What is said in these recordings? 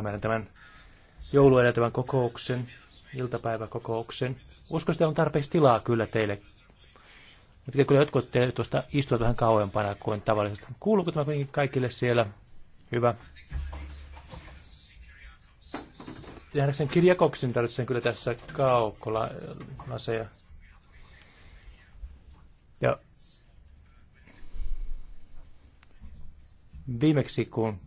meidän tämän jouluedeltävän kokouksen, iltapäiväkokouksen. Uskon, että on tarpeeksi tilaa kyllä teille. Mutta kyllä jotkut teille tuosta istuvat vähän kauempana kuin tavallisesti. Kuuluuko tämä kuitenkin kaikille siellä? Hyvä. sen kirjakoksen, tarvitsen kyllä tässä kaukolaseja. Ja viimeksi kun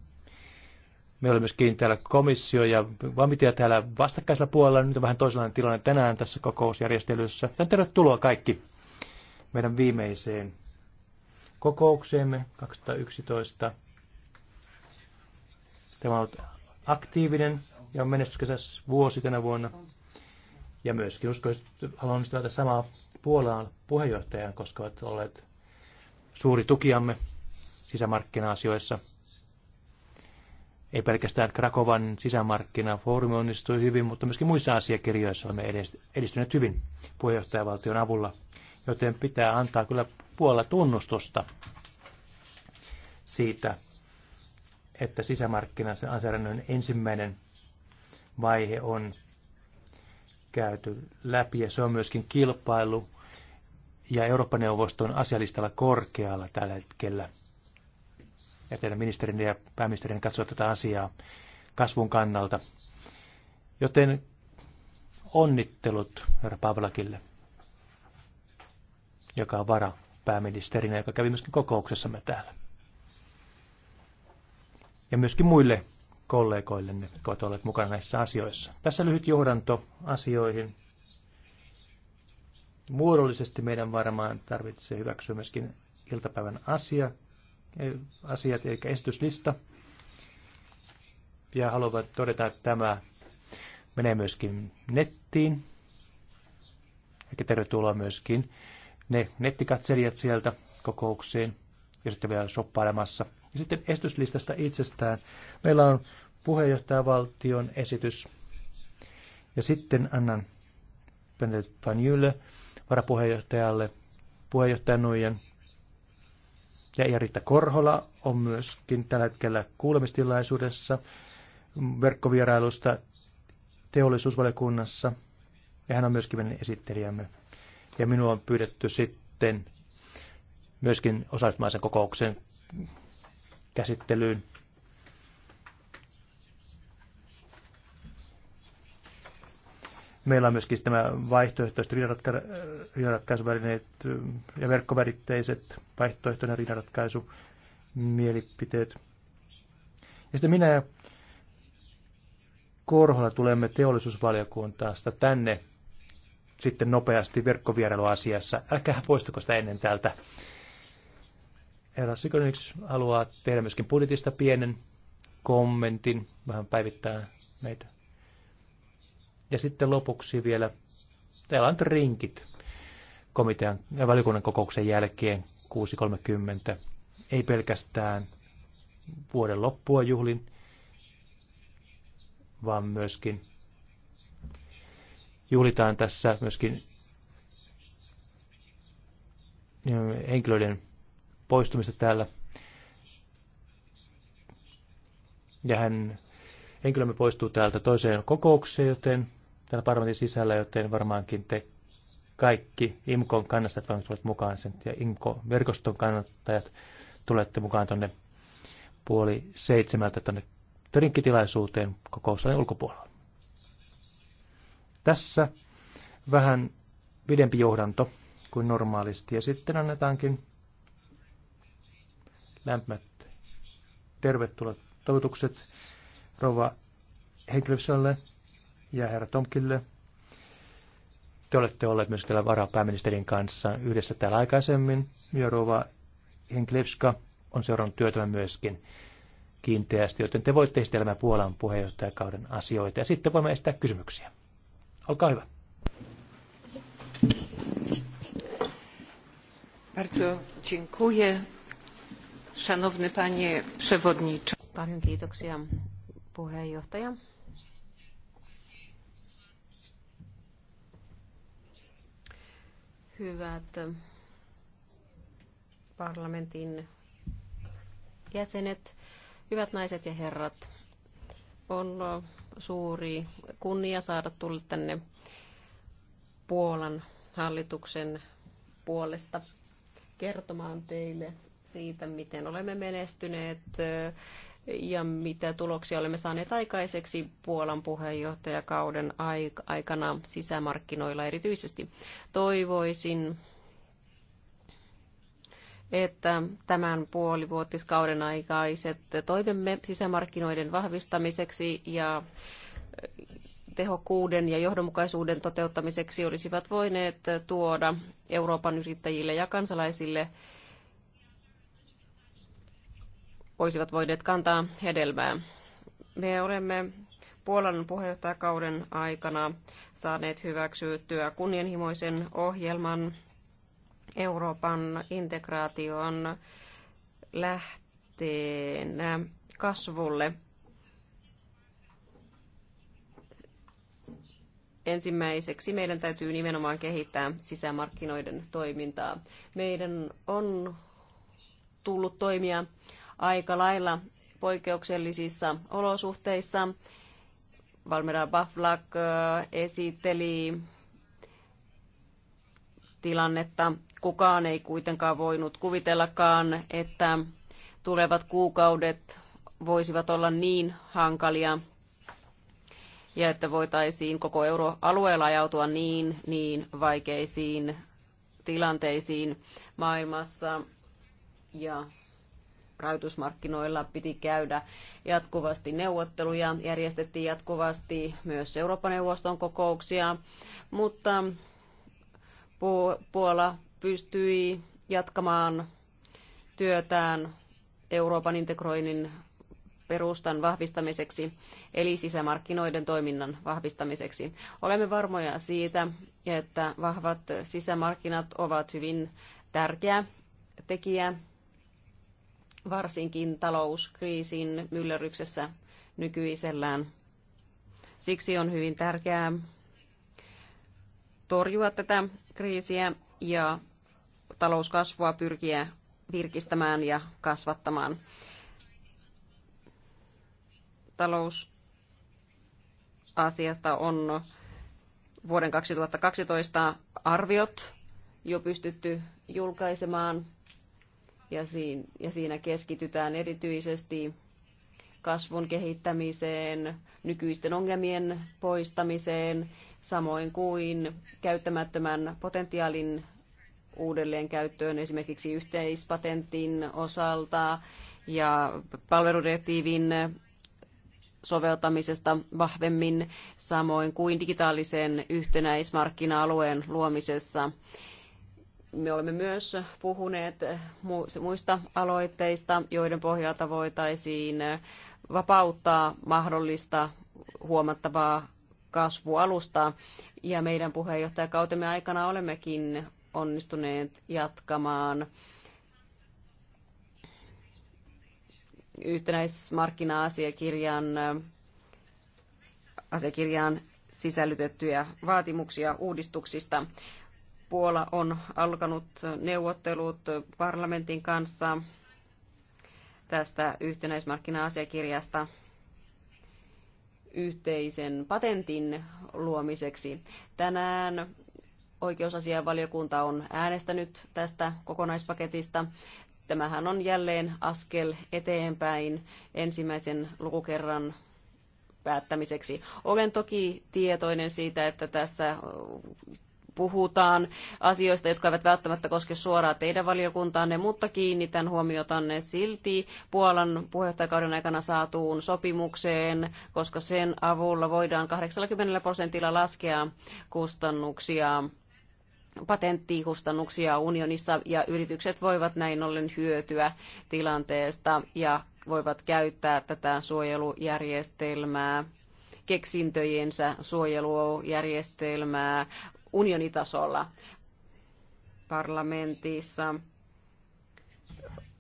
Meillä oli myöskin täällä komissio ja vamitia täällä vastakkaisella puolella. Nyt on vähän toisenlainen tilanne tänään tässä kokousjärjestelyssä. Ja tervetuloa kaikki meidän viimeiseen kokoukseemme 2011. Tämä on ollut aktiivinen ja on menestyskäs vuosi tänä vuonna. Ja myöskin uskon, että haluan tätä samaa Puolaan puheenjohtajan, koska olet olleet suuri tukiamme sisämarkkina-asioissa. Ei pelkästään Krakovan sisämarkkinafoorumi onnistui hyvin, mutta myöskin muissa asiakirjoissa olemme edistyneet hyvin puheenjohtajavaltion avulla, joten pitää antaa kyllä puolella tunnustusta siitä, että sisämarkkinalainsäädännön ensimmäinen vaihe on käyty läpi ja se on myöskin kilpailu ja Euroopan neuvoston asialistalla korkealla tällä hetkellä ja teidän ministerinne ja pääministerinne katsoa tätä asiaa kasvun kannalta. Joten onnittelut herra Pavlakille, joka on vara pääministerinä, joka kävi myöskin kokouksessamme täällä. Ja myöskin muille kollegoillenne, jotka ovat olleet mukana näissä asioissa. Tässä lyhyt johdanto asioihin. Muodollisesti meidän varmaan tarvitsee hyväksyä myöskin iltapäivän asia, asiat, eli esityslista. Ja haluan todeta, että tämä menee myöskin nettiin. Eli tervetuloa myöskin ne nettikatselijat sieltä kokouksiin ja sitten vielä shoppailemassa. Ja sitten esityslistasta itsestään. Meillä on puheenjohtajavaltion esitys. Ja sitten annan Benedikt Van Jylle, varapuheenjohtajalle, puheenjohtajan Nuijan ja Jaritta Korhola on myöskin tällä hetkellä kuulemistilaisuudessa verkkovierailusta teollisuusvaliokunnassa. Ja hän on myöskin meidän esittelijämme. Ja minua on pyydetty sitten myöskin osallistumaan kokouksen käsittelyyn Meillä on myöskin tämä vaihtoehtoiset rinnanratkaisuvälineet ja verkkoväritteiset vaihtoehtoinen rinnanratkaisu mielipiteet. Ja sitten minä ja Korhola tulemme teollisuusvaliokuntaan sitä tänne sitten nopeasti verkkovierailuasiassa. Älkää poistako sitä ennen täältä. Herra Sikonix haluaa tehdä myöskin budjetista pienen kommentin, vähän päivittää meitä. Ja sitten lopuksi vielä, täällä on rinkit komitean ja valiokunnan kokouksen jälkeen 6.30. Ei pelkästään vuoden loppua juhlin, vaan myöskin juhlitaan tässä myöskin eh, henkilöiden poistumista täällä. Ja hän, henkilömme poistuu täältä toiseen kokoukseen, joten täällä parlamentin sisällä, joten varmaankin te kaikki IMKon kannattajat tulette mukaan sen, ja IMKO-verkoston kannattajat tulette mukaan tuonne puoli seitsemältä tuonne törinkkitilaisuuteen kokouslain ulkopuolella. Tässä vähän pidempi johdanto kuin normaalisti ja sitten annetaankin lämpimät tervetuloa toivotukset rouva Henkilösölle ja herra Tomkille. Te olette olleet myös täällä varapääministerin kanssa yhdessä täällä aikaisemmin. Jorova Henklevska on seurannut työtämme myöskin kiinteästi, joten te voitte esitellä Puolan puheenjohtajakauden asioita ja sitten voimme estää kysymyksiä. Olkaa hyvä. Bardzo dziękuję. Szanowny panie przewodniczący. Paljon kiitoksia puheenjohtaja. Hyvät parlamentin jäsenet, hyvät naiset ja herrat, on suuri kunnia saada tulla tänne Puolan hallituksen puolesta kertomaan teille siitä, miten olemme menestyneet ja mitä tuloksia olemme saaneet aikaiseksi Puolan puheenjohtajakauden aikana sisämarkkinoilla erityisesti. Toivoisin, että tämän puolivuotiskauden aikaiset toimemme sisämarkkinoiden vahvistamiseksi ja tehokkuuden ja johdonmukaisuuden toteuttamiseksi olisivat voineet tuoda Euroopan yrittäjille ja kansalaisille olisivat voineet kantaa hedelmää. Me olemme Puolan puheenjohtajakauden aikana saaneet hyväksyttyä kunnianhimoisen ohjelman Euroopan integraation lähteen kasvulle. Ensimmäiseksi meidän täytyy nimenomaan kehittää sisämarkkinoiden toimintaa. Meidän on tullut toimia aika lailla poikkeuksellisissa olosuhteissa. Valmira Baflak äh, esitteli tilannetta. Kukaan ei kuitenkaan voinut kuvitellakaan, että tulevat kuukaudet voisivat olla niin hankalia ja että voitaisiin koko euroalueella ajautua niin, niin vaikeisiin tilanteisiin maailmassa ja rahoitusmarkkinoilla piti käydä jatkuvasti neuvotteluja, järjestettiin jatkuvasti myös Euroopan neuvoston kokouksia, mutta Puola pystyi jatkamaan työtään Euroopan integroinnin perustan vahvistamiseksi, eli sisämarkkinoiden toiminnan vahvistamiseksi. Olemme varmoja siitä, että vahvat sisämarkkinat ovat hyvin tärkeä tekijä varsinkin talouskriisin myllerryksessä nykyisellään. Siksi on hyvin tärkeää torjua tätä kriisiä ja talouskasvua pyrkiä virkistämään ja kasvattamaan. Talousasiasta on vuoden 2012 arviot jo pystytty julkaisemaan ja siinä keskitytään erityisesti kasvun kehittämiseen, nykyisten ongelmien poistamiseen, samoin kuin käyttämättömän potentiaalin uudelleen käyttöön esimerkiksi yhteispatentin osalta ja palveludirektiivin soveltamisesta vahvemmin, samoin kuin digitaalisen yhtenäismarkkina-alueen luomisessa me olemme myös puhuneet muista aloitteista, joiden pohjalta voitaisiin vapauttaa mahdollista huomattavaa kasvualusta. Ja meidän puheenjohtajakautemme aikana olemmekin onnistuneet jatkamaan yhtenäismarkkina-asiakirjan asiakirjaan sisällytettyjä vaatimuksia uudistuksista. Puola on alkanut neuvottelut parlamentin kanssa tästä yhtenäismarkkina-asiakirjasta yhteisen patentin luomiseksi. Tänään oikeusasianvaliokunta on äänestänyt tästä kokonaispaketista. Tämähän on jälleen askel eteenpäin ensimmäisen lukukerran päättämiseksi. Olen toki tietoinen siitä, että tässä puhutaan asioista, jotka eivät välttämättä koske suoraan teidän valiokuntaanne, mutta kiinnitän huomiotanne silti Puolan puheenjohtajakauden aikana saatuun sopimukseen, koska sen avulla voidaan 80 prosentilla laskea kustannuksia patenttikustannuksia unionissa ja yritykset voivat näin ollen hyötyä tilanteesta ja voivat käyttää tätä suojelujärjestelmää keksintöjensä suojelujärjestelmää unionitasolla parlamentissa.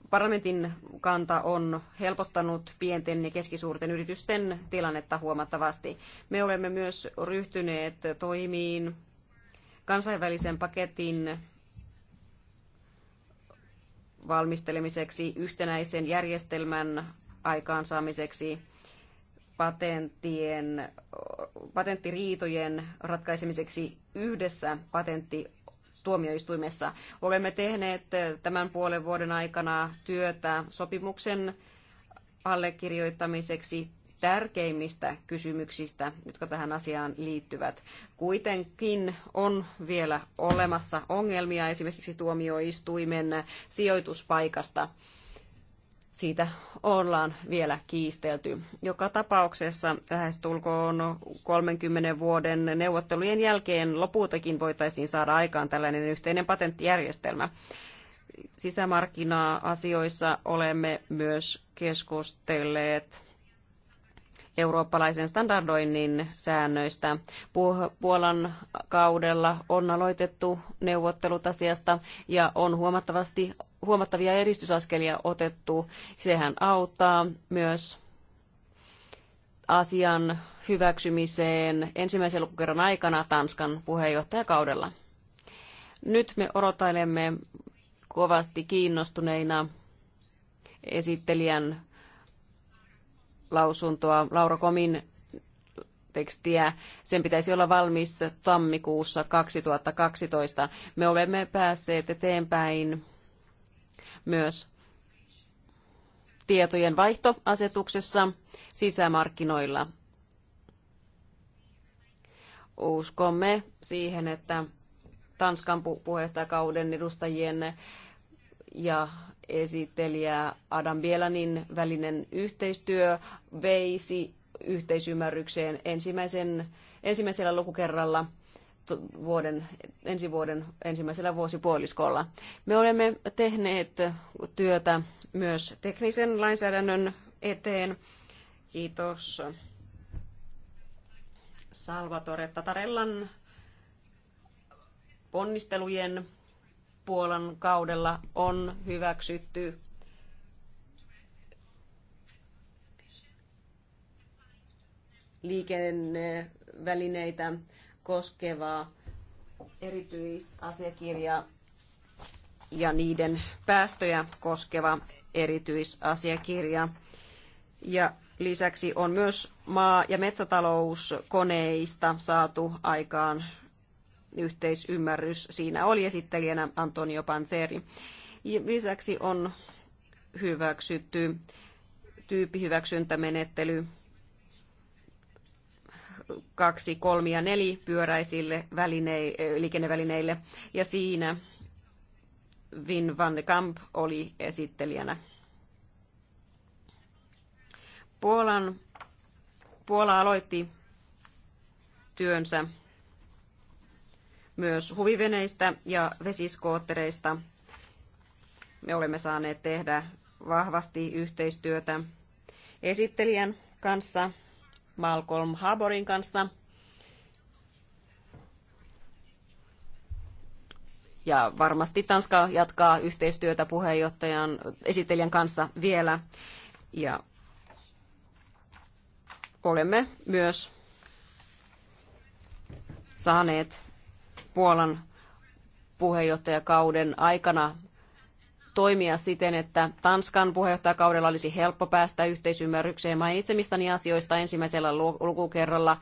Parlamentin kanta on helpottanut pienten ja keskisuurten yritysten tilannetta huomattavasti. Me olemme myös ryhtyneet toimiin kansainvälisen paketin valmistelemiseksi yhtenäisen järjestelmän aikaansaamiseksi patenttien, patenttiriitojen ratkaisemiseksi yhdessä patentti tuomioistuimessa. Olemme tehneet tämän puolen vuoden aikana työtä sopimuksen allekirjoittamiseksi tärkeimmistä kysymyksistä, jotka tähän asiaan liittyvät. Kuitenkin on vielä olemassa ongelmia esimerkiksi tuomioistuimen sijoituspaikasta siitä ollaan vielä kiistelty. Joka tapauksessa lähestulkoon 30 vuoden neuvottelujen jälkeen lopultakin voitaisiin saada aikaan tällainen yhteinen patenttijärjestelmä. Sisämarkkina-asioissa olemme myös keskustelleet eurooppalaisen standardoinnin säännöistä. Puolan kaudella on aloitettu neuvottelut asiasta ja on huomattavasti huomattavia edistysaskelia otettu. Sehän auttaa myös asian hyväksymiseen ensimmäisen lukukerran aikana Tanskan puheenjohtajakaudella. Nyt me odotailemme kovasti kiinnostuneina esittelijän lausuntoa, Laura Komin tekstiä. Sen pitäisi olla valmis tammikuussa 2012. Me olemme päässeet eteenpäin myös tietojen vaihtoasetuksessa sisämarkkinoilla. Uskomme siihen, että Tanskan puheenjohtajakauden edustajien ja esittelijä Adam Bielanin välinen yhteistyö veisi yhteisymmärrykseen ensimmäisen, ensimmäisellä lukukerralla vuoden, ensi vuoden ensimmäisellä vuosipuoliskolla. Me olemme tehneet työtä myös teknisen lainsäädännön eteen. Kiitos Salvatore Tatarellan ponnistelujen Puolan kaudella on hyväksytty liikennevälineitä koskevaa erityisasiakirja ja niiden päästöjä koskeva erityisasiakirja. Ja lisäksi on myös maa- ja metsätalouskoneista saatu aikaan yhteisymmärrys. Siinä oli esittelijänä Antonio Panzeri. Lisäksi on hyväksytty tyyppihyväksyntämenettely kaksi, kolmi ja neli pyöräisille väline- liikennevälineille. Ja siinä Vin van de Kamp oli esittelijänä. Puolan, Puola aloitti työnsä myös huviveneistä ja vesiskoottereista. Me olemme saaneet tehdä vahvasti yhteistyötä esittelijän kanssa, Malcolm Haborin kanssa. Ja varmasti Tanska jatkaa yhteistyötä puheenjohtajan esittelijän kanssa vielä. Ja olemme myös saaneet Puolan puheenjohtajakauden aikana toimia siten, että Tanskan puheenjohtajakaudella olisi helppo päästä yhteisymmärrykseen mainitsemistani asioista ensimmäisellä lukukerralla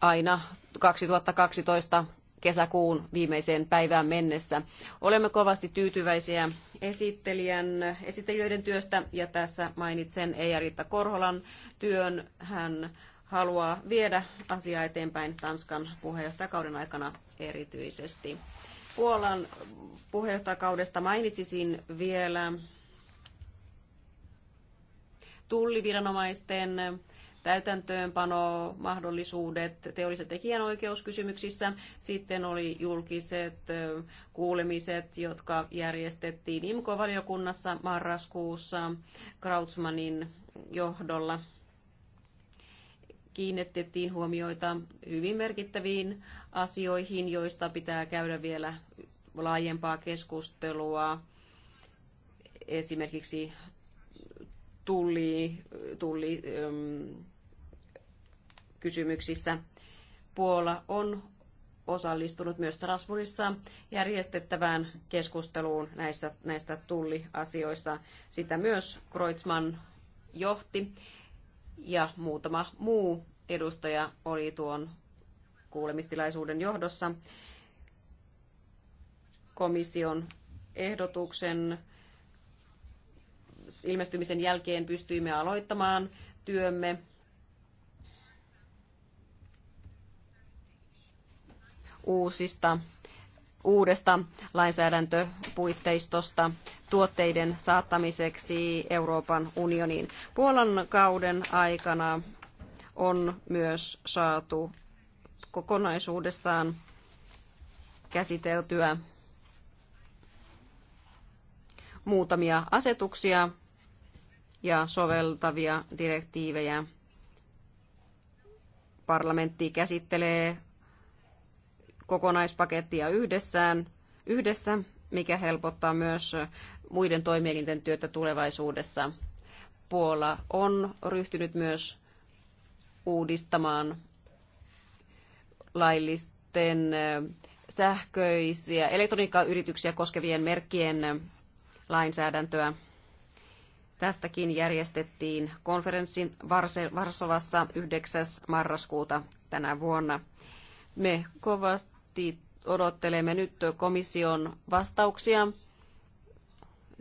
aina 2012 kesäkuun viimeiseen päivään mennessä. Olemme kovasti tyytyväisiä esittelijän, esittelijöiden työstä ja tässä mainitsen Eija Riitta Korholan työn. Hän haluaa viedä asiaa eteenpäin Tanskan puheenjohtajakauden aikana erityisesti. Puolan puheenjohtajakaudesta mainitsisin vielä tulliviranomaisten täytäntöönpano, mahdollisuudet teollisen tekijänoikeuskysymyksissä. Sitten oli julkiset kuulemiset, jotka järjestettiin IMKO-valiokunnassa marraskuussa Krautsmanin johdolla kiinnitettiin huomioita hyvin merkittäviin asioihin, joista pitää käydä vielä laajempaa keskustelua. Esimerkiksi tulli, tulli ähm, kysymyksissä. Puola on osallistunut myös Strasbourgissa järjestettävään keskusteluun näistä, näistä tulliasioista. Sitä myös Kreutzmann johti ja muutama muu edustaja oli tuon kuulemistilaisuuden johdossa komission ehdotuksen ilmestymisen jälkeen pystyimme aloittamaan työmme. uusista, uudesta lainsäädäntöpuitteistosta tuotteiden saattamiseksi Euroopan unioniin. Puolan kauden aikana on myös saatu kokonaisuudessaan käsiteltyä muutamia asetuksia ja soveltavia direktiivejä. Parlamentti käsittelee kokonaispakettia yhdessään, yhdessä, mikä helpottaa myös muiden toimielinten työtä tulevaisuudessa. Puola on ryhtynyt myös uudistamaan laillisten sähköisiä elektroniikkayrityksiä koskevien merkkien lainsäädäntöä. Tästäkin järjestettiin konferenssi Varsovassa 9. marraskuuta tänä vuonna. Me kovasti odottelemme nyt komission vastauksia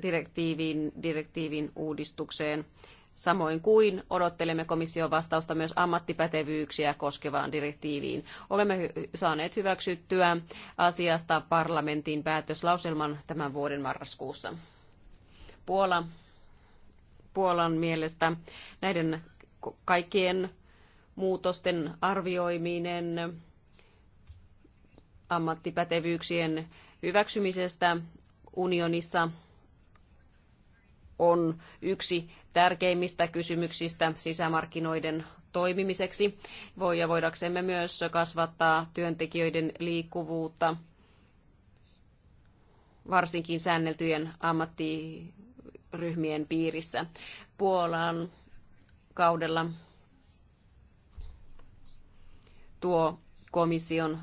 direktiivin, direktiivin uudistukseen samoin kuin odottelemme komission vastausta myös ammattipätevyyksiä koskevaan direktiiviin. Olemme saaneet hyväksyttyä asiasta parlamentin päätöslauselman tämän vuoden marraskuussa. Puola, Puolan mielestä näiden kaikkien muutosten arvioiminen ammattipätevyyksien hyväksymisestä unionissa on yksi tärkeimmistä kysymyksistä sisämarkkinoiden toimimiseksi ja voidaksemme myös kasvattaa työntekijöiden liikkuvuutta varsinkin säänneltyjen ammattiryhmien piirissä. Puolan kaudella tuo komission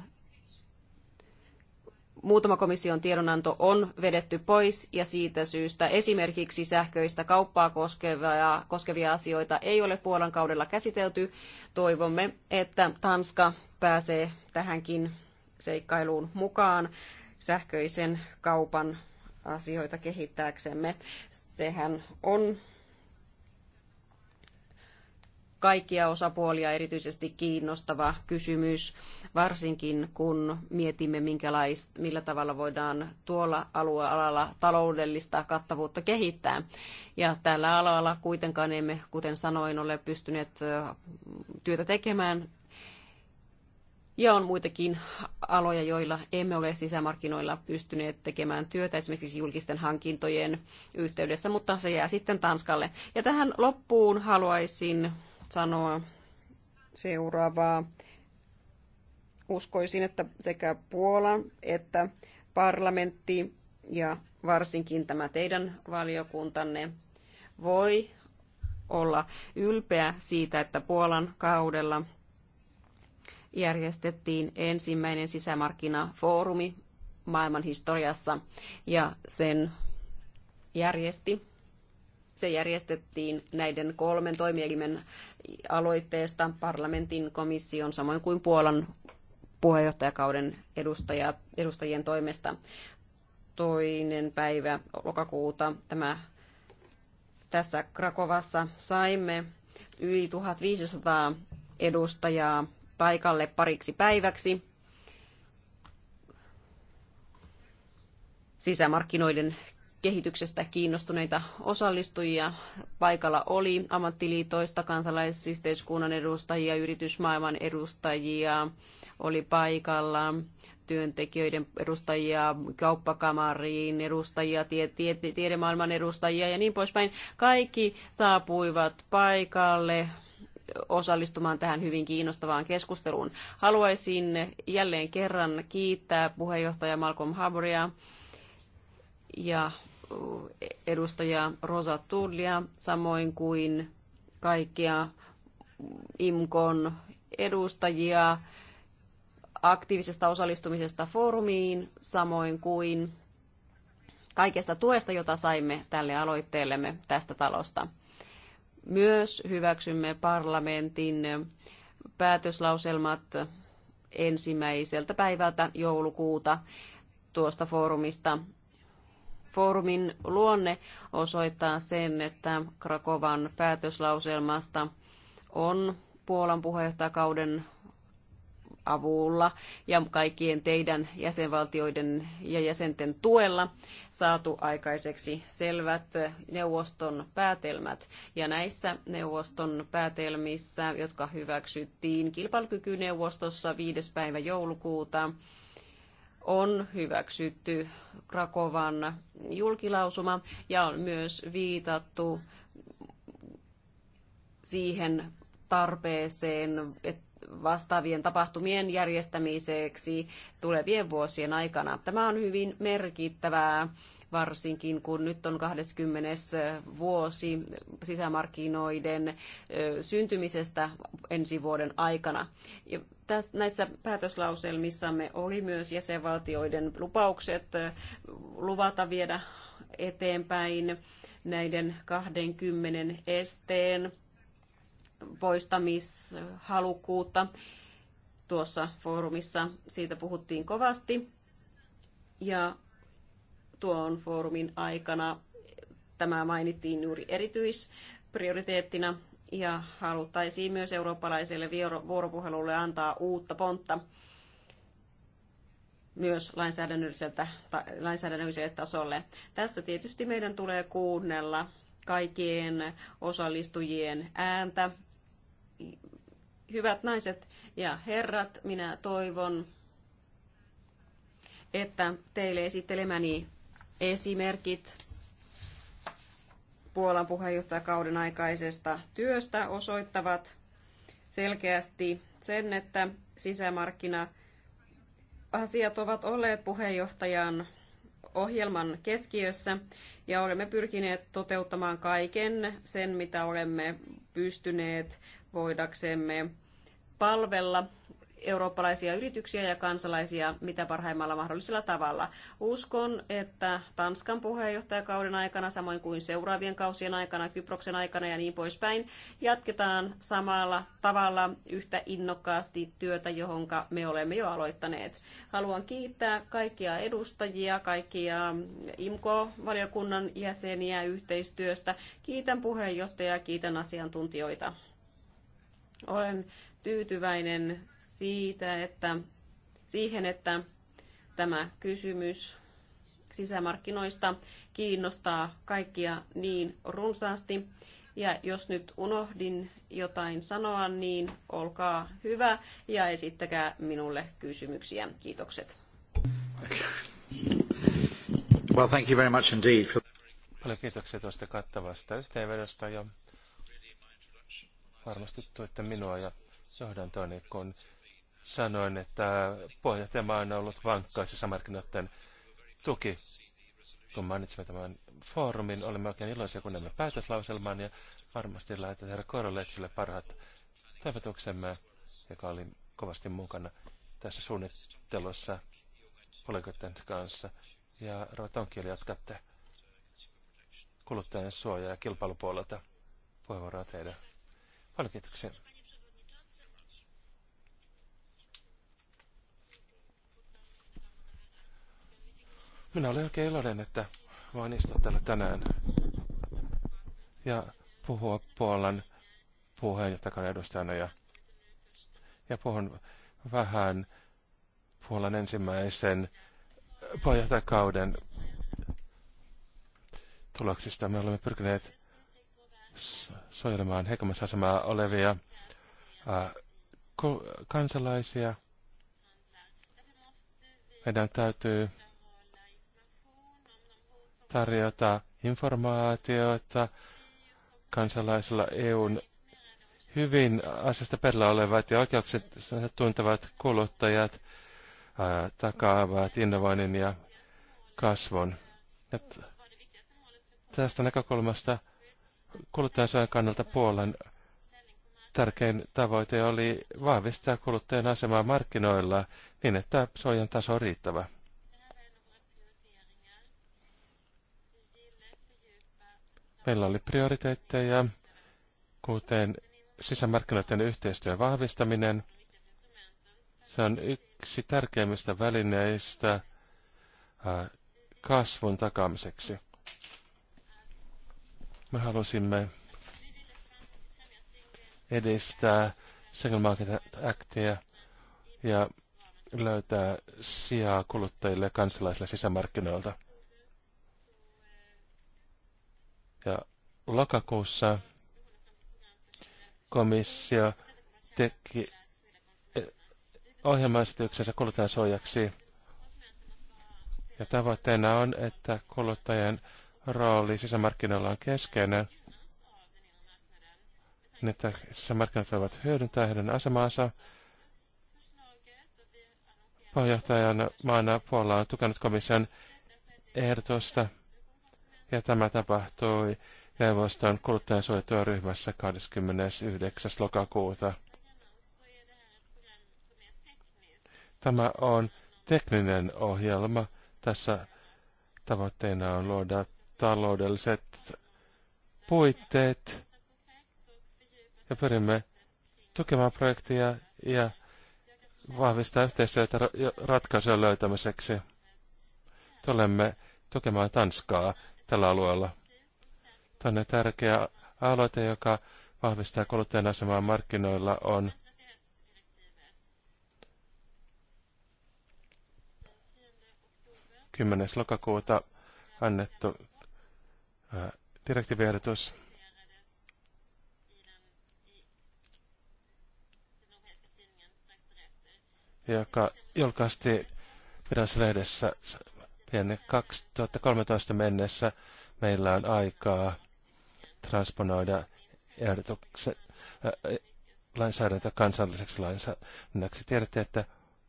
muutama komission tiedonanto on vedetty pois ja siitä syystä esimerkiksi sähköistä kauppaa koskevia, koskevia asioita ei ole Puolan kaudella käsitelty. Toivomme, että Tanska pääsee tähänkin seikkailuun mukaan sähköisen kaupan asioita kehittääksemme. Sehän on kaikkia osapuolia erityisesti kiinnostava kysymys, varsinkin kun mietimme, minkälaista, millä tavalla voidaan tuolla alueella taloudellista kattavuutta kehittää. Ja tällä alalla kuitenkaan emme, kuten sanoin, ole pystyneet työtä tekemään ja on muitakin aloja, joilla emme ole sisämarkkinoilla pystyneet tekemään työtä, esimerkiksi julkisten hankintojen yhteydessä, mutta se jää sitten Tanskalle. Ja tähän loppuun haluaisin sanoa seuraavaa. Uskoisin, että sekä Puola että parlamentti ja varsinkin tämä teidän valiokuntanne voi olla ylpeä siitä, että Puolan kaudella järjestettiin ensimmäinen sisämarkkinafoorumi maailman historiassa ja sen järjesti. Se järjestettiin näiden kolmen toimielimen aloitteesta parlamentin komission samoin kuin Puolan puheenjohtajakauden edustaja, edustajien toimesta toinen päivä lokakuuta tämä tässä Krakovassa saimme yli 1500 edustajaa paikalle pariksi päiväksi sisämarkkinoiden kehityksestä kiinnostuneita osallistujia. Paikalla oli ammattiliitoista, kansalaisyhteiskunnan edustajia, yritysmaailman edustajia oli paikalla, työntekijöiden edustajia, kauppakamariin edustajia, tie, tie, tiedemaailman edustajia ja niin poispäin. Kaikki saapuivat paikalle osallistumaan tähän hyvin kiinnostavaan keskusteluun. Haluaisin jälleen kerran kiittää puheenjohtaja Malcolm Haburia ja edustaja Rosa Tullia, samoin kuin kaikkia IMKON edustajia aktiivisesta osallistumisesta foorumiin, samoin kuin kaikesta tuesta, jota saimme tälle aloitteellemme tästä talosta. Myös hyväksymme parlamentin päätöslauselmat ensimmäiseltä päivältä joulukuuta tuosta foorumista foorumin luonne osoittaa sen, että Krakovan päätöslauselmasta on Puolan puheenjohtajakauden avulla ja kaikkien teidän jäsenvaltioiden ja jäsenten tuella saatu aikaiseksi selvät neuvoston päätelmät. Ja näissä neuvoston päätelmissä, jotka hyväksyttiin kilpailukykyneuvostossa 5. päivä joulukuuta, on hyväksytty Krakovan julkilausuma ja on myös viitattu siihen tarpeeseen, että vastaavien tapahtumien järjestämiseksi tulevien vuosien aikana. Tämä on hyvin merkittävää varsinkin kun nyt on 20. vuosi sisämarkkinoiden syntymisestä ensi vuoden aikana. Ja tässä, näissä päätöslauselmissamme oli myös jäsenvaltioiden lupaukset luvata viedä eteenpäin näiden 20 esteen poistamishalukkuutta. Tuossa foorumissa siitä puhuttiin kovasti. Ja tuon foorumin aikana. Tämä mainittiin juuri erityisprioriteettina ja haluttaisiin myös eurooppalaiselle vuoropuhelulle antaa uutta pontta myös lainsäädännölliselle tasolle. Tässä tietysti meidän tulee kuunnella kaikkien osallistujien ääntä. Hyvät naiset ja herrat, minä toivon, että teille esittelemäni esimerkit Puolan puheenjohtajakauden aikaisesta työstä osoittavat selkeästi sen, että sisämarkkina asiat ovat olleet puheenjohtajan ohjelman keskiössä ja olemme pyrkineet toteuttamaan kaiken sen, mitä olemme pystyneet voidaksemme palvella eurooppalaisia yrityksiä ja kansalaisia mitä parhaimmalla mahdollisella tavalla. Uskon, että Tanskan puheenjohtajakauden aikana, samoin kuin seuraavien kausien aikana, Kyproksen aikana ja niin poispäin, jatketaan samalla tavalla yhtä innokkaasti työtä, johonka me olemme jo aloittaneet. Haluan kiittää kaikkia edustajia, kaikkia IMKO-valiokunnan jäseniä yhteistyöstä. Kiitän puheenjohtajaa, kiitän asiantuntijoita. Olen tyytyväinen siitä, että, siihen, että tämä kysymys sisämarkkinoista kiinnostaa kaikkia niin runsaasti. Ja jos nyt unohdin jotain sanoa, niin olkaa hyvä ja esittäkää minulle kysymyksiä. Kiitokset. Well, thank you very much indeed for... Paljon kiitoksia tuosta kattavasta yhteenvedosta ja varmasti tuette minua ja johdantoni, kun sanoin, että puheenjohtajamaa on ollut vankkaa sisämarkkinoiden tuki. Kun mainitsimme tämän foorumin, olemme oikein iloisia, kun näemme päätöslauselman ja varmasti lähetetään herra Koroletsille parhaat toivotuksemme, joka oli kovasti mukana tässä suunnittelussa kollegoiden kanssa. Ja Rotonkieli jatkatte kuluttajien suojaa ja kilpailupuolelta puheenvuoroa teidän. Paljon kiitoksia. Minä olen oikein iloinen, että voin istua täällä tänään ja puhua Puolan puheenjohtajan edustajana ja, ja puhun vähän Puolan ensimmäisen puheenjohtajakauden tuloksista. Me olemme pyrkineet suojelemaan heikommassa asemaa olevia kansalaisia. Meidän täytyy tarjota informaatiota kansalaisilla EUn hyvin asiasta perillä olevat ja oikeukset tuntevat kuluttajat ää, takaavat innovoinnin ja kasvun. Ja tästä näkökulmasta kuluttajansuojan kannalta Puolan tärkein tavoite oli vahvistaa kuluttajan asemaa markkinoilla niin, että suojan taso on riittävä. Meillä oli prioriteetteja, kuten sisämarkkinoiden yhteistyön vahvistaminen. Se on yksi tärkeimmistä välineistä kasvun takaamiseksi. Me halusimme edistää Single Market Actia ja löytää sijaa kuluttajille ja kansalaisille sisämarkkinoilta. Ja lokakuussa komissio teki eh, ohjelmaesityksensä kuluttajan suojaksi. Ja tavoitteena on, että kuluttajan rooli sisämarkkinoilla on keskeinen, niin että sisämarkkinat voivat hyödyntää heidän asemaansa. Pohjohtajan maana Puola on tukenut komission ehdotusta ja tämä tapahtui neuvoston kuluttajansuojatyöryhmässä 29. lokakuuta. Tämä on tekninen ohjelma. Tässä tavoitteena on luoda taloudelliset puitteet ja pyrimme tukemaan projektia ja vahvistaa yhteistyötä ratkaisujen löytämiseksi. Tulemme tukemaan Tanskaa tällä alueella. Tänne tärkeä aloite, joka vahvistaa kuluttajan asemaa markkinoilla, on kymmenes lokakuuta annettu direktiviehdotus. joka julkaisti Finanssilehdessä pienne 2013 mennessä meillä on aikaa transponoida ehdotuksen lainsäädäntö kansalliseksi lainsäädännöksi. Tiedätte, että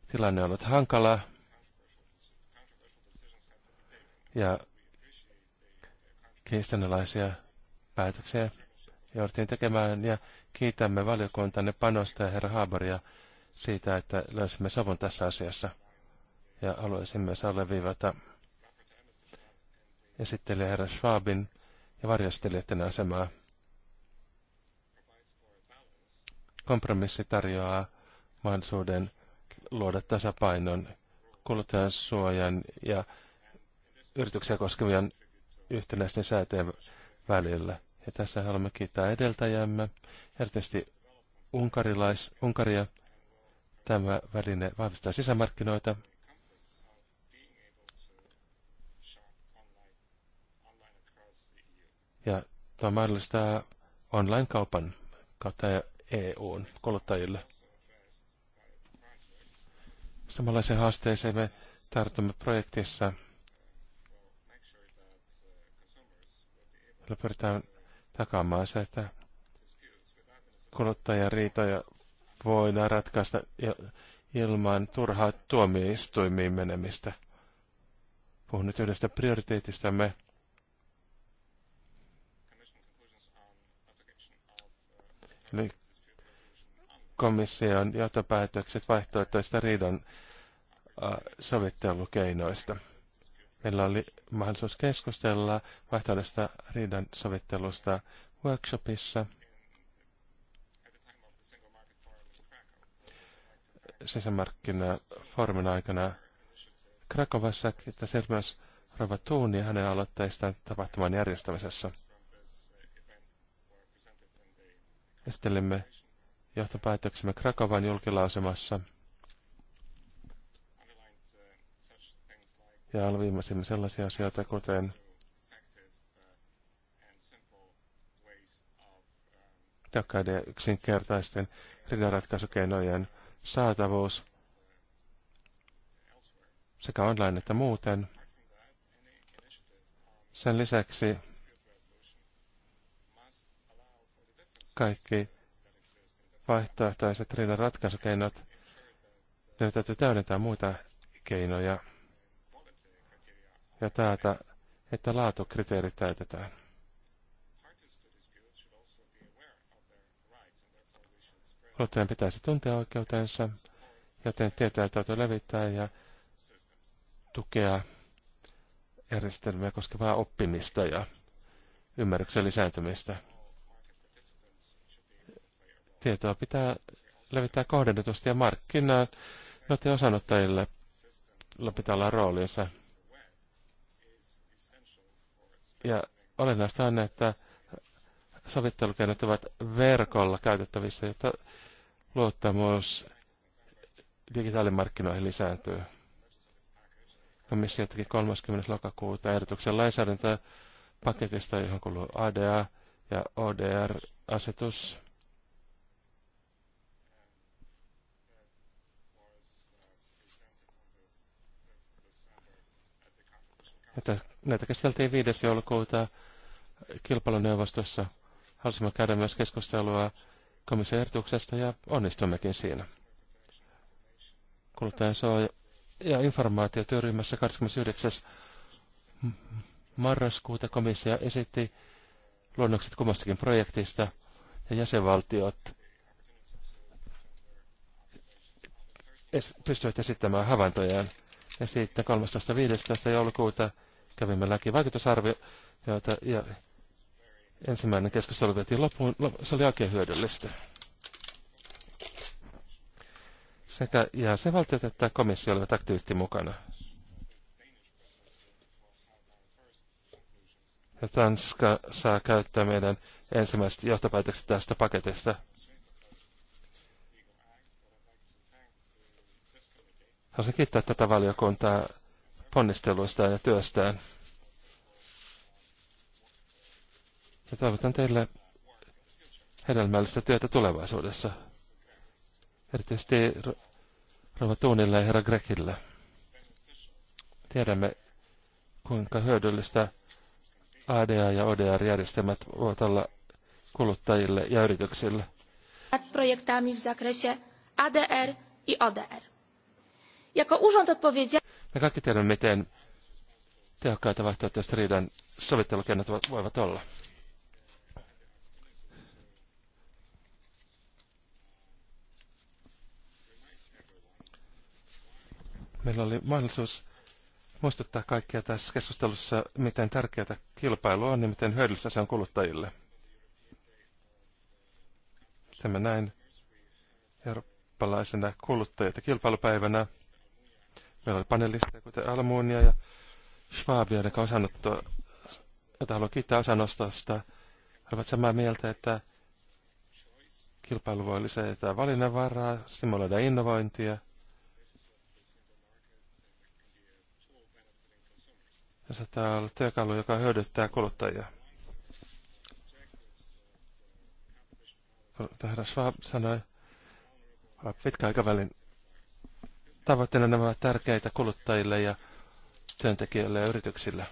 tilanne on ollut hankala ja kiistanalaisia päätöksiä jouduttiin tekemään ja kiitämme valiokuntanne panosta ja herra Haaboria siitä, että löysimme sovun tässä asiassa. Ja haluaisin myös alleviivata esittelijä herra Schwabin ja varjostelijoiden asemaa. Kompromissi tarjoaa mahdollisuuden luoda tasapainon kuluttajan suojan ja yrityksiä koskevien yhtenäisten säätöjen välillä. Ja tässä haluamme kiittää edeltäjämme, erityisesti unkarilais, Unkaria. Tämä väline vahvistaa sisämarkkinoita Ja tämä mahdollistaa online-kaupan kautta EUn kuluttajille. Samanlaiseen haasteeseen me tartumme projektissa, jolla pyritään takaamaan se, että kuluttajariitoja voidaan ratkaista ilman turhaa tuomioistuimiin menemistä. Puhun nyt yhdestä prioriteetistamme Eli komission johtopäätökset vaihtoehtoista riidan äh, sovittelukeinoista. Meillä oli mahdollisuus keskustella vaihtoehdosta riidan sovittelusta workshopissa. sisämarkkinafoorumin aikana Krakovassa, että myös Rova tuuni ja hänen aloitteistaan tapahtuman järjestämisessä. Esittelemme johtopäätöksemme Krakovan julkilausemassa. Ja alviimasimme sellaisia asioita, kuten tehokkaiden yksinkertaisten riidanratkaisukeinojen saatavuus sekä online että muuten. Sen lisäksi kaikki vaihtoehtoiset rinnan ratkaisukeinot, ne täytyy täydentää muita keinoja ja taata, että laatukriteerit täytetään. Kuluttajan pitäisi tuntea oikeutensa, joten tietää täytyy levittää ja tukea järjestelmiä koskevaa oppimista ja ymmärryksen lisääntymistä. Tietoa pitää levittää kohdennetusti ja markkinaan noiden osanottajille pitää olla roolinsa. Ja olennaista on, että sovittelukennot ovat verkolla käytettävissä, jotta luottamus digitaalimarkkinoihin lisääntyy. Komissio teki 30. lokakuuta ehdotuksen lainsäädäntöpaketista, johon kuuluu ADA ja ODR-asetus. Näitä, näitä käsiteltiin 5. joulukuuta kilpailuneuvostossa. Halusimme käydä myös keskustelua komission ehdotuksesta ja onnistummekin siinä. Kuluttajan suoja ja informaatiotyöryhmässä 29. marraskuuta komissio esitti luonnokset kummastakin projektista ja jäsenvaltiot pystyvät esittämään havaintojaan. Ja sitten 13.15. joulukuuta Kävimme läpi vaikutusarvioita ja ensimmäinen keskustelu vietiin loppuun. No, se oli oikein hyödyllistä. Sekä jäsenvaltiot että komissio olivat aktiivisesti mukana. Ja Tanska saa käyttää meidän ensimmäiset johtopäätökset tästä paketista. Haluaisin kiittää tätä valiokuntaa ponnisteluistaan ja työstään. Ja toivotan teille hedelmällistä työtä tulevaisuudessa. Erityisesti Rova Tuunille ja Herra Grekille. Tiedämme, kuinka hyödyllistä ADA- ja ODR-järjestelmät voivat olla kuluttajille ja yrityksille. projektami w zakresie ADR i ODR. Jako urząd odpowiedzialny me kaikki tiedämme, miten tehokkaita vaihtoehtoja striidan sovittelukennot voivat olla. Meillä oli mahdollisuus muistuttaa kaikkia tässä keskustelussa, miten tärkeää kilpailu on ja miten hyödyllistä se on kuluttajille. Tämä näin eurooppalaisena kuluttajia kilpailupäivänä. Meillä oli panelisteja, kuten Almunia ja Schwabia, jotka on saanut tuo, jota haluan kiittää osanostosta. He ovat samaa mieltä, että kilpailu voi lisätä valinnanvaraa, stimuloida innovointia. Ja on olla työkalu, joka hyödyttää kuluttajia. Tähän Schwab sanoi, pitkäaikavälin tavoitteena nämä ovat tärkeitä kuluttajille ja työntekijöille ja yrityksille.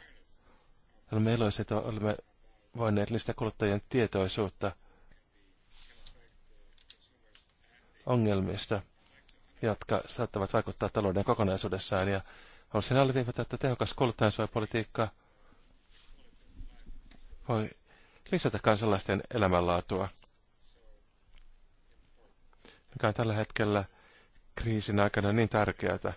Olemme iloisia, että olemme voineet lisätä kuluttajien tietoisuutta ongelmista, jotka saattavat vaikuttaa talouden kokonaisuudessaan. Ja haluaisin alleviivata, että tehokas kuluttajansuojapolitiikka voi lisätä kansalaisten elämänlaatua, mikä on tällä hetkellä kriisin aikana niin tärkeätä.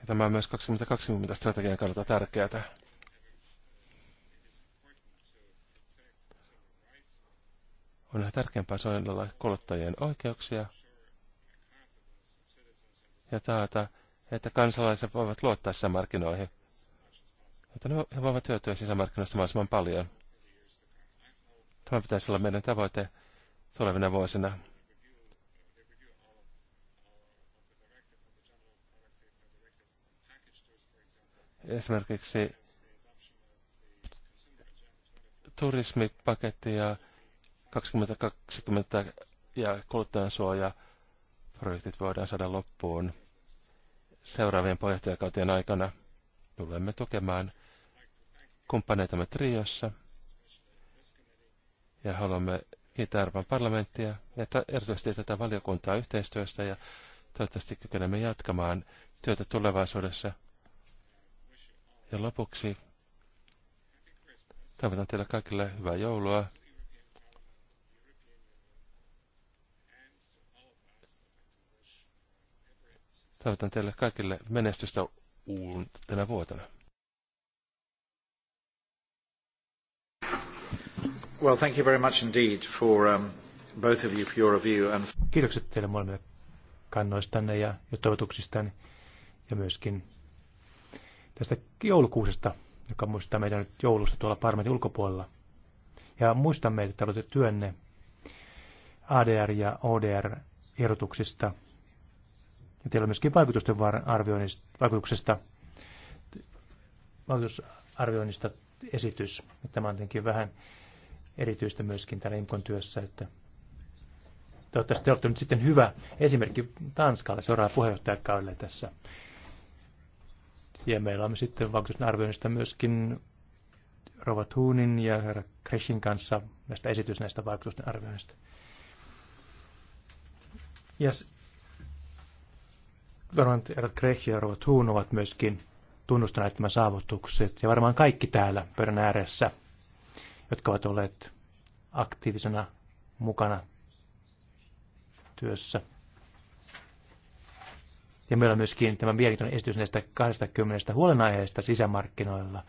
Ja tämä on myös 2020 strategian kannalta tärkeää. On yhä tärkeämpää suojella kuluttajien oikeuksia ja taata, että kansalaiset voivat luottaa markkinoihin. Mutta he voivat hyötyä sisämarkkinoista mahdollisimman paljon. Tämä pitäisi olla meidän tavoite tulevina vuosina. Esimerkiksi turismipaketti ja 2020 ja projektit voidaan saada loppuun seuraavien pohjohtajakautien aikana. Tulemme tukemaan kumppaneitamme Triossa. Ja haluamme kiittää Euroopan parlamenttia ja erityisesti tätä valiokuntaa yhteistyöstä ja toivottavasti kykenemme jatkamaan työtä tulevaisuudessa. Ja lopuksi toivotan teille kaikille hyvää joulua. Toivotan teille kaikille menestystä uutena vuotena. Well, thank you very much indeed for um, both of you for your review. And... Kiitokset teille molemmille kannoistanne ja, ja toivotuksistanne ja myöskin tästä joulukuusesta, joka muistaa meitä nyt joulusta tuolla parlamentin ulkopuolella. Ja muistamme, että olette työnne ADR- ja odr erotuksista Ja teillä on myöskin vaikutusten vaikutuksesta, vaikutusarvioinnista esitys. Tämä on tietenkin vähän erityistä myöskin täällä IMKon työssä, että toivottavasti te olette nyt sitten hyvä esimerkki Tanskalle seuraava puheenjohtajakaudelle tässä. Ja meillä on sitten vaikutusten arvioinnista myöskin Rova Thunin ja herra Kreshin kanssa näistä esitys näistä vaikutusten arvioinnista. Ja varmaan herrat Kreshin ja Rova Thun ovat myöskin tunnustaneet nämä saavutukset ja varmaan kaikki täällä pöydän ääressä – jotka ovat olleet aktiivisena mukana työssä. Ja meillä on myöskin tämä mielenkiintoinen esitys näistä 20 huolenaiheesta sisämarkkinoilla,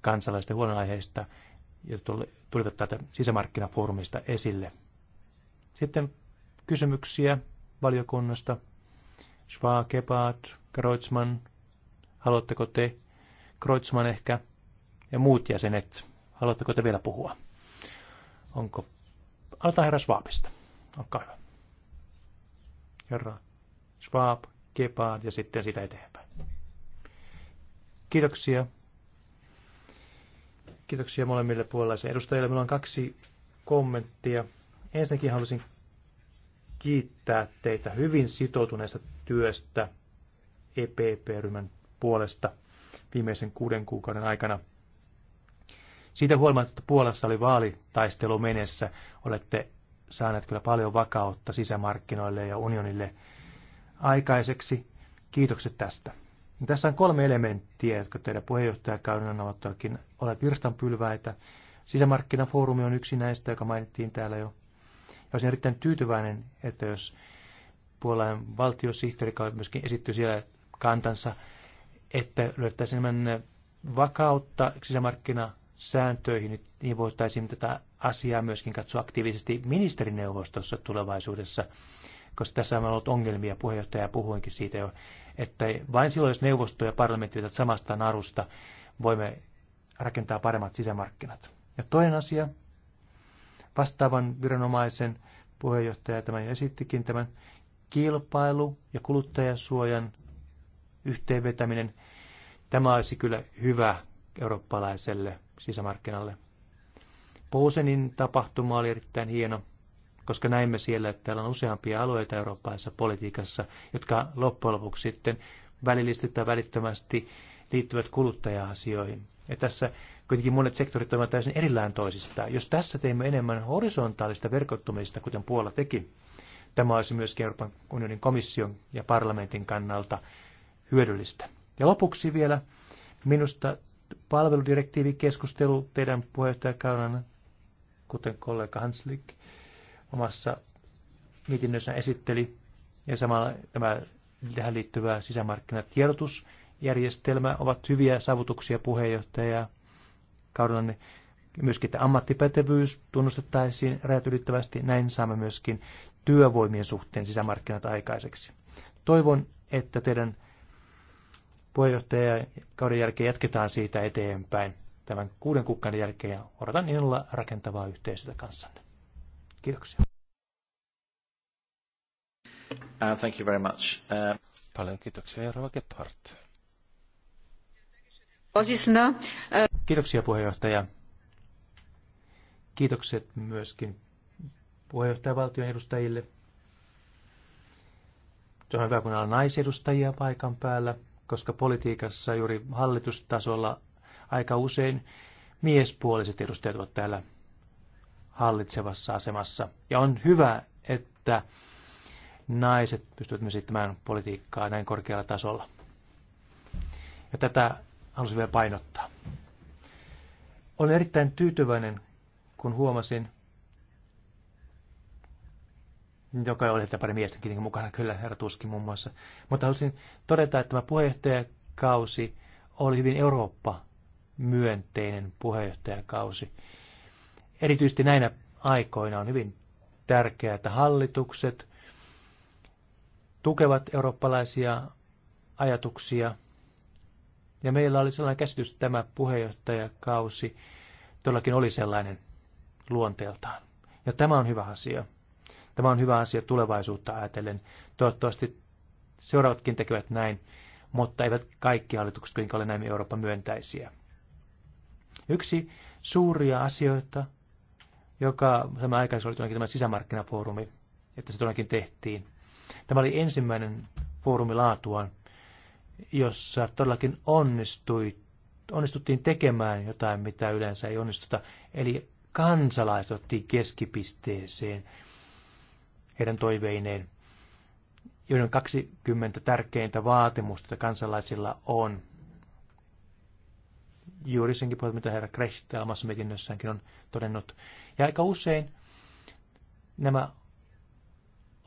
kansalaisten huolenaiheista, jotka tulivat täältä sisämarkkinafoorumista esille. Sitten kysymyksiä valiokunnasta. Schwa, Kepaat, Kreutzmann, haluatteko te, Kreutzmann ehkä, ja muut jäsenet Haluatteko te vielä puhua? Onko... Aloitetaan herra Schwabista. Olkaa hyvä. Herra Schwab, Gebhard ja sitten sitä eteenpäin. Kiitoksia. Kiitoksia molemmille puolelle edustajille. Minulla on kaksi kommenttia. Ensinnäkin haluaisin kiittää teitä hyvin sitoutuneesta työstä EPP-ryhmän puolesta viimeisen kuuden kuukauden aikana – siitä huolimatta, että Puolassa oli vaalitaistelu menessä, olette saaneet kyllä paljon vakautta sisämarkkinoille ja unionille aikaiseksi. Kiitokset tästä. No, tässä on kolme elementtiä, jotka teidän puheenjohtajakauden ovat olleet virstanpylväitä. Sisämarkkinafoorumi on yksi näistä, joka mainittiin täällä jo. Ja olisin erittäin tyytyväinen, että jos puolueen valtiosihteeri, joka myöskin esittyi siellä kantansa, että löydettäisiin enemmän vakautta sisämarkkina sääntöihin, niin voitaisiin tätä asiaa myöskin katsoa aktiivisesti ministerineuvostossa tulevaisuudessa, koska tässä on ollut ongelmia, puheenjohtaja puhuinkin siitä jo, että vain silloin, jos neuvosto ja parlamentti ovat samasta narusta, voimme rakentaa paremmat sisämarkkinat. Ja toinen asia, vastaavan viranomaisen puheenjohtaja tämän jo esittikin, tämän kilpailu- ja kuluttajasuojan yhteenvetäminen, tämä olisi kyllä hyvä eurooppalaiselle sisämarkkinalle. Posenin tapahtuma oli erittäin hieno, koska näimme siellä, että täällä on useampia alueita eurooppalaisessa politiikassa, jotka loppujen lopuksi sitten välillisesti tai välittömästi liittyvät kuluttaja-asioihin. Ja tässä kuitenkin monet sektorit ovat täysin erillään toisistaan. Jos tässä teemme enemmän horisontaalista verkottumista, kuten Puola teki, tämä olisi myös Euroopan unionin komission ja parlamentin kannalta hyödyllistä. Ja lopuksi vielä minusta palveludirektiivikeskustelu teidän puheenjohtajakaudan, kuten kollega Hanslik omassa mietinnössään esitteli, ja samalla tämä tähän liittyvä sisämarkkinatiedotusjärjestelmä ovat hyviä saavutuksia puheenjohtaja kaudellanne. Myöskin että ammattipätevyys tunnustettaisiin rajat ylittävästi, näin saamme myöskin työvoimien suhteen sisämarkkinat aikaiseksi. Toivon, että teidän puheenjohtajakauden jälkeen jatketaan siitä eteenpäin tämän kuuden kuukauden jälkeen ja odotan innolla rakentavaa yhteistyötä kanssanne. Kiitoksia. Uh, thank you very much. Uh... Paljon kiitoksia, Jarva Gebhardt. Uh, kiitoksia puheenjohtaja. Kiitokset myöskin puheenjohtajavaltion edustajille. Se on hyvä, kun on naisedustajia paikan päällä koska politiikassa juuri hallitustasolla aika usein miespuoliset edustajat ovat täällä hallitsevassa asemassa. Ja on hyvä, että naiset pystyvät myös esittämään politiikkaa näin korkealla tasolla. Ja tätä halusin vielä painottaa. Olen erittäin tyytyväinen, kun huomasin, joka oli pari miestäkin mukana, kyllä herra Tuskin muun muassa. Mutta halusin todeta, että tämä puheenjohtajakausi oli hyvin Eurooppa-myönteinen puheenjohtajakausi. Erityisesti näinä aikoina on hyvin tärkeää, että hallitukset tukevat eurooppalaisia ajatuksia. Ja meillä oli sellainen käsitys, että tämä puheenjohtajakausi todellakin oli sellainen luonteeltaan. Ja tämä on hyvä asia. Tämä on hyvä asia tulevaisuutta ajatellen. Toivottavasti seuraavatkin tekevät näin, mutta eivät kaikki hallitukset kuitenkaan ole näin Euroopan myöntäisiä. Yksi suuria asioita, joka tämä aikaisemmin oli tämä sisämarkkinafoorumi, että se todellakin tehtiin. Tämä oli ensimmäinen foorumi laatuaan, jossa todellakin onnistui, onnistuttiin tekemään jotain, mitä yleensä ei onnistuta. Eli kansalaiset otettiin keskipisteeseen heidän toiveineen, joiden 20 tärkeintä vaatimusta kansalaisilla on. Juuri senkin puolelta, mitä herra Kresh täällä omassa mietinnössäänkin on todennut. Ja aika usein nämä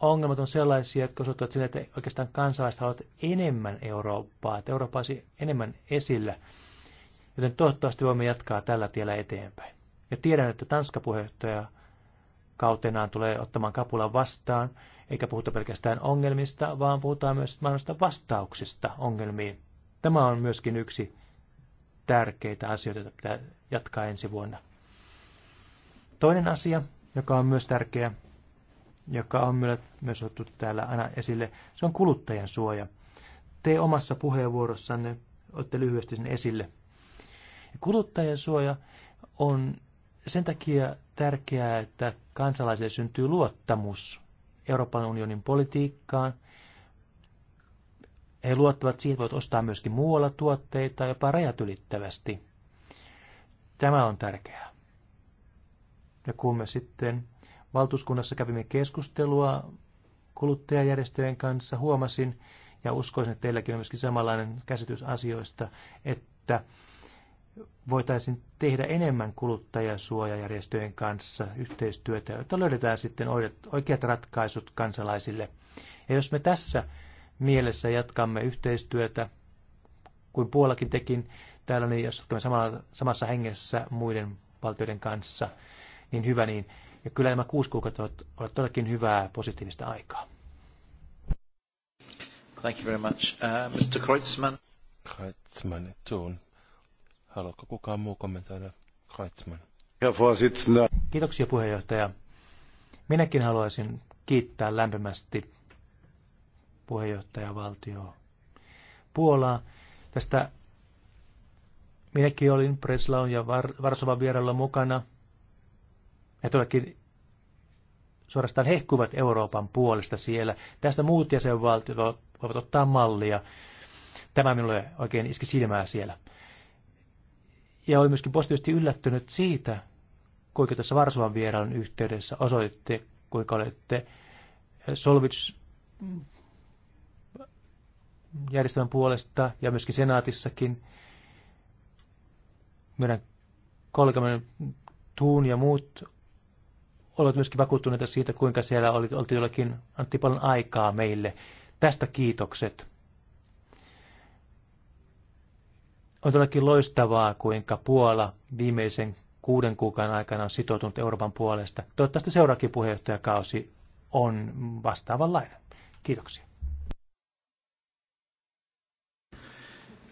ongelmat on sellaisia, jotka osoittavat sille, että oikeastaan kansalaiset haluavat enemmän Eurooppaa, että Eurooppa olisi enemmän esillä. Joten toivottavasti voimme jatkaa tällä tiellä eteenpäin. Ja tiedän, että Tanska puheenjohtaja kautenaan tulee ottamaan kapulan vastaan, eikä puhuta pelkästään ongelmista, vaan puhutaan myös mahdollisista vastauksista ongelmiin. Tämä on myöskin yksi tärkeitä asioita, joita pitää jatkaa ensi vuonna. Toinen asia, joka on myös tärkeä, joka on myös otettu täällä aina esille, se on kuluttajan suoja. Te omassa puheenvuorossanne otte lyhyesti sen esille. Kuluttajan suoja on sen takia tärkeää, että kansalaisille syntyy luottamus Euroopan unionin politiikkaan. He luottavat siihen, että ostaa myöskin muualla tuotteita, jopa rajat ylittävästi. Tämä on tärkeää. Ja kun me sitten valtuuskunnassa kävimme keskustelua kuluttajajärjestöjen kanssa, huomasin, ja uskoisin, että teilläkin on myöskin samanlainen käsitys asioista, että voitaisiin tehdä enemmän kuluttajasuojajärjestöjen kanssa yhteistyötä, jotta löydetään sitten oikeat ratkaisut kansalaisille. Ja jos me tässä mielessä jatkamme yhteistyötä, kuin Puolakin tekin täällä, niin jos jatkamme samalla, samassa hengessä muiden valtioiden kanssa, niin hyvä niin. Ja kyllä nämä kuusi kuukautta ovat, ovat todellakin hyvää positiivista aikaa. Thank you very much. Uh, Mr. Kreutzmann. Kreutzmann, tuun. Haluatko kukaan muu kommentoida? Kreutzmann. Kiitoksia puheenjohtaja. Minäkin haluaisin kiittää lämpimästi puheenjohtajavaltioa Puolaa. Tästä minäkin olin Preslaun ja Var- Varsovan vierellä mukana. Ja todellakin suorastaan hehkuvat Euroopan puolesta siellä. Tästä muut jäsenvaltiot voivat ottaa mallia. Tämä minulle oikein iski silmää siellä. Ja oli myöskin positiivisesti yllättynyt siitä, kuinka tässä Varsovan vierailun yhteydessä osoitte, kuinka olette eh, Solvits järjestelmän puolesta ja myöskin senaatissakin meidän kollegamme Tuun ja muut olivat myöskin vakuuttuneita siitä, kuinka siellä oli, oltiin jollakin, antti paljon aikaa meille. Tästä kiitokset. On todellakin loistavaa, kuinka Puola viimeisen kuuden kuukauden aikana on sitoutunut Euroopan puolesta. Toivottavasti seuraakin puheenjohtajakausi on vastaavanlainen. Kiitoksia.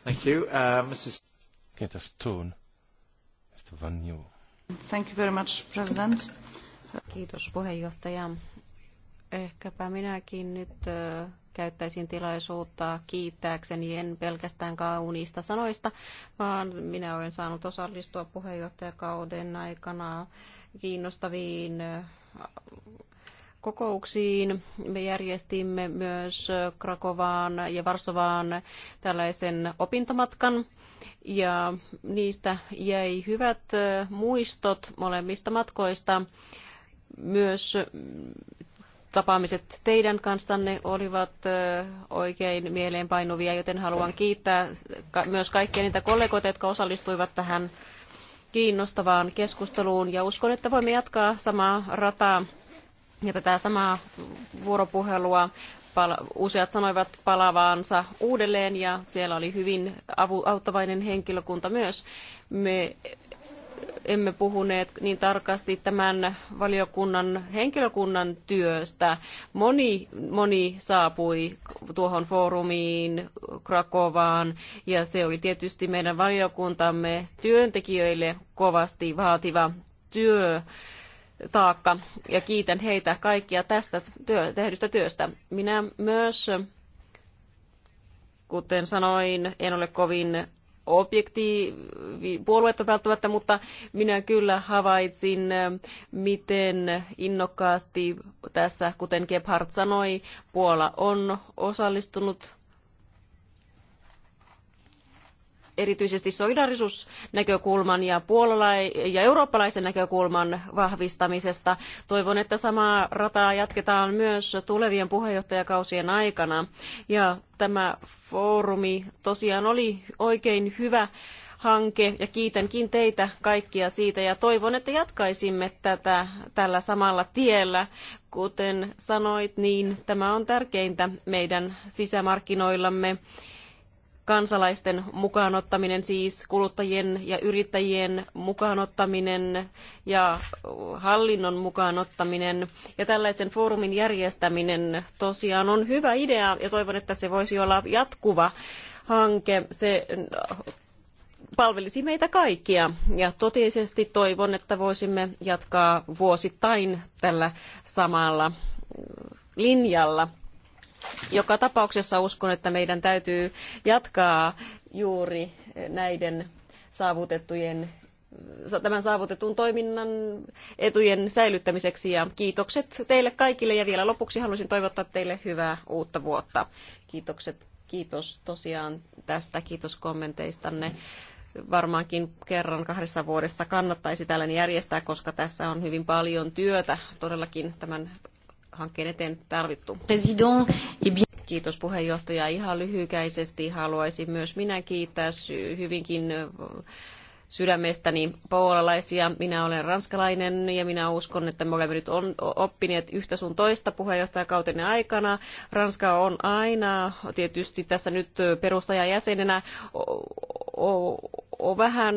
Thank you, uh, Mrs. Kiitos, Tuun. Thank you very much, President. Kiitos puheenjohtaja. Ehkäpä minäkin nyt käyttäisin tilaisuutta kiittääkseni en pelkästään kauniista sanoista, vaan minä olen saanut osallistua puheenjohtajakauden aikana kiinnostaviin kokouksiin. Me järjestimme myös Krakovaan ja Varsovaan tällaisen opintomatkan ja niistä jäi hyvät muistot molemmista matkoista. Myös tapaamiset teidän kanssanne olivat oikein mieleenpainuvia, joten haluan kiittää myös kaikkia niitä kollegoita, jotka osallistuivat tähän kiinnostavaan keskusteluun. Ja uskon, että voimme jatkaa samaa rataa ja tätä samaa vuoropuhelua. Useat sanoivat palavaansa uudelleen ja siellä oli hyvin auttavainen henkilökunta myös. Me emme puhuneet niin tarkasti tämän valiokunnan henkilökunnan työstä. Moni, moni saapui tuohon foorumiin Krakovaan ja se oli tietysti meidän valiokuntamme työntekijöille kovasti vaativa työ taakka ja kiitän heitä kaikkia tästä työ, tehdystä työstä. Minä myös, kuten sanoin, en ole kovin objektiivi, puolueet välttämättä, mutta minä kyllä havaitsin, miten innokkaasti tässä, kuten Gebhardt sanoi, Puola on osallistunut erityisesti solidaarisuusnäkökulman ja, puolala- ja eurooppalaisen näkökulman vahvistamisesta. Toivon, että samaa rataa jatketaan myös tulevien puheenjohtajakausien aikana. Ja tämä foorumi tosiaan oli oikein hyvä hanke ja kiitänkin teitä kaikkia siitä ja toivon, että jatkaisimme tätä tällä samalla tiellä. Kuten sanoit, niin tämä on tärkeintä meidän sisämarkkinoillamme kansalaisten mukaanottaminen, siis kuluttajien ja yrittäjien mukaanottaminen ja hallinnon mukaanottaminen. Ja tällaisen foorumin järjestäminen tosiaan on hyvä idea ja toivon, että se voisi olla jatkuva hanke. Se äh, palvelisi meitä kaikkia ja totisesti toivon, että voisimme jatkaa vuosittain tällä samalla äh, linjalla. Joka tapauksessa uskon, että meidän täytyy jatkaa juuri näiden saavutettujen tämän saavutetun toiminnan etujen säilyttämiseksi ja kiitokset teille kaikille ja vielä lopuksi haluaisin toivottaa teille hyvää uutta vuotta. Kiitokset, kiitos tosiaan tästä, kiitos kommenteistanne. Varmaankin kerran kahdessa vuodessa kannattaisi tällainen järjestää, koska tässä on hyvin paljon työtä todellakin tämän hankkeen eteen tarvittu. Eh Kiitos puheenjohtaja. Ihan lyhykäisesti haluaisin myös minä kiittää hyvinkin sydämestäni puolalaisia. Minä olen ranskalainen ja minä uskon, että me olemme nyt on, oppineet yhtä sun toista puheenjohtajakautenne aikana. Ranska on aina tietysti tässä nyt perustajajäsenenä o, o, o, vähän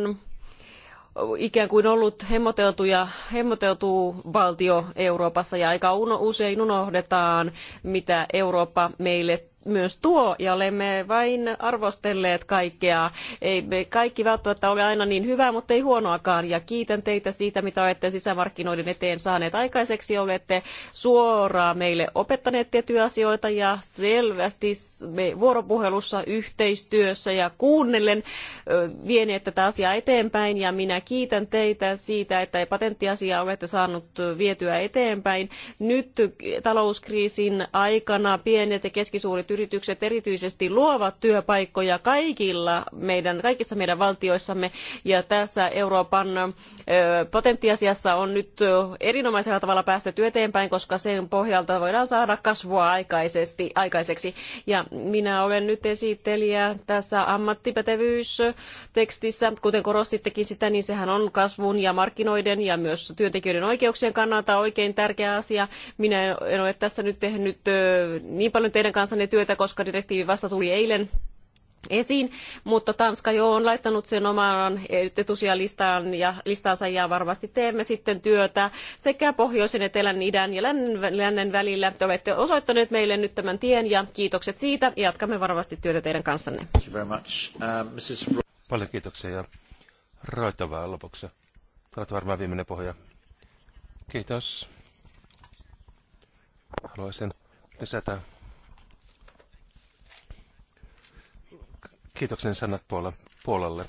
ikään kuin ollut hemmoteltu, ja, hemmoteltu valtio Euroopassa ja aika usein unohdetaan, mitä Eurooppa meille myös tuo, ja olemme vain arvostelleet kaikkea. Ei me kaikki välttämättä ole aina niin hyvää, mutta ei huonoakaan, ja kiitän teitä siitä, mitä olette sisämarkkinoiden eteen saaneet aikaiseksi. Olette suoraan meille opettaneet tiettyjä asioita, ja selvästi me vuoropuhelussa, yhteistyössä ja kuunnellen vieneet tätä asiaa eteenpäin, ja minä kiitän teitä siitä, että patenttiasiaa olette saanut vietyä eteenpäin. Nyt talouskriisin aikana pienet ja keskisuurit suuret yritykset erityisesti luovat työpaikkoja kaikilla meidän, kaikissa meidän valtioissamme ja tässä Euroopan potentiasiassa on nyt erinomaisella tavalla päästetty eteenpäin, koska sen pohjalta voidaan saada kasvua aikaisesti, aikaiseksi. Ja minä olen nyt esittelijä tässä ammattipätevyystekstissä. Kuten korostittekin sitä, niin sehän on kasvun ja markkinoiden ja myös työntekijöiden oikeuksien kannalta oikein tärkeä asia. Minä en ole tässä nyt tehnyt niin paljon teidän kanssanne työtä, työtä, koska direktiivi vasta tuli eilen esiin, mutta Tanska jo on laittanut sen omaan etusijalistaan ja listansa ja varmasti teemme sitten työtä sekä pohjoisen, etelän, idän ja lännen, lännen välillä. Te olette osoittaneet meille nyt tämän tien ja kiitokset siitä. Jatkamme varmasti työtä teidän kanssanne. Uh, Paljon kiitoksia ja roitavaa lopuksi. Olet varmaan viimeinen pohja. Kiitos. Haluaisin lisätä kiitoksen sanat Puolalle.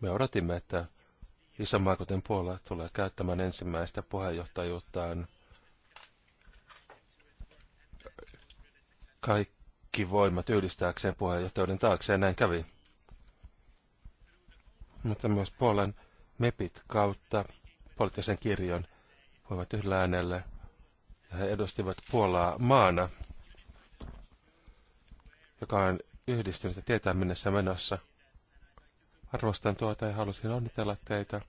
Me odotimme, että isomaa kuten Puola tulee käyttämään ensimmäistä puheenjohtajuuttaan kaikki voimat yhdistääkseen puheenjohtajuuden taakse, ja näin kävi. Mutta myös Puolan MEPit kautta poliittisen kirjon voivat yhdellä äänellä, ja he edustivat Puolaa maana, joka on yhdistynyt ja tietää mennessä menossa. Arvostan tuota ja halusin onnitella teitä,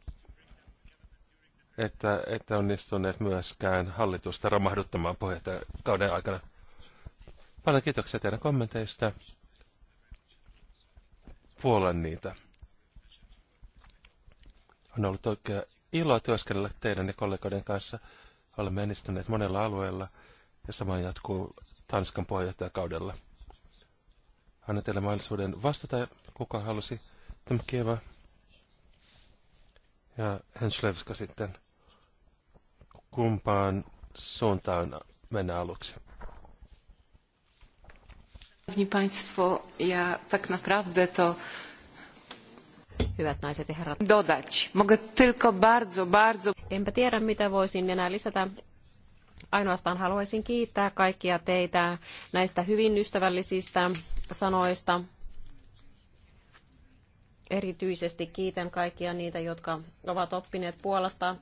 että ette onnistuneet myöskään hallitusta romahduttamaan kauden aikana. Paljon kiitoksia teidän kommenteista. Puolen niitä. On ollut oikea ilo työskennellä teidän ja kollegoiden kanssa. Olemme onnistuneet monella alueella ja sama jatkuu Tanskan kaudella. Annan teille mahdollisuuden vastata, kuka halusi. Tymkieva ja Henslevska sitten. Kumpaan suuntaan mennä aluksi? ja tak naprawdę to Hyvät naiset ja herrat. Dodać. Mogę tylko bardzo, bardzo... Enpä tiedä, mitä voisin enää lisätä. Ainoastaan haluaisin kiittää kaikkia teitä näistä hyvin ystävällisistä sanoista. Erityisesti kiitän kaikkia niitä, jotka ovat oppineet Puolasta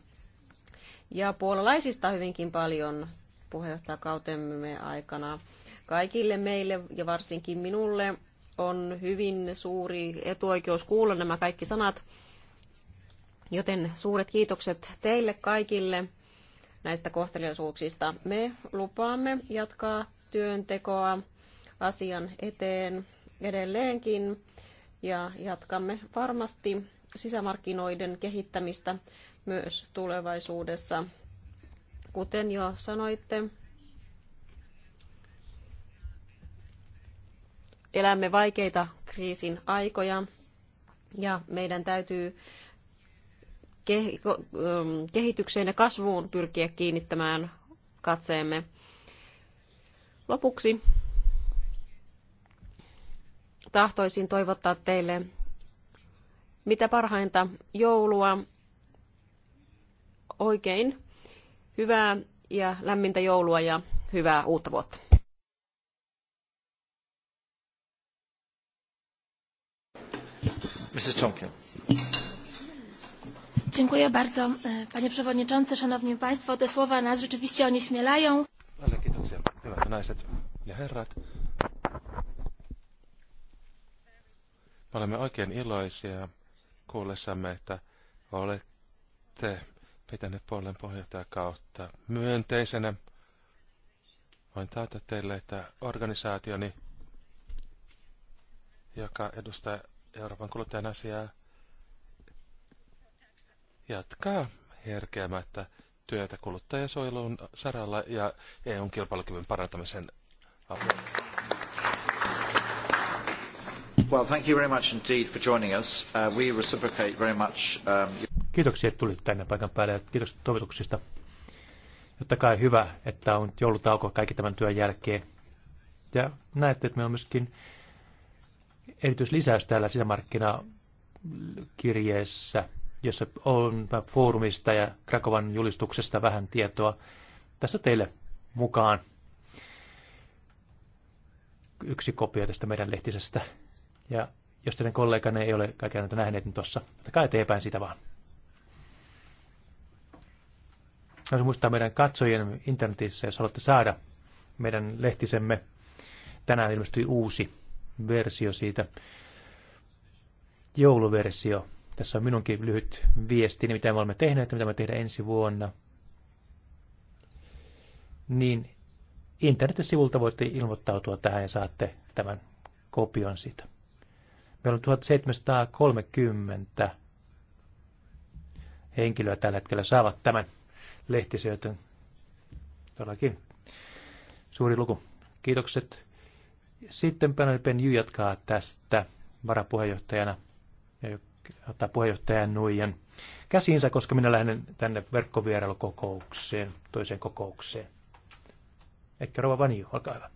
ja puolalaisista hyvinkin paljon puheenjohtajakautemme aikana. Kaikille meille ja varsinkin minulle on hyvin suuri etuoikeus kuulla nämä kaikki sanat, joten suuret kiitokset teille kaikille näistä kohteliaisuuksista. Me lupaamme jatkaa työntekoa asian eteen edelleenkin ja jatkamme varmasti sisämarkkinoiden kehittämistä myös tulevaisuudessa. Kuten jo sanoitte, elämme vaikeita kriisin aikoja ja meidän täytyy ähm, kehitykseen ja kasvuun pyrkiä kiinnittämään katseemme. Lopuksi tahtoisin toivottaa teille mitä parhainta joulua, oikein hyvää ja lämmintä joulua ja hyvää uutta vuotta. Mrs. Tonkin. Dziękuję bardzo, e, panie przewodniczący, szanowni państwo. Te słowa nas rzeczywiście onieśmielają. Ale kiitoksia, hyvät naiset ja herrat. olemme oikein iloisia kuullessamme, että olette pitäneet puolen kautta myönteisenä. Voin taata teille, että organisaationi, joka edustaa Euroopan kuluttajan asiaa, jatkaa herkeämättä työtä kuluttajasuojelun saralla ja EUn kilpailukyvyn parantamisen alueella. Well, thank you very much indeed for joining us. Uh, we reciprocate very much. Um... Kiitoksia, että tulit tänne paikan päälle ja kiitos toivotuksista. Totta kai hyvä, että on joulutauko kaikki tämän työn jälkeen. Ja näette, että me on myöskin erityislisäys täällä sisämarkkinakirjeessä, jossa on foorumista ja Krakovan julistuksesta vähän tietoa. Tässä teille mukaan yksi kopio tästä meidän lehtisestä ja jos teidän kolleganne ei ole kaikkia näitä nähneet, niin tuossa ottakaa eteenpäin sitä vaan. Jos muistaa meidän katsojien internetissä, jos haluatte saada meidän lehtisemme. Tänään ilmestyi uusi versio siitä, jouluversio. Tässä on minunkin lyhyt viesti, mitä me olemme tehneet ja mitä me tehdään ensi vuonna. Niin internetin sivulta voitte ilmoittautua tähän ja saatte tämän kopion siitä. Meillä on 1730 henkilöä tällä hetkellä saavat tämän lehtisen, todellakin suuri luku. Kiitokset. Sitten Penel Penju jatkaa tästä varapuheenjohtajana ja ottaa puheenjohtajan Nuijan käsiinsä, koska minä lähden tänne verkkovierailukokoukseen, toiseen kokoukseen. Etkä Rova Vanju, olkaa hyvä.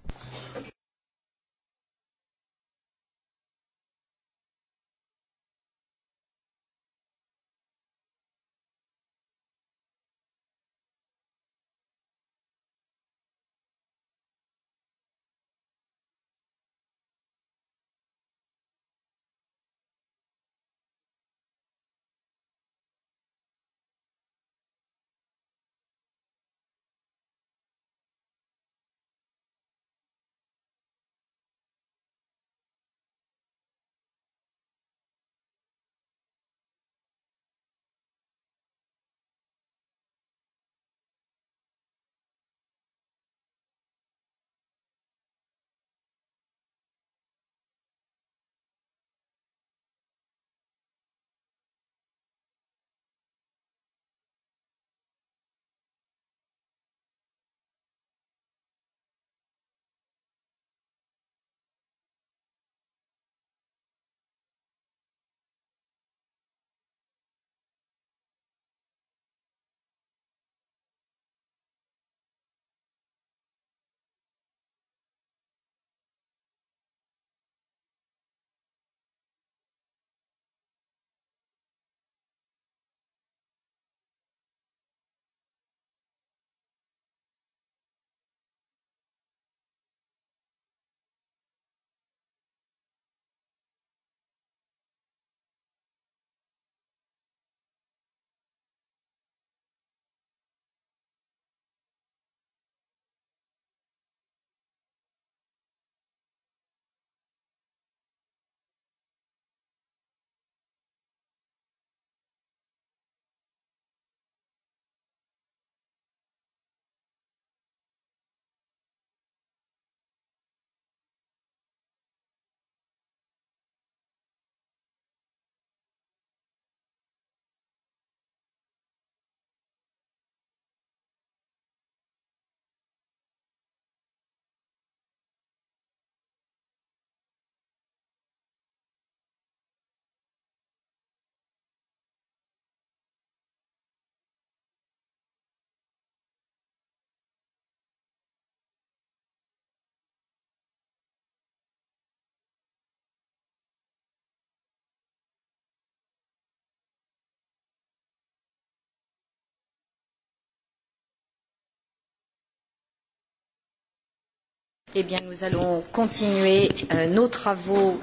Eh bien, nous allons continuer euh, nos travaux.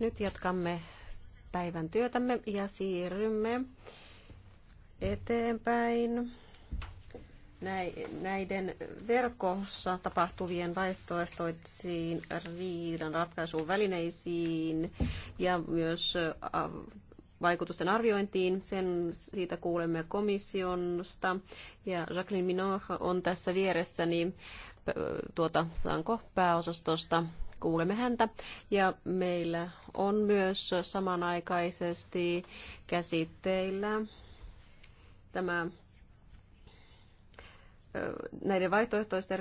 Nyt jatkamme päivän työtämme ja siirrymme eteenpäin näiden verkossa tapahtuvien vaihtoehtoisiin riidan välineisiin ja myös äh, vaikutusten arviointiin. Sen siitä kuulemme komissiosta. Ja Jacqueline Minot on tässä vieressäni. Niin tuota Sanko pääosastosta. Kuulemme häntä. Ja meillä on myös samanaikaisesti käsitteillä tämä näiden vaihtoehtoisten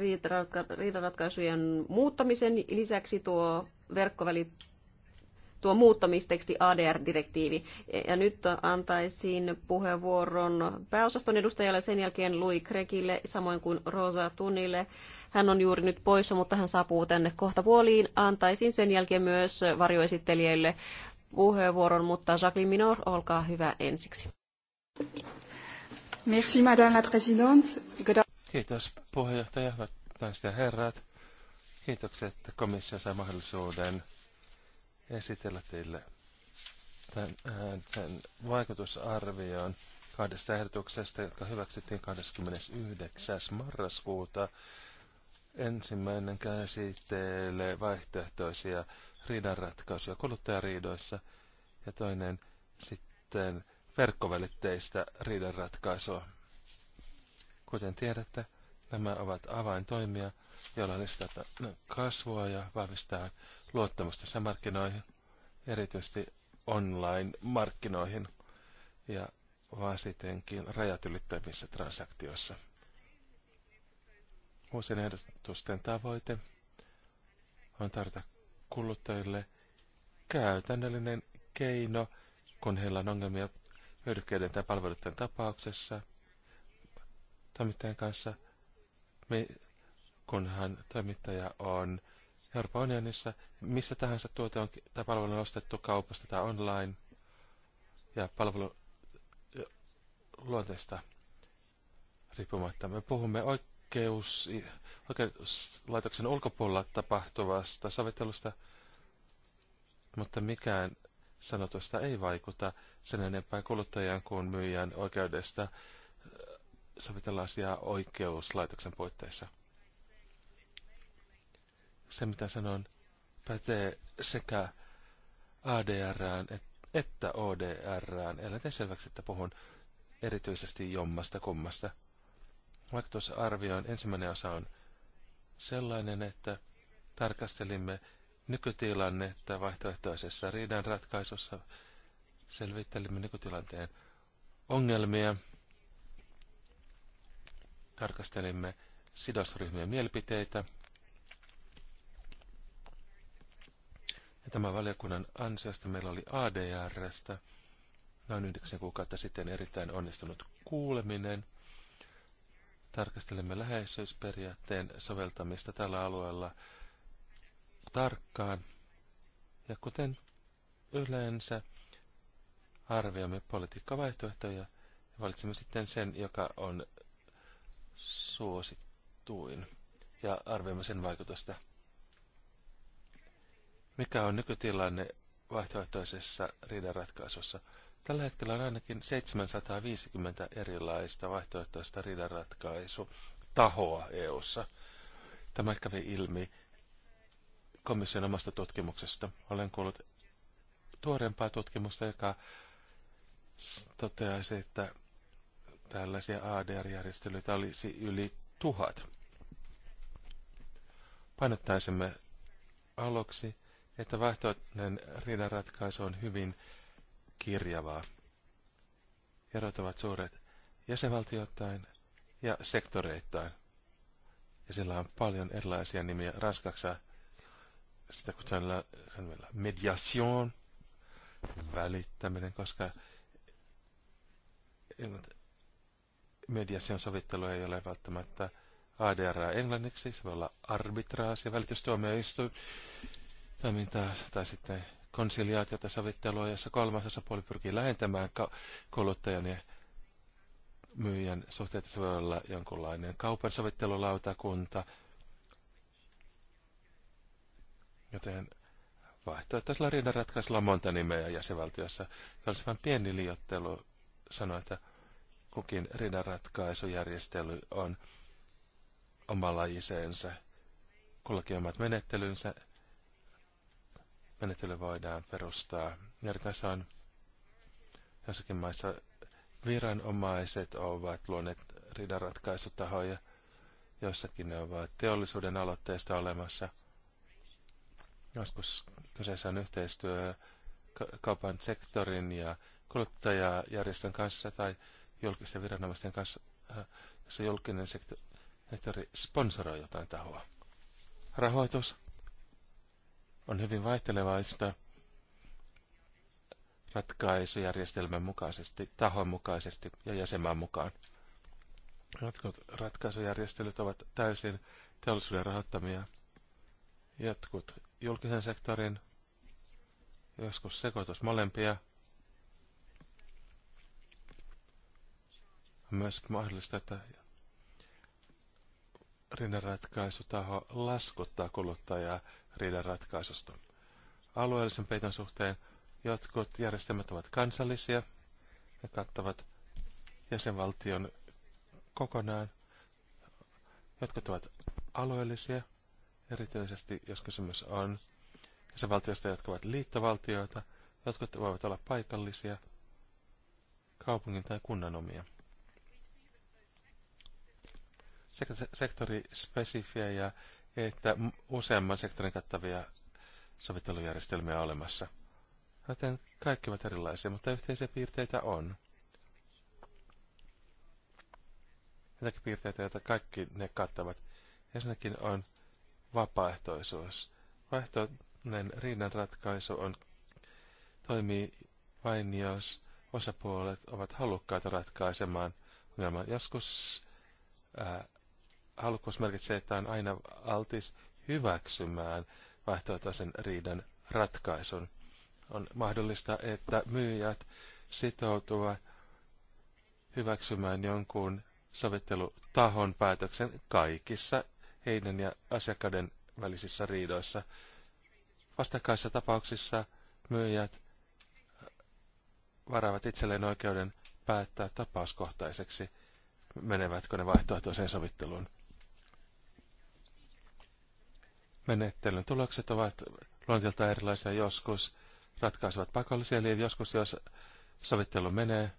riidanratkaisujen muuttamisen lisäksi tuo verkkovälit tuo muuttamisteksti ADR-direktiivi. Ja nyt antaisin puheenvuoron pääosaston edustajalle, sen jälkeen Louis Krekille, samoin kuin Rosa Tunille. Hän on juuri nyt poissa, mutta hän saapuu tänne kohta puoliin. Antaisin sen jälkeen myös varjoesittelijöille puheenvuoron, mutta Jacqueline Minor, olkaa hyvä ensiksi. Merci, Madame la Présidente. Kiitos puheenjohtaja, naiset ja herrat. Kiitokset, että komissio sai mahdollisuuden esitellä teille tämän, tämän äh, vaikutusarvion kahdesta ehdotuksesta, jotka hyväksyttiin 29. marraskuuta. Ensimmäinen käsittelee vaihtoehtoisia riidanratkaisuja kuluttajariidoissa ja toinen sitten verkkovälitteistä riidanratkaisua. Kuten tiedätte, nämä ovat avaintoimia, joilla lisätään kasvua ja vahvistaa luottamusta sisämarkkinoihin, erityisesti online-markkinoihin ja vasitenkin rajat ylittävissä transaktioissa. Uusien ehdotusten tavoite on tarjota kuluttajille käytännöllinen keino, kun heillä on ongelmia hyödykkeiden tai palveluiden tapauksessa toimittajan kanssa, kunhan toimittaja on Euroopan unionissa, missä tahansa tuote on, tai palvelu on ostettu kaupasta tai online ja palvelu luonteesta riippumatta. Me puhumme oikeus, oikeuslaitoksen ulkopuolella tapahtuvasta sovittelusta, mutta mikään sanotusta ei vaikuta sen enempää kuluttajan kuin myyjän oikeudesta sovitella asiaa oikeuslaitoksen puitteissa se mitä sanon pätee sekä ADRään että ODRään. Älä tee selväksi, että puhun erityisesti jommasta kummasta. Vaikka tuossa arvioin ensimmäinen osa on sellainen, että tarkastelimme nykytilannetta vaihtoehtoisessa riidan ratkaisussa, selvittelimme nykytilanteen ongelmia, tarkastelimme sidosryhmien mielipiteitä – Ja tämän valiokunnan ansiosta meillä oli ADRstä noin yhdeksän kuukautta sitten erittäin onnistunut kuuleminen. Tarkastelemme läheisyysperiaatteen soveltamista tällä alueella tarkkaan. Ja kuten yleensä, arvioimme politiikkavaihtoehtoja ja valitsemme sitten sen, joka on suosittuin ja arvioimme sen vaikutusta mikä on nykytilanne vaihtoehtoisessa riidanratkaisussa. Tällä hetkellä on ainakin 750 erilaista vaihtoehtoista riidanratkaisutahoa EU-ssa. Tämä kävi ilmi komission omasta tutkimuksesta. Olen kuullut tuoreempaa tutkimusta, joka toteaisi, että tällaisia ADR-järjestelyitä olisi yli tuhat. Painottaisimme aluksi että vaihtoehtoinen ratkaisu on hyvin kirjavaa. Erot ovat suuret jäsenvaltioittain ja sektoreittain. Ja sillä on paljon erilaisia nimiä. Ranskaksa sitä kutsutaan mediation, välittäminen, koska mediation sovittelu ei ole välttämättä ADR englanniksi, se voi olla arbitraasi ja välitystuomioistuin toimintaa tai sitten konsiliaatiota sovittelua, jossa kolmas puoli pyrkii lähentämään kuluttajan ja myyjän suhteet. Se voi olla jonkunlainen kaupan sovittelulautakunta, joten vaihtoehtoisella rinnan ratkaisulla on monta nimeä jäsenvaltiossa. Olisi vain pieni liottelu sanoa, että kukin riidanratkaisujärjestely on omalla lajisensa, kullakin omat menettelynsä menettely voidaan perustaa. Ja tässä on jossakin maissa viranomaiset ovat luoneet ridaratkaisutahoja, jossakin ne ovat teollisuuden aloitteesta olemassa. Joskus kyseessä on yhteistyö kaupan sektorin ja kuluttajajärjestön kanssa tai julkisten viranomaisten kanssa, äh, jossa julkinen sektori sponsoroi jotain tahoa. Rahoitus on hyvin vaihtelevaista ratkaisujärjestelmän mukaisesti, tahon mukaisesti ja jäsenmaan mukaan. Jotkut ratkaisujärjestelyt ovat täysin teollisuuden rahoittamia, jotkut julkisen sektorin, joskus sekoitus molempia. On myös mahdollista, että rinnanratkaisutaho laskuttaa kuluttajaa riidan ratkaisusta. Alueellisen peiton suhteen jotkut järjestelmät ovat kansallisia, ne kattavat jäsenvaltion kokonaan. Jotkut ovat alueellisia, erityisesti jos kysymys on jäsenvaltioista, jotka ovat liittovaltioita, jotkut voivat olla paikallisia, kaupungin tai kunnan omia. Sekä sektorispesifiä ja että useamman sektorin kattavia sovittelujärjestelmiä on olemassa. Joten kaikki ovat erilaisia, mutta yhteisiä piirteitä on. Jotakin piirteitä, joita kaikki ne kattavat. Ensinnäkin on vapaaehtoisuus. Vaihtoinen riidanratkaisu on, toimii vain jos osapuolet ovat halukkaita ratkaisemaan ongelman. Joskus ää, halukkuus merkitsee, että on aina altis hyväksymään vaihtoehtoisen riidan ratkaisun. On mahdollista, että myyjät sitoutuvat hyväksymään jonkun sovittelutahon päätöksen kaikissa heidän ja asiakkaiden välisissä riidoissa. Vastakkaissa tapauksissa myyjät varaavat itselleen oikeuden päättää tapauskohtaiseksi, menevätkö ne vaihtoehtoiseen sovitteluun. menettelyn tulokset ovat luonteeltaan erilaisia joskus, ratkaisevat pakollisia, eli joskus jos sovittelu menee,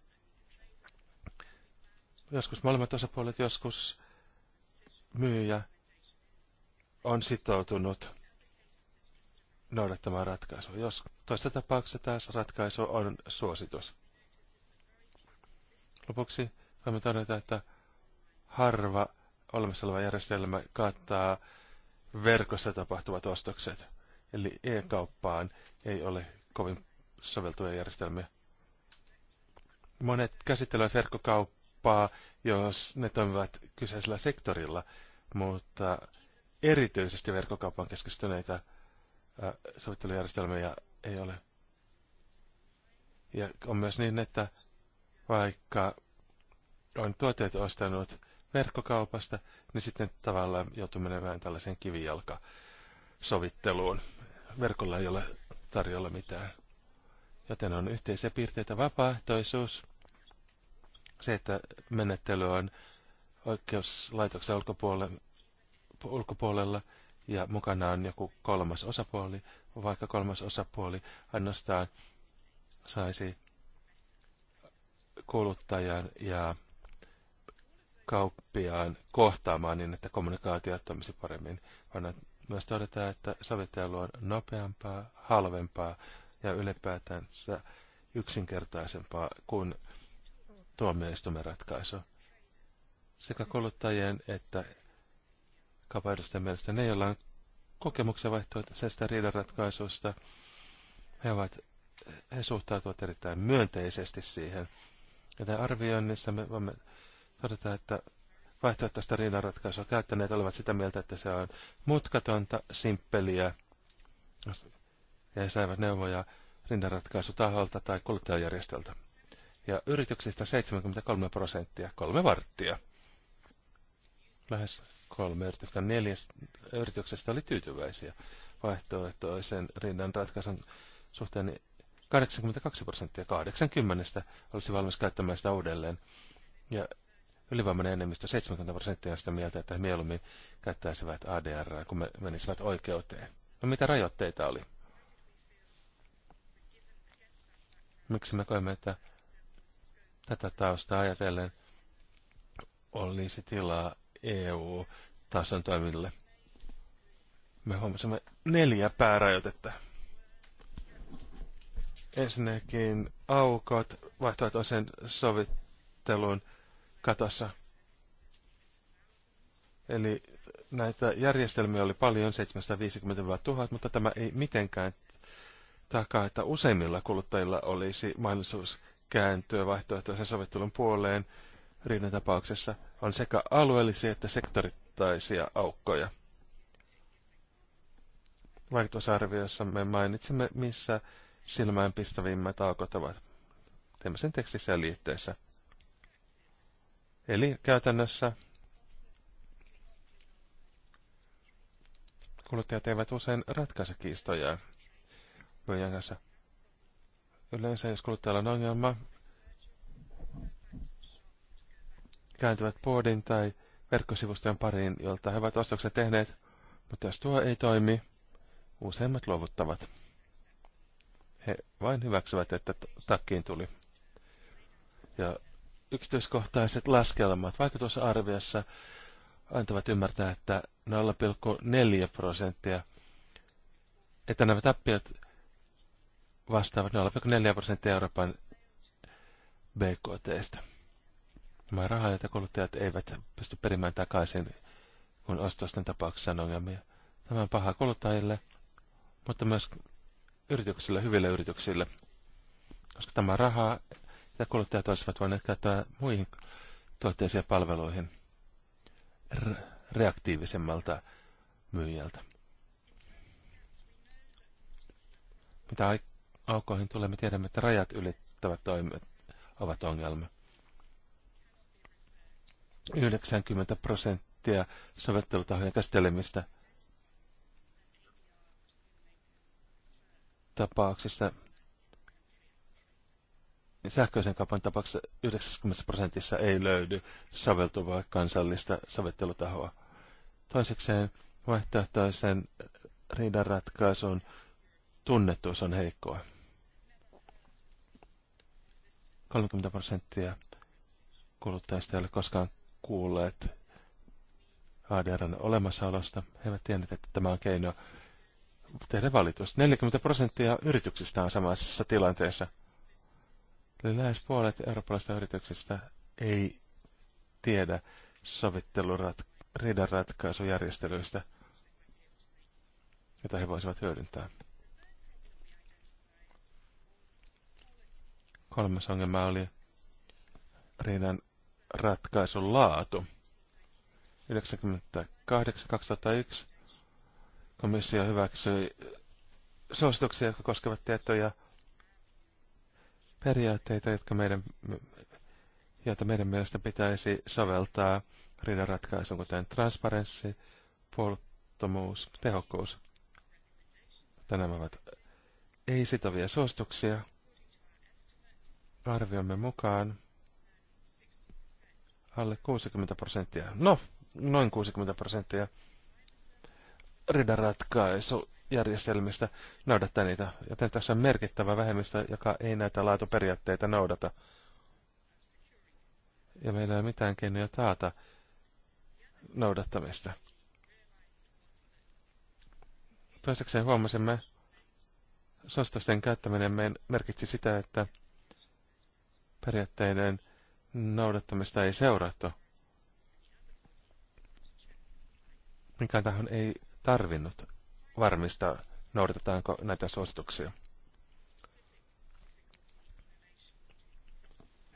joskus molemmat osapuolet, joskus myyjä on sitoutunut noudattamaan ratkaisua. Jos toista tapauksessa taas ratkaisu on suositus. Lopuksi voimme todeta, että harva olemassa oleva järjestelmä kattaa verkossa tapahtuvat ostokset. Eli e-kauppaan ei ole kovin soveltuja järjestelmiä. Monet käsittelevät verkkokauppaa, jos ne toimivat kyseisellä sektorilla, mutta erityisesti verkkokaupan keskistyneitä sovittelujärjestelmiä ei ole. Ja on myös niin, että vaikka on tuotteet ostanut verkkokaupasta, niin sitten tavallaan joutuu menemään tällaiseen kivijalkasovitteluun. Verkolla ei ole tarjolla mitään. Joten on yhteisiä piirteitä vapaaehtoisuus, se, että menettely on oikeuslaitoksen ulkopuolella, ulkopuolella ja mukana on joku kolmas osapuoli, vaikka kolmas osapuoli ainoastaan saisi kuluttajan ja kauppiaan kohtaamaan niin, että kommunikaatio toimisi paremmin, vaan myös todetaan, että sovittelu on nopeampaa, halvempaa ja ylipäätään yksinkertaisempaa kuin tuomioistuimen ratkaisu. Sekä kuluttajien että kaupanosten mielestä ne, joilla on kokemuksen vaihtoehtoisesta riidanratkaisusta, he, ovat, he suhtautuvat erittäin myönteisesti siihen. Joten arvioinnissa me voimme todetaan, että vaihtoehtoista riidanratkaisua käyttäneet olivat sitä mieltä, että se on mutkatonta, simppeliä ja saivat neuvoja riidanratkaisutaholta tai kuluttajajärjestöltä. Ja yrityksistä 73 prosenttia, kolme varttia. Lähes kolme yritystä neljäs, yrityksestä oli tyytyväisiä vaihtoehtoisen rinnan suhteen 82 niin prosenttia 80 olisi valmis käyttämään sitä uudelleen. Ja ylivoimainen enemmistö, 70 prosenttia sitä mieltä, että he mieluummin käyttäisivät ADR, kun menisivät oikeuteen. No mitä rajoitteita oli? Miksi me koemme, että tätä taustaa ajatellen olisi tilaa EU-tason toimille? Me huomasimme neljä päärajoitetta. Ensinnäkin aukot vaihtoehtoisen sovittelun katossa. Eli näitä järjestelmiä oli paljon, 750 000, mutta tämä ei mitenkään takaa, että useimmilla kuluttajilla olisi mahdollisuus kääntyä vaihtoehtoisen sovittelun puoleen. Riiden tapauksessa on sekä alueellisia että sektorittaisia aukkoja. Vaikutusarviossa me mainitsemme, missä silmäänpistävimmät aukot ovat. Teemme sen tekstissä ja liitteessä. Eli käytännössä kuluttajat eivät usein ratkaise kiistoja myyjän kanssa. Yleensä jos kuluttajalla on ongelma, kääntyvät boardin tai verkkosivustojen pariin, jolta he ovat ostokset tehneet, mutta jos tuo ei toimi, useimmat luovuttavat. He vain hyväksyvät, että takkiin tuli. Ja yksityiskohtaiset laskelmat vaikka arviossa antavat ymmärtää, että 0,4 prosenttia, että nämä tappiot vastaavat 0,4 prosenttia Euroopan BKTstä. Tämä rahaa, joita kuluttajat eivät pysty perimään takaisin, kun ostosten tapauksessa on ongelmia. Tämä on paha kuluttajille, mutta myös yrityksille, hyville yrityksille, koska tämä rahaa ja kuluttajat olisivat voineet käyttää muihin tuotteisiin ja palveluihin re- reaktiivisemmalta myyjältä. Mitä aukoihin tulee, me tiedämme, että rajat ylittävät toimet ovat ongelma. 90 prosenttia sovittelutahojen käsittelemistä tapauksista niin sähköisen kaupan tapauksessa 90 prosentissa ei löydy soveltuvaa kansallista sovittelutahoa. Toisekseen vaihtoehtoisen riidan ratkaisun tunnettuus on heikkoa. 30 prosenttia kuluttajista ei ole koskaan kuulleet ADRn olemassaolosta. He eivät tienneet, että tämä on keino tehdä valitus. 40 prosenttia yrityksistä on samassa tilanteessa. Eli lähes puolet eurooppalaisista yrityksistä ei tiedä sovitteluriidanratkaisujärjestelyistä, jota he voisivat hyödyntää. Kolmas ongelma oli riidan ratkaisun laatu. 98-2001 komissio hyväksyi suosituksia, jotka koskevat tietoja periaatteita, jotka meidän, joita meidän mielestä pitäisi soveltaa riidan ratkaisuun, kuten transparenssi, puolettomuus, tehokkuus. Nämä ovat ei-sitovia suostuksia Arviomme mukaan alle 60 prosenttia. No, noin 60 prosenttia ridaratkaisu ratkaisu järjestelmistä noudattaa niitä, joten tässä on merkittävä vähemmistö, joka ei näitä laatuperiaatteita noudata. Ja meillä ei ole mitään keinoja taata noudattamista. Toisekseen huomasimme, suositusten käyttäminen merkitsi sitä, että periaatteiden noudattamista ei seurattu. Mikään tahon ei tarvinnut varmistaa, noudatetaanko näitä suosituksia.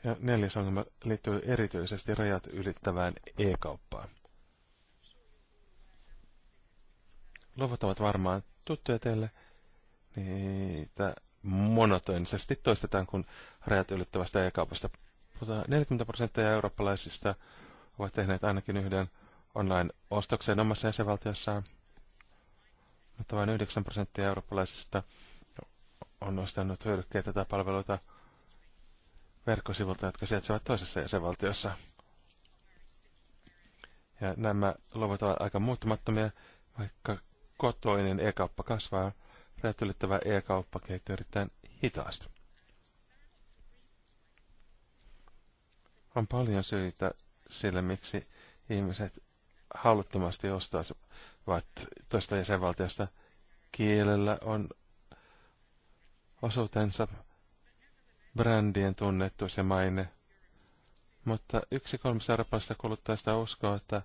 Ja neljäs ongelma liittyy erityisesti rajat ylittävään e-kauppaan. Luvut ovat varmaan tuttuja teille. Niitä monotonisesti toistetaan, kun rajat ylittävästä e-kaupasta puhutaan. 40 prosenttia eurooppalaisista ovat tehneet ainakin yhden online-ostokseen omassa jäsenvaltiossaan mutta vain 9 prosenttia eurooppalaisista on ostanut hyödykkeitä tai palveluita verkkosivuilta, jotka sijaitsevat toisessa jäsenvaltiossa. Ja nämä luvut ovat aika muuttumattomia, vaikka kotoinen e-kauppa kasvaa, rajat ylittävä e-kauppa kehittyy erittäin hitaasti. On paljon syitä sille, miksi ihmiset haluttomasti ostaisivat Vaat toista jäsenvaltiosta. Kielellä on osuutensa brändien tunnettu se maine. Mutta yksi kolmesta eurooppalaisesta kuluttajasta uskoo, että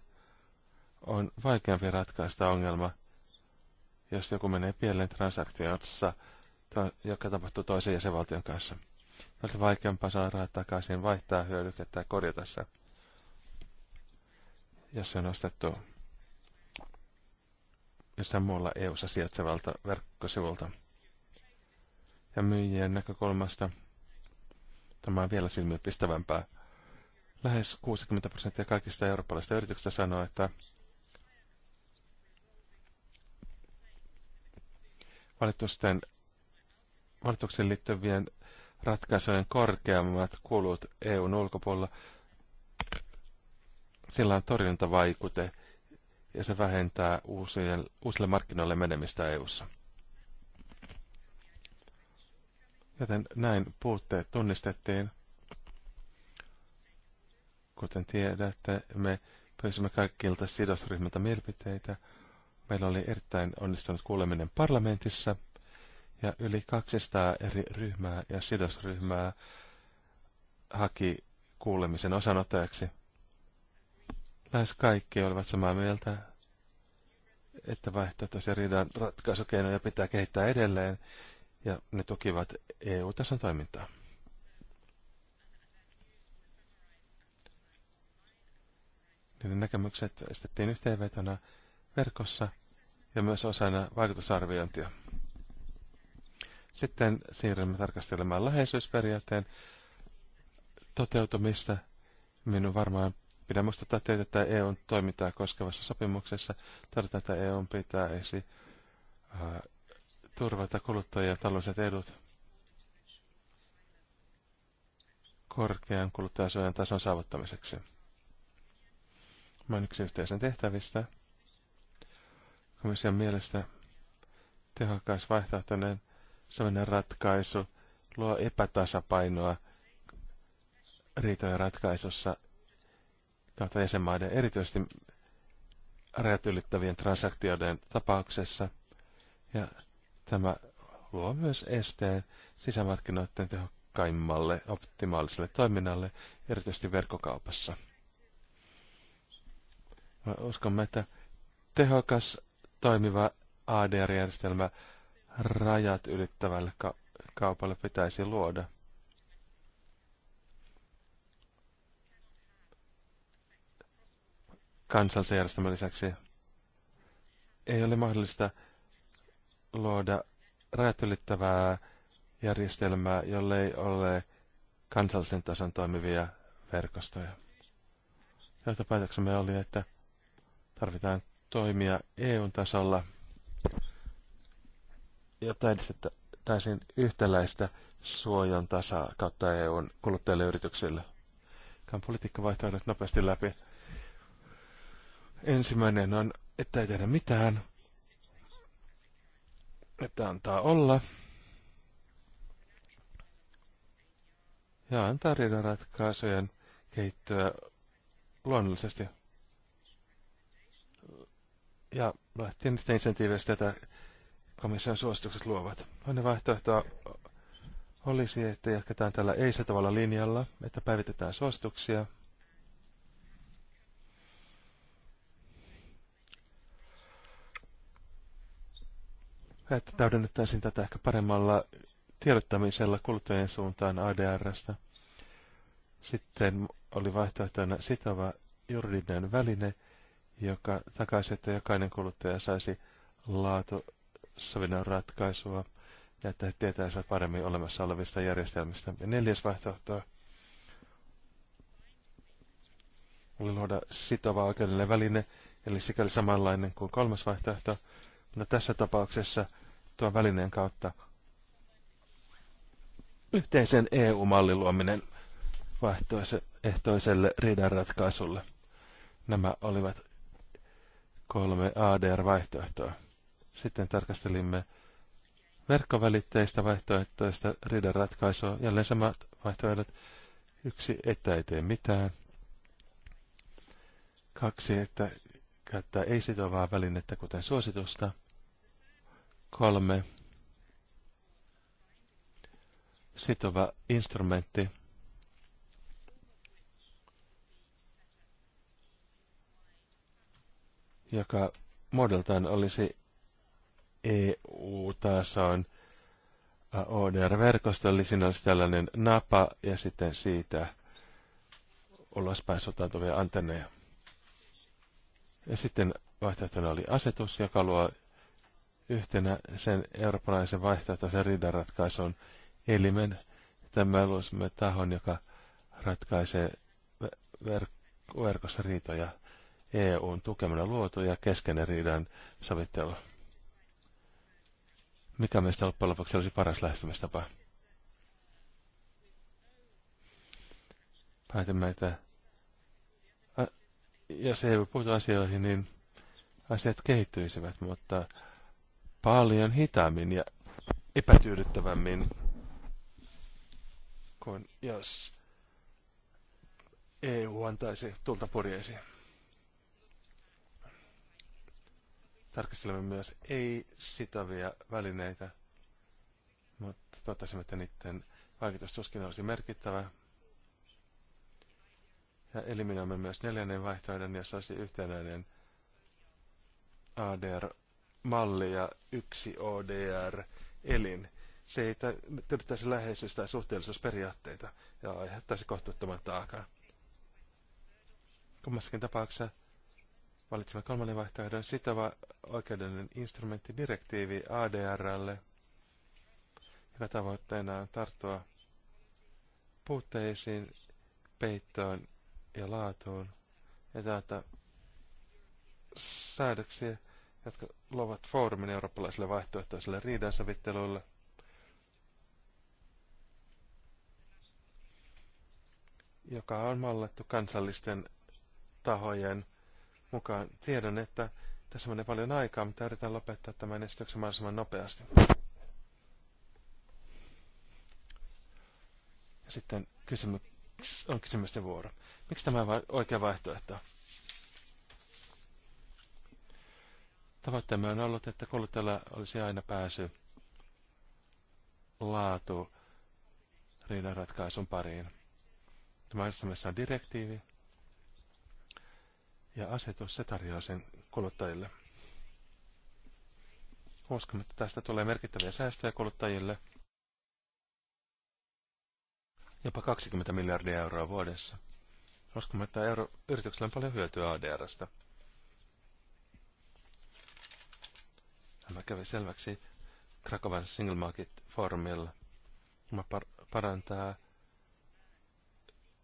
on vaikeampi ratkaista ongelma, jos joku menee pieleen transaktiossa, joka tapahtuu toisen jäsenvaltion kanssa. Olisi vaikeampaa saada rahat takaisin, vaihtaa hyödykettä ja korjata se, jos se on ostettu jossain muualla EU-ssa sijaitsevalta verkkosivulta. Ja myyjien näkökulmasta tämä on vielä silmiöpistävämpää. Lähes 60 prosenttia kaikista eurooppalaisista yrityksistä sanoo, että valitusten, valituksiin liittyvien ratkaisujen korkeammat kulut EUn ulkopuolella, sillä on torjuntavaikute ja se vähentää uusille, uusille markkinoille menemistä EU:ssa. Joten näin puutteet tunnistettiin. Kuten tiedätte, me pyysimme kaikilta sidosryhmiltä mielipiteitä. Meillä oli erittäin onnistunut kuuleminen parlamentissa ja yli 200 eri ryhmää ja sidosryhmää haki kuulemisen osanottajaksi. Lähes kaikki olivat samaa mieltä, että vaihtoehtoisia riidan ratkaisukeinoja pitää kehittää edelleen, ja ne tukivat EU-tason toimintaa. Niiden näkemykset estettiin yhteenvetona verkossa ja myös osana vaikutusarviointia. Sitten siirrymme tarkastelemaan läheisyysperiaatteen toteutumista. Minun varmaan pidä muistuttaa teitä, että EUn toimintaa koskevassa sopimuksessa tarvitaan, että EUn pitää ää, turvata kuluttajia taloudelliset edut korkean kuluttajasuojan tason saavuttamiseksi. Mä yhteisen tehtävistä. Komission mielestä tehokas vaihtoehtoinen sellainen ratkaisu luo epätasapainoa riitojen ratkaisussa kautta jäsenmaiden, erityisesti rajat ylittävien transaktioiden tapauksessa. Ja tämä luo myös esteen sisämarkkinoiden tehokkaimmalle optimaaliselle toiminnalle, erityisesti verkkokaupassa. Mä uskomme, että tehokas toimiva ADR-järjestelmä rajat ylittävälle ka- kaupalle pitäisi luoda – kansansa järjestelmän lisäksi. Ei ole mahdollista luoda rajat ylittävää järjestelmää, jolle ei ole kansallisen tason toimivia verkostoja. Johtopäätöksemme oli, että tarvitaan toimia EU-tasolla, jotta edistettäisiin yhtäläistä suojan tasaa kautta EUn kuluttajille yrityksille. Käyn vaihtoehdot nopeasti läpi. Ensimmäinen on, että ei tehdä mitään, että antaa olla ja antaa ratkaisujen kehittyä luonnollisesti. Ja lähtien niistä insentiiveistä, että komission suositukset luovat. Toinen vaihtoehto olisi, että jatketaan tällä ei-se tavalla linjalla, että päivitetään suosituksia – että täydennettäisiin tätä ehkä paremmalla tiedottamisella kuluttajien suuntaan ADRstä. Sitten oli vaihtoehtoina sitova juridinen väline, joka takaisi, että jokainen kuluttaja saisi laatusovinnon ratkaisua ja että he tietäisivät paremmin olemassa olevista järjestelmistä. Ja neljäs vaihtoehto oli luoda sitova oikeudellinen väline, eli sikäli samanlainen kuin kolmas vaihtoehto. Mutta no, tässä tapauksessa – tuon välineen kautta yhteisen EU-mallin luominen vaihtoehtoiselle riidanratkaisulle. Nämä olivat kolme ADR-vaihtoehtoa. Sitten tarkastelimme verkkovälitteistä vaihtoehtoista riidanratkaisua. Jälleen samat vaihtoehdot. Yksi, että ei tee mitään. Kaksi, että käyttää ei-sitovaa välinettä, kuten suositusta. Kolme. Sitova instrumentti. joka muodoltaan olisi EU-tason ODR-verkosto, eli siinä olisi tällainen napa ja sitten siitä ulospäin sotautuvia antenneja. Ja sitten vaihtoehtona oli asetus, joka luo yhtenä sen eurooppalaisen vaihtoehtoisen riidanratkaisun elimen. Tämä luomme tahon, joka ratkaisee ver- verkossa riitoja EUn tukemana luotu ja keskeinen riidan sovittelu. Mikä meistä loppujen lopuksi olisi paras lähestymistapa? Päätämme, että äh, jos ei puutu asioihin, niin asiat kehittyisivät, mutta paljon hitaammin ja epätyydyttävämmin kuin jos EU antaisi tulta purjeisiin. Tarkastelemme myös ei-sitovia välineitä, mutta totesimme, että niiden vaikutus tuskin olisi merkittävä. Ja eliminoimme myös neljännen vaihtoehdon, jossa olisi yhtenäinen ADR mallia yksi ODR-elin. Se ei täyttäisi läheisyys- tai suhteellisuusperiaatteita ja aiheuttaisi kohtuuttoman taakaa. Kummassakin tapauksessa valitsemme kolmannen vaihtoehdon sitova oikeudellinen instrumentti direktiivi ADRlle, joka tavoitteena on tarttua puutteisiin, peittoon ja laatuun ja täältä säädöksiä jotka luovat foorumin eurooppalaisille vaihtoehtoisille riidansavitteluille. joka on mallattu kansallisten tahojen mukaan. Tiedän, että tässä menee paljon aikaa, mutta yritän lopettaa tämän esityksen mahdollisimman nopeasti. Ja sitten kysymys, on kysymysten vuoro. Miksi tämä on oikea vaihtoehto? Tavoitteemme on ollut, että kuluttajalla olisi aina pääsy laatu riidanratkaisun pariin. Tämä on direktiivi ja asetus, se tarjoaa sen kuluttajille. Uskomme, että tästä tulee merkittäviä säästöjä kuluttajille. Jopa 20 miljardia euroa vuodessa. Uskomme, että euro- yrityksellä on paljon hyötyä ADRstä. Tämä kävi selväksi Krakovan Single market Forumilla. Tämä par- parantaa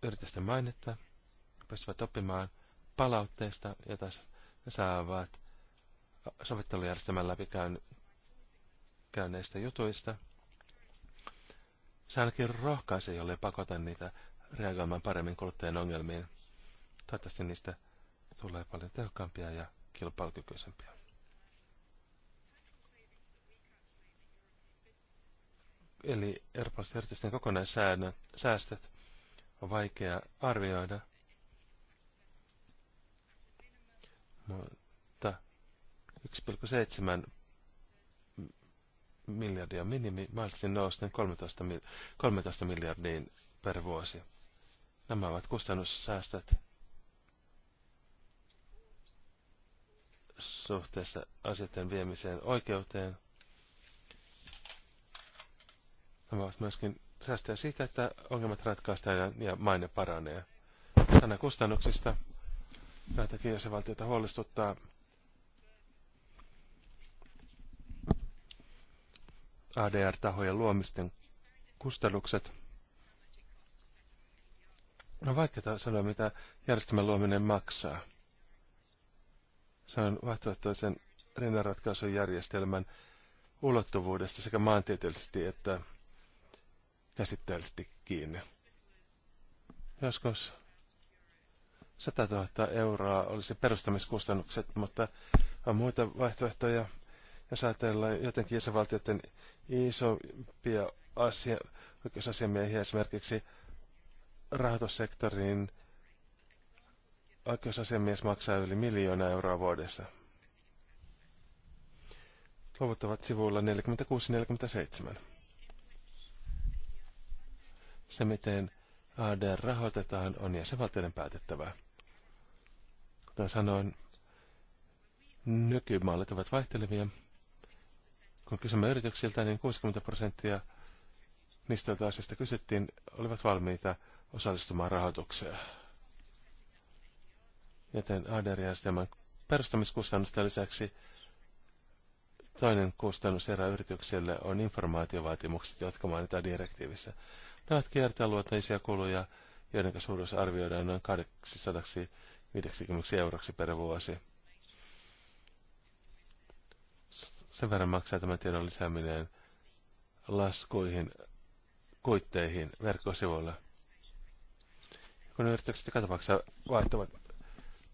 yritysten mainetta, pystyvät oppimaan palautteesta, jota saavat sovittelujärjestelmän käyneistä jutuista. Se ainakin rohkaisi, jolle pakota niitä reagoimaan paremmin kuluttajien ongelmiin. Toivottavasti niistä tulee paljon tehokkaampia ja kilpailukykyisempiä. eli eurooppalaisten yritysten kokonaissäästöt on vaikea arvioida. Mutta 1,7 miljardia minimi, mahdollisesti nousten 13, 13 miljardiin per vuosi. Nämä ovat kustannussäästöt suhteessa asioiden viemiseen oikeuteen – Tämä voisi myöskin säästää siitä, että ongelmat ratkaistaan ja, ja maine paranee. Tänä kustannuksista näitäkin jäsenvaltioita huolestuttaa ADR-tahojen luomisten kustannukset. No vaikka sanoa, mitä järjestelmän luominen maksaa. Se on vaihtoehtoisen rinnanratkaisun järjestelmän ulottuvuudesta sekä maantieteellisesti että käsitteellisesti kiinni. Joskus 100 000 euroa olisi perustamiskustannukset, mutta on muita vaihtoehtoja. Jos ajatellaan jotenkin jäsenvaltioiden isompia asia, oikeusasiamiehiä esimerkiksi rahoitussektoriin, oikeusasiamies maksaa yli miljoona euroa vuodessa. Luvut ovat sivuilla 46-47. Se, miten AD rahoitetaan, on jäsenvaltioiden päätettävää. Kuten sanoin, nykymallit ovat vaihtelevia. Kun kysymme yrityksiltä, niin 60 prosenttia niistä, joita asiasta kysyttiin, olivat valmiita osallistumaan rahoitukseen. Joten ADR-järjestelmän perustamiskustannusten lisäksi toinen kustannuserä yritykselle on informaatiovaatimukset, jotka mainitaan direktiivissä. Ne ovat kiertäluotaisia kuluja, joiden suuruus arvioidaan noin 850 euroksi per vuosi. Sen verran maksaa tämän tiedon lisääminen laskuihin, kuitteihin, verkkosivuilla. Kun yritykset joka tapauksessa vaihtavat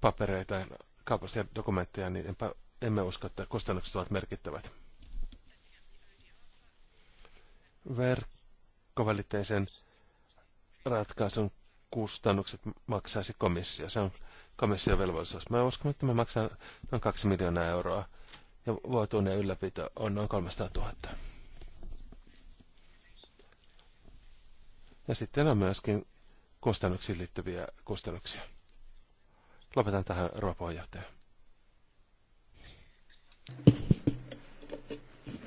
papereita ja kaupallisia dokumentteja, niin enpä, emme usko, että kustannukset ovat merkittävät. Verkko verkkovälitteisen ratkaisun kustannukset maksaisi komissio. Se on komission velvollisuus. Mä uskon, että me maksaa noin 2 miljoonaa euroa ja vuotuinen ylläpito on noin 300 000. Ja sitten on myöskin kustannuksiin liittyviä kustannuksia. Lopetan tähän ruoapuheenjohtaja.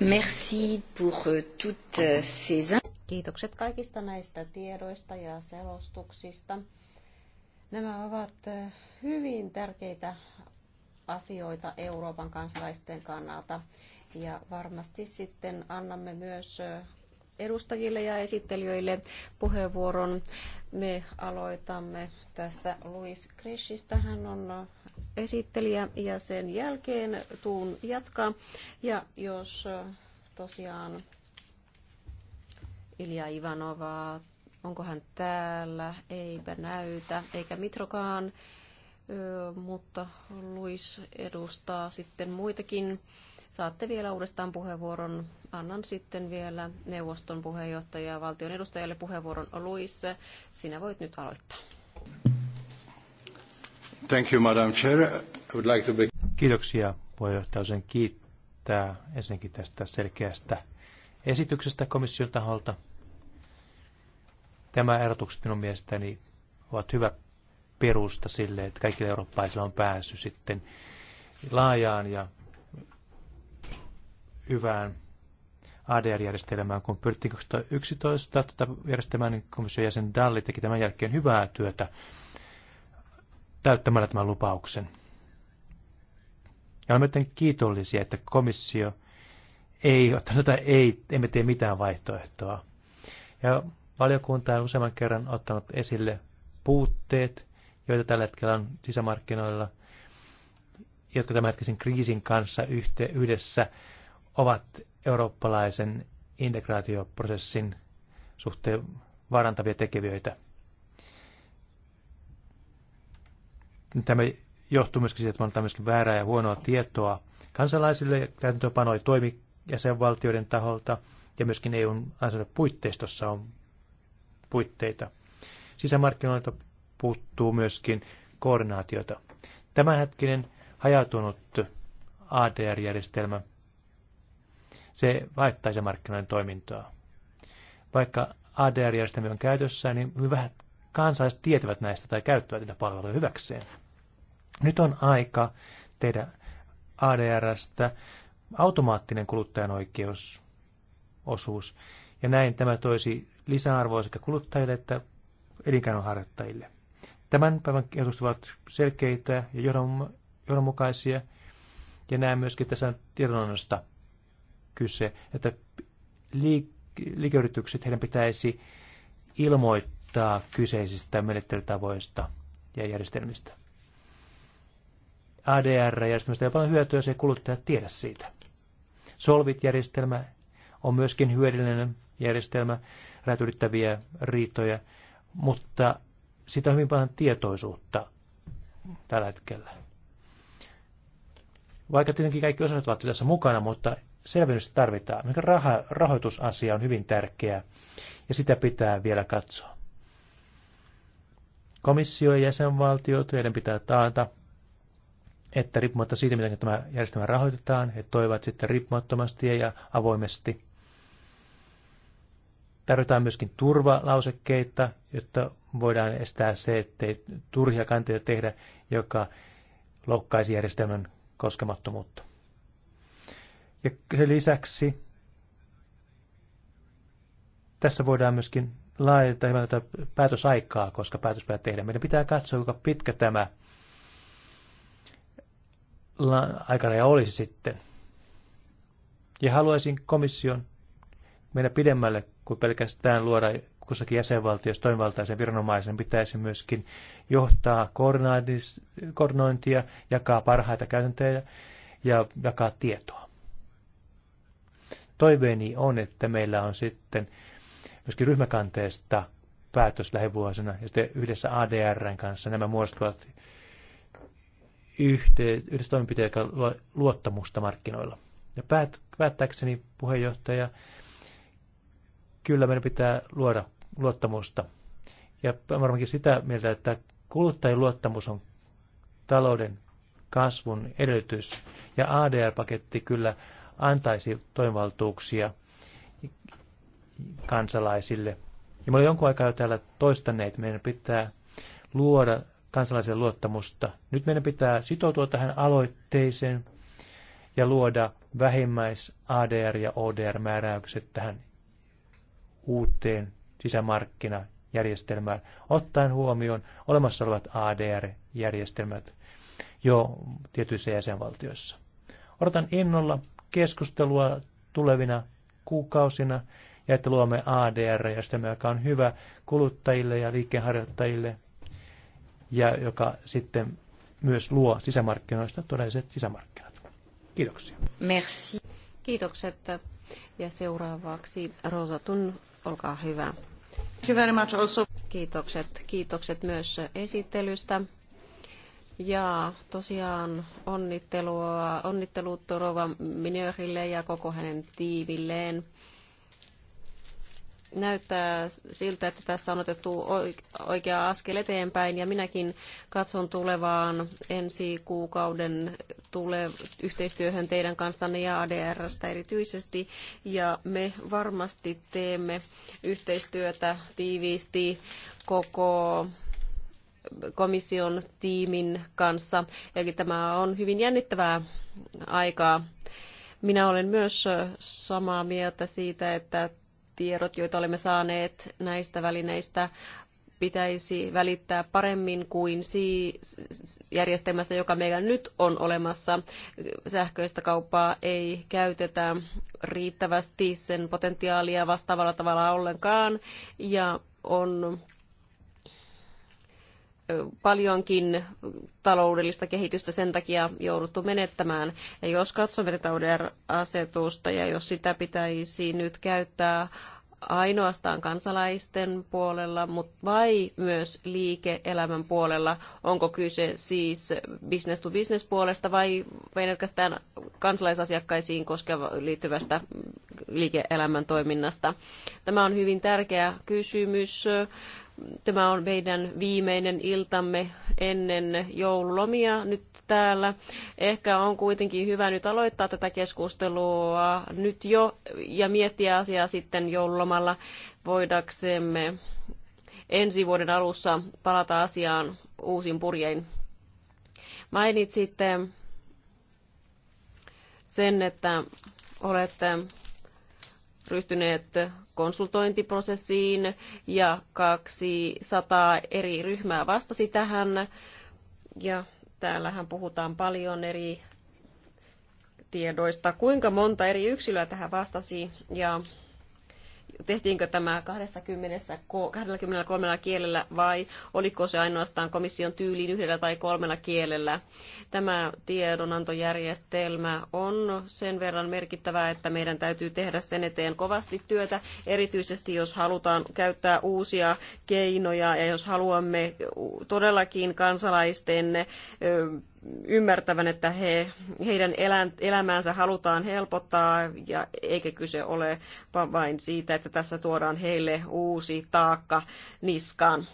Merci pour euh, toutes euh, ces... Kiitokset kaikista näistä tiedoista ja selostuksista. Nämä ovat hyvin tärkeitä asioita Euroopan kansalaisten kannalta. Ja varmasti sitten annamme myös edustajille ja esittelijöille puheenvuoron. Me aloitamme tässä Louis Krishistä. Hän on esittelijä ja sen jälkeen tuun jatkaa. Ja jos tosiaan Ilja Ivanovaa. Onko hän täällä? Eipä näytä, eikä Mitrokaan, mutta Luis edustaa sitten muitakin. Saatte vielä uudestaan puheenvuoron. Annan sitten vielä neuvoston puheenjohtaja ja valtion edustajalle puheenvuoron. Luis, sinä voit nyt aloittaa. Thank you, Madam Chair. I would like to be... Kiitoksia puheenjohtaja. Sen kiittää ensinnäkin tästä selkeästä esityksestä komission taholta. Tämä erotukset minun mielestäni ovat hyvä perusta sille, että kaikilla eurooppalaisilla on pääsy sitten laajaan ja hyvään ADR-järjestelmään. Kun pyrittiin 2011 tätä järjestelmään, niin komission jäsen Dalli teki tämän jälkeen hyvää työtä täyttämällä tämän lupauksen. Ja olemme kiitollisia, että komissio – ei, että ei, emme tee mitään vaihtoehtoa. Ja valiokunta on useamman kerran ottanut esille puutteet, joita tällä hetkellä on sisämarkkinoilla, jotka tämänhetkisen kriisin kanssa yhdessä ovat eurooppalaisen integraatioprosessin suhteen vaarantavia tekijöitä. Tämä johtuu myöskin siitä, että me myöskin väärää ja huonoa tietoa kansalaisille ja täytäntöpano ei toimi jäsenvaltioiden taholta ja myöskin EUn puitteistossa on puitteita. Sisämarkkinoilta puuttuu myöskin koordinaatiota. Tämänhetkinen hajautunut ADR-järjestelmä, se haittaisi markkinoiden toimintaa. Vaikka ADR-järjestelmä on käytössä, niin hyvin vähän kansalaiset tietävät näistä tai käyttävät niitä palveluja hyväkseen. Nyt on aika tehdä ADRstä automaattinen kuluttajan oikeusosuus. Ja näin tämä toisi lisäarvoa sekä kuluttajille että elinkeinonharjoittajille. Tämän päivän ehdotukset ovat selkeitä ja johdonmukaisia. Ja näen myöskin tässä tiedonannosta kyse, että liikeyritykset, heidän pitäisi ilmoittaa kyseisistä menettelytavoista ja järjestelmistä. adr järjestelmistä ei ole paljon hyötyä, jos ei kuluttajat tiedä siitä. Solvit-järjestelmä on myöskin hyödyllinen järjestelmä, räätylittäviä riitoja, mutta sitä on hyvin paljon tietoisuutta tällä hetkellä. Vaikka tietenkin kaikki osat ovat tässä mukana, mutta selvennystä tarvitaan. Raha, rahoitusasia on hyvin tärkeä ja sitä pitää vielä katsoa. Komissio ja jäsenvaltiot, heidän pitää taata että riippumatta siitä, miten tämä järjestelmä rahoitetaan, he toivat sitten riippumattomasti ja avoimesti. Tarvitaan myöskin turvalausekkeita, jotta voidaan estää se, ettei turhia kanteita tehdä, joka loukkaisi järjestelmän koskemattomuutta. Ja sen lisäksi tässä voidaan myöskin laajentaa päätösaikaa, koska päätös pitää tehdä. Meidän pitää katsoa, kuinka pitkä tämä aikaraja olisi sitten. Ja haluaisin komission mennä pidemmälle kuin pelkästään luoda kussakin jäsenvaltiossa toimivaltaisen viranomaisen pitäisi myöskin johtaa koordinointia, jakaa parhaita käytäntöjä ja jakaa tietoa. Toiveeni on, että meillä on sitten myöskin ryhmäkanteesta päätös lähivuosina, ja sitten yhdessä ADRn kanssa nämä muodostuvat yhteen, yhdessä toimenpiteen, joka luo luottamusta markkinoilla. Ja päät, päättääkseni puheenjohtaja, kyllä meidän pitää luoda luottamusta. Ja varmaankin sitä mieltä, että kuluttajien luottamus on talouden kasvun edellytys. Ja ADR-paketti kyllä antaisi toimivaltuuksia kansalaisille. Ja me olemme jonkun aikaa jo täällä toistaneet, meidän pitää luoda kansalaisen luottamusta. Nyt meidän pitää sitoutua tähän aloitteeseen ja luoda vähimmäis ADR- ja ODR-määräykset tähän uuteen sisämarkkinajärjestelmään, ottaen huomioon olemassa olevat ADR-järjestelmät jo tietyissä jäsenvaltioissa. Odotan innolla keskustelua tulevina kuukausina ja että luomme ADR-järjestelmä, joka on hyvä kuluttajille ja liikkeenharjoittajille ja joka sitten myös luo sisämarkkinoista todelliset sisämarkkinat. Kiitoksia. Merci. Kiitokset. Ja seuraavaksi Rosa Tun, olkaa hyvä. Thank you very much also. Kiitokset. Kiitokset myös esittelystä. Ja tosiaan onnittelua, onnittelut Rova Minörille ja koko hänen tiivilleen näyttää siltä, että tässä on otettu oikea askel eteenpäin ja minäkin katson tulevaan ensi kuukauden tule yhteistyöhön teidän kanssanne ja ADRstä erityisesti. Ja me varmasti teemme yhteistyötä tiiviisti koko komission tiimin kanssa. Eli tämä on hyvin jännittävää aikaa. Minä olen myös samaa mieltä siitä, että tiedot, joita olemme saaneet näistä välineistä, pitäisi välittää paremmin kuin järjestelmästä, joka meillä nyt on olemassa. Sähköistä kauppaa ei käytetä riittävästi sen potentiaalia vastaavalla tavalla ollenkaan ja on paljonkin taloudellista kehitystä sen takia jouduttu menettämään. Ja jos katsomme tätä UDR-asetusta ja jos sitä pitäisi nyt käyttää ainoastaan kansalaisten puolella, mutta vai myös liike-elämän puolella? Onko kyse siis business to business puolesta vai pelkästään kansalaisasiakkaisiin koskeva liittyvästä liike-elämän toiminnasta? Tämä on hyvin tärkeä kysymys Tämä on meidän viimeinen iltamme ennen joululomia nyt täällä. Ehkä on kuitenkin hyvä nyt aloittaa tätä keskustelua nyt jo ja miettiä asiaa sitten joululomalla voidaksemme ensi vuoden alussa palata asiaan uusin purjein. Mainitsitte sen, että olette ryhtyneet konsultointiprosessiin ja 200 eri ryhmää vastasi tähän. Ja täällähän puhutaan paljon eri tiedoista, kuinka monta eri yksilöä tähän vastasi ja tehtiinkö tämä 20, 23 kielellä vai oliko se ainoastaan komission tyyliin yhdellä tai kolmella kielellä. Tämä tiedonantojärjestelmä on sen verran merkittävää, että meidän täytyy tehdä sen eteen kovasti työtä, erityisesti jos halutaan käyttää uusia keinoja ja jos haluamme todellakin kansalaisten ymmärtävän, että he, heidän elämäänsä halutaan helpottaa, ja eikä kyse ole vain siitä, että tässä tuodaan heille uusi taakka niskaan.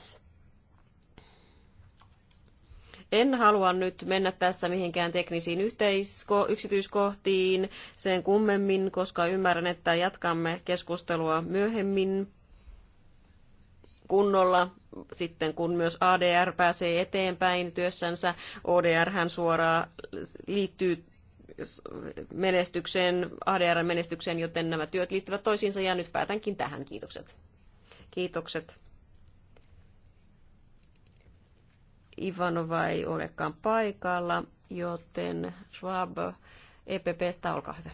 En halua nyt mennä tässä mihinkään teknisiin yhteisko- yksityiskohtiin sen kummemmin, koska ymmärrän, että jatkamme keskustelua myöhemmin kunnolla sitten, kun myös ADR pääsee eteenpäin työssänsä. ODR hän suoraan liittyy menestykseen, ADR-menestykseen, joten nämä työt liittyvät toisiinsa ja nyt päätänkin tähän. Kiitokset. Kiitokset. Ivanova ei olekaan paikalla, joten Schwab EPPstä, olkaa hyvä.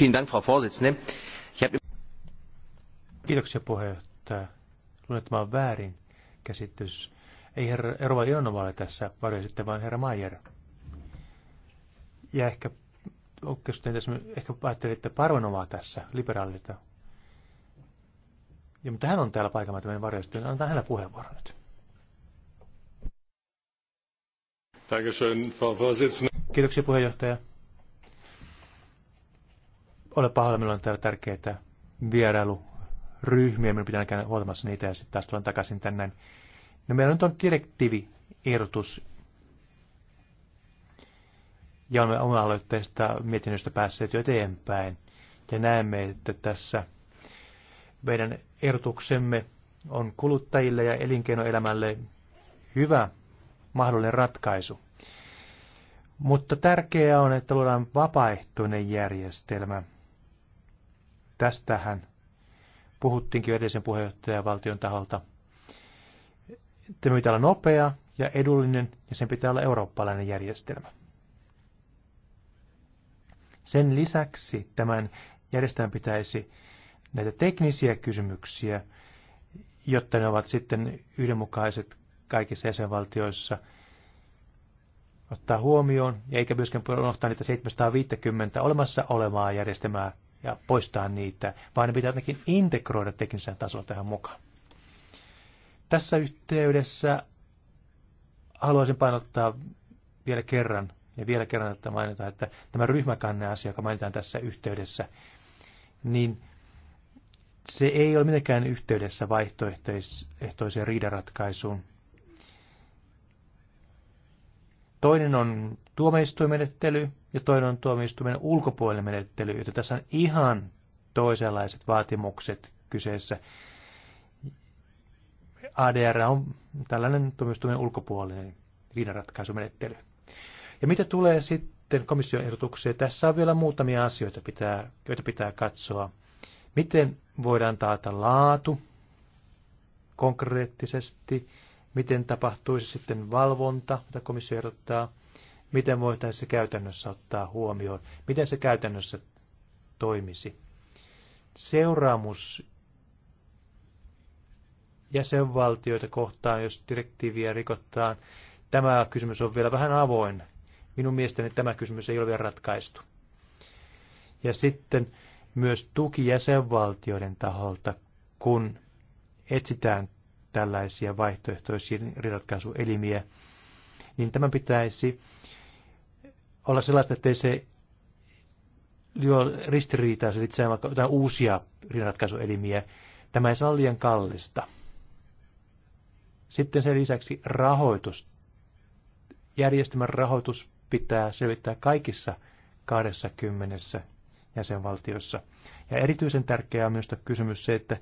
Vielen Dank, Frau Vorsitzende. Kiitoksia puheenjohtaja käyttää. Luulen, että tämä on väärin käsitys. Ei herra Erova Ilonova ole tässä paljon sitten, vaan herra Mayer. Ja ehkä, oikeastaan tässä ehkä että Parvanovaa tässä, liberaalilta. Ja mutta hän on täällä paikalla tämmöinen varjo, sitten antaa hänellä puheenvuoron nyt. Kiitoksia puheenjohtaja. Ole pahoilla, meillä on täällä tärkeää vierailu ryhmiä, meidän pitää käydä huoltamassa niitä ja sitten taas tulen takaisin tänne. No meillä nyt on direktiiviehdotus ja olemme oma-aloitteesta mietinnöstä päässeet jo eteenpäin. Ja näemme, että tässä meidän ehdotuksemme on kuluttajille ja elinkeinoelämälle hyvä mahdollinen ratkaisu. Mutta tärkeää on, että luodaan vapaaehtoinen järjestelmä. Tästähän puhuttiinkin edellisen valtion taholta. Tämä pitää olla nopea ja edullinen ja sen pitää olla eurooppalainen järjestelmä. Sen lisäksi tämän järjestelmän pitäisi näitä teknisiä kysymyksiä, jotta ne ovat sitten yhdenmukaiset kaikissa jäsenvaltioissa, ottaa huomioon, ja eikä myöskään unohtaa niitä 750 olemassa olevaa järjestelmää ja poistaa niitä, vaan ne pitää jotenkin integroida teknisellä tasolla tähän mukaan. Tässä yhteydessä haluaisin painottaa vielä kerran ja vielä kerran, että mainitaan, että tämä ryhmäkanneasia, joka mainitaan tässä yhteydessä, niin se ei ole mitenkään yhteydessä vaihtoehtoiseen riidaratkaisuun, Toinen on tuomioistuimenettely ja toinen on tuomioistuimen ulkopuolinen menettely, joten tässä on ihan toisenlaiset vaatimukset kyseessä. ADR on tällainen tuomioistuimen ulkopuolinen riidanratkaisumenettely. Ja mitä tulee sitten komission ehdotukseen, tässä on vielä muutamia asioita, pitää, joita pitää katsoa. Miten voidaan taata laatu konkreettisesti miten tapahtuisi sitten valvonta, mitä komissio ehdottaa, miten voitaisiin se käytännössä ottaa huomioon, miten se käytännössä toimisi. Seuraamus jäsenvaltioita kohtaan, jos direktiiviä rikotaan. tämä kysymys on vielä vähän avoin. Minun mielestäni tämä kysymys ei ole vielä ratkaistu. Ja sitten myös tuki jäsenvaltioiden taholta, kun etsitään tällaisia vaihtoehtoisia ratkaisuelimiä, niin tämän pitäisi olla sellaista, että se lyö ristiriitaa, se itse jotain uusia riidanratkaisuelimiä. Tämä ei saa liian kallista. Sitten sen lisäksi rahoitus. Järjestelmän rahoitus pitää selvittää kaikissa 20 jäsenvaltiossa. Ja erityisen tärkeää on myös kysymys se, että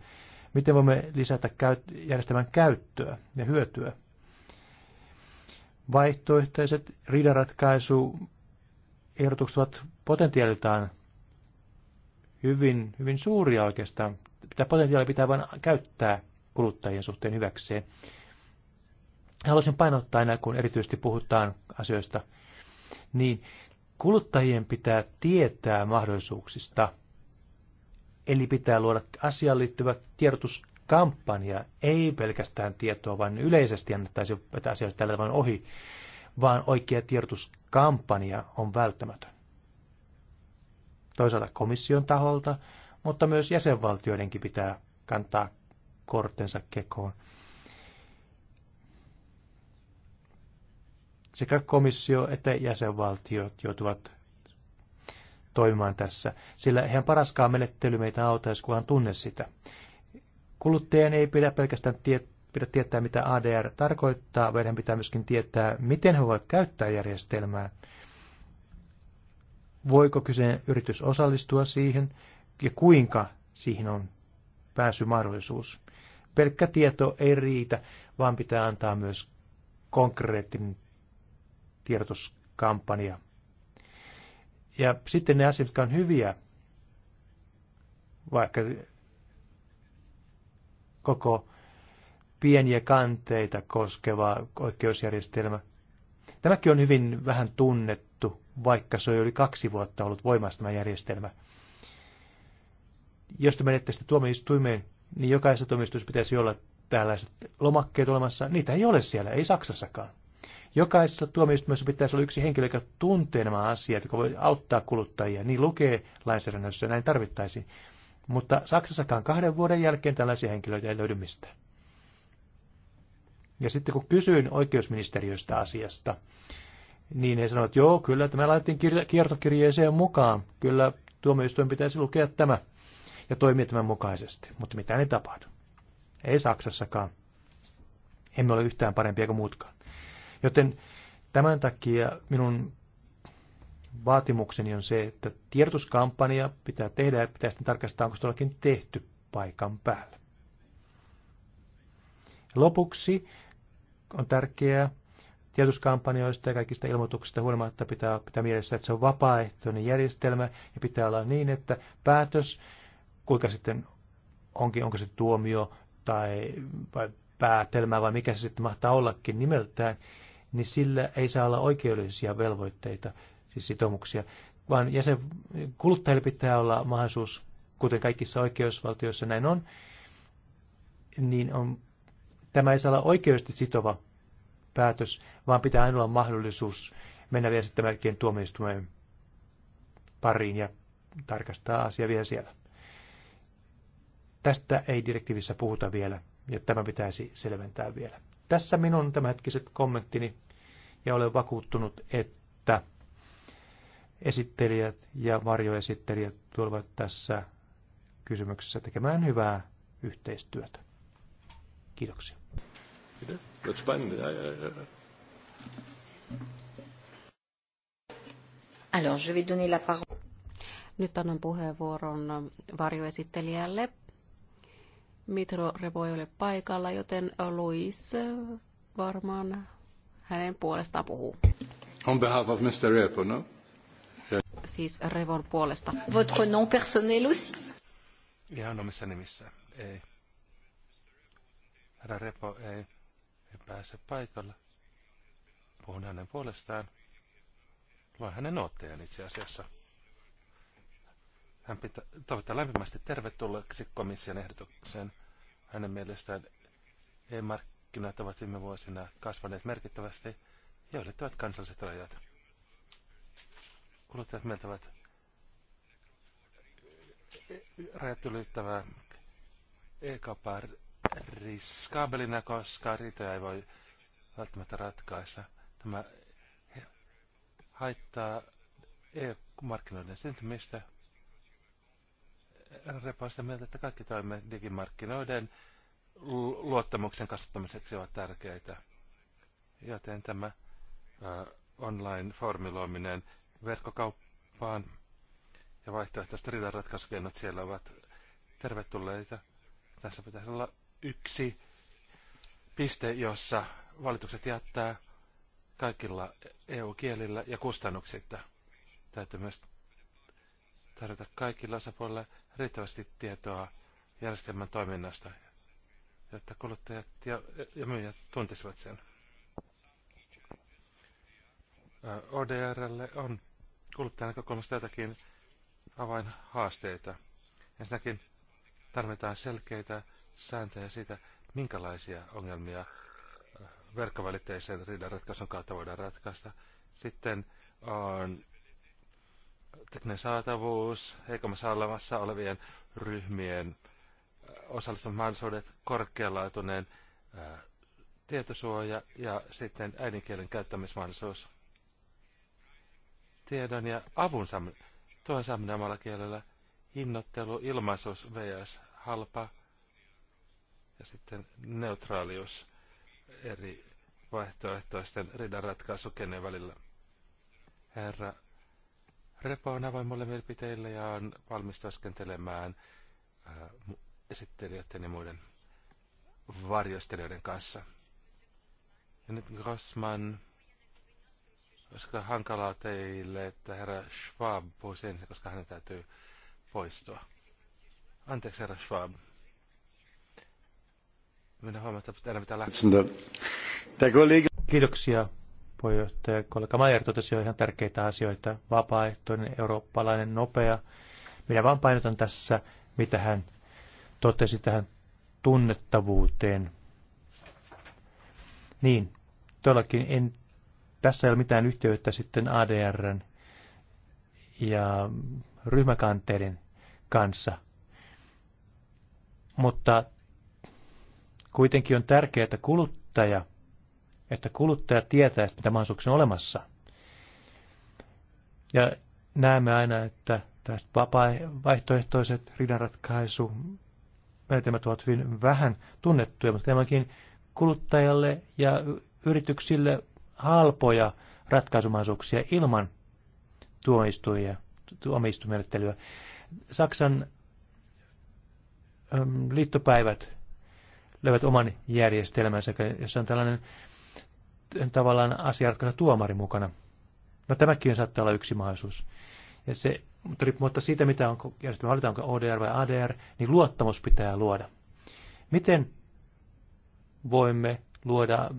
miten voimme lisätä järjestelmän käyttöä ja hyötyä. Vaihtoehtoiset riidanratkaisuehdotukset ovat potentiaaliltaan hyvin, hyvin suuria oikeastaan. Tämä potentiaali pitää vain käyttää kuluttajien suhteen hyväkseen. Haluaisin painottaa aina, kun erityisesti puhutaan asioista, niin kuluttajien pitää tietää mahdollisuuksista – Eli pitää luoda asiaan liittyvä tiedotuskampanja, ei pelkästään tietoa, vaan yleisesti annettaisiin että asioita tällä tavalla ohi, vaan oikea tiedotuskampanja on välttämätön. Toisaalta komission taholta, mutta myös jäsenvaltioidenkin pitää kantaa kortensa kekoon. Sekä komissio että jäsenvaltiot joutuvat toimimaan tässä, sillä eihän paraskaan menettely meitä auta, jos kunhan tunne sitä. Kuluttajien ei pidä pelkästään tiet- pidä tietää, mitä ADR tarkoittaa, vaan pitää myöskin tietää, miten he voivat käyttää järjestelmää. Voiko kyseinen yritys osallistua siihen ja kuinka siihen on pääsymahdollisuus. Pelkkä tieto ei riitä, vaan pitää antaa myös konkreettinen tiedotuskampanja ja sitten ne asiat, jotka on hyviä, vaikka koko pieniä kanteita koskeva oikeusjärjestelmä. Tämäkin on hyvin vähän tunnettu, vaikka se oli kaksi vuotta ollut voimassa tämä järjestelmä. Jos te menette sitten tuomioistuimeen, niin jokaisessa tuomioistuimessa pitäisi olla tällaiset lomakkeet olemassa. Niitä ei ole siellä, ei Saksassakaan. Jokaisessa tuomioistuimessa pitäisi olla yksi henkilö, joka tuntee nämä asiat, joka voi auttaa kuluttajia. Niin lukee lainsäädännössä ja näin tarvittaisiin. Mutta Saksassakaan kahden vuoden jälkeen tällaisia henkilöitä ei löydy mistään. Ja sitten kun kysyin oikeusministeriöstä asiasta, niin he sanoivat, että joo, kyllä tämä laitettiin kiertokirjeeseen mukaan. Kyllä tuomioistuin pitäisi lukea tämä ja toimia tämän mukaisesti, mutta mitä ei tapahdu. Ei Saksassakaan. Emme ole yhtään parempia kuin muutkaan. Joten tämän takia minun vaatimukseni on se, että tiedotuskampanja pitää tehdä ja pitää sitten tarkastaa, onko se tehty paikan päällä. Lopuksi on tärkeää tiedotuskampanjoista ja kaikista ilmoituksista huolimatta pitää, pitää mielessä, että se on vapaaehtoinen järjestelmä ja pitää olla niin, että päätös, kuinka sitten onkin, onko se tuomio tai vai päätelmä vai mikä se sitten mahtaa ollakin nimeltään, niin sillä ei saa olla oikeudellisia velvoitteita, siis sitoumuksia, vaan jäsen, kuluttajille pitää olla mahdollisuus, kuten kaikissa oikeusvaltioissa näin on, niin on, tämä ei saa olla oikeudellisesti sitova päätös, vaan pitää aina olla mahdollisuus mennä vielä sitten melkein tuomioistuimen pariin ja tarkastaa asia vielä siellä. Tästä ei direktiivissä puhuta vielä, ja tämä pitäisi selventää vielä. Tässä minun tämänhetkiset kommenttini ja olen vakuuttunut, että esittelijät ja varjoesittelijät tulevat tässä kysymyksessä tekemään hyvää yhteistyötä. Kiitoksia. Alors, je vais donner la parole. Nyt annan puheenvuoron varjoesittelijälle Mitro Revo ei ole paikalla, joten Luis varmaan hänen puolestaan puhuu. On behalf of Mr. Repo, no? Yeah. Siis Revon puolesta. Votre nom personnel aussi? Ihan omissa nimissä. Ei. Herra Repo ei, ei pääse paikalla Puhun hänen puolestaan. Luen hänen ottejaan itse asiassa. Hän pitää, toivottaa lämpimästi tervetulleeksi komission ehdotukseen. Hänen mielestään e-markkinat ovat viime vuosina kasvaneet merkittävästi ja ylittävät kansalliset rajat. Kuluttajat mieltävät rajat ylittävää e-kauppaa riskaabelina, koska riitoja ei voi välttämättä ratkaista. Tämä haittaa e-markkinoiden syntymistä Repo sitä mieltä, että kaikki toimet digimarkkinoiden luottamuksen kasvattamiseksi ovat tärkeitä. Joten tämä äh, online formuloiminen verkkokauppaan ja vaihtoehtoista riidanratkaisukennot siellä ovat tervetulleita. Tässä pitäisi olla yksi piste, jossa valitukset jättää kaikilla EU-kielillä ja kustannuksitta. Täytyy myös tarjota kaikilla osapuolilla riittävästi tietoa järjestelmän toiminnasta, jotta kuluttajat ja, ja myyjät tuntisivat sen. ODRlle on kuluttajan näkökulmasta jotakin avainhaasteita. Ensinnäkin tarvitaan selkeitä sääntöjä siitä, minkälaisia ongelmia verkkovälitteisen riidanratkaisun kautta voidaan ratkaista. Sitten on tekninen saatavuus, heikommassa olemassa olevien ryhmien äh, osallistumismahdollisuudet, korkealaatuinen äh, tietosuoja ja sitten äidinkielen käyttämismahdollisuus. Tiedon ja avun tuon saaminen omalla kielellä, hinnoittelu, ilmaisuus, vs. halpa ja sitten neutraalius eri vaihtoehtoisten riidanratkaisukenen välillä. Herra Repo on avoin mulle mielipiteille ja on valmis työskentelemään äh, esittelijöiden ja muiden varjostelijoiden kanssa. Ja nyt Grossman, olisiko hankalaa teille, että herra Schwab puhuisi ensin, koska hänen täytyy poistua. Anteeksi, herra Schwab. Minä huomaan, että täällä pitää lähteä. Kiitoksia, puheenjohtaja kollega Mayer totesi jo ihan tärkeitä asioita. Vapaaehtoinen, eurooppalainen, nopea. Minä vaan painotan tässä, mitä hän totesi tähän tunnettavuuteen. Niin, todellakin en, tässä ei ole mitään yhteyttä sitten ADRn ja ryhmäkanteiden kanssa. Mutta kuitenkin on tärkeää, että kuluttaja – että kuluttaja tietää, että mitä mahdollisuuksia on olemassa. Ja näemme aina, että tästä vapaaehtoiset ridanratkaisu menetelmät ovat hyvin vähän tunnettuja, mutta enemmänkin kuluttajalle ja yrityksille halpoja ratkaisumahdollisuuksia ilman tuomistuja, tuomistumenettelyä. Saksan liittopäivät löyvät oman järjestelmänsä, jossa on tällainen tavallaan asiaratkana tuomari mukana. No tämäkin saattaa olla yksi mahdollisuus. Ja se, mutta riippumatta siitä, mitä on järjestelmä valitaan, onko ODR vai ADR, niin luottamus pitää luoda. Miten voimme luoda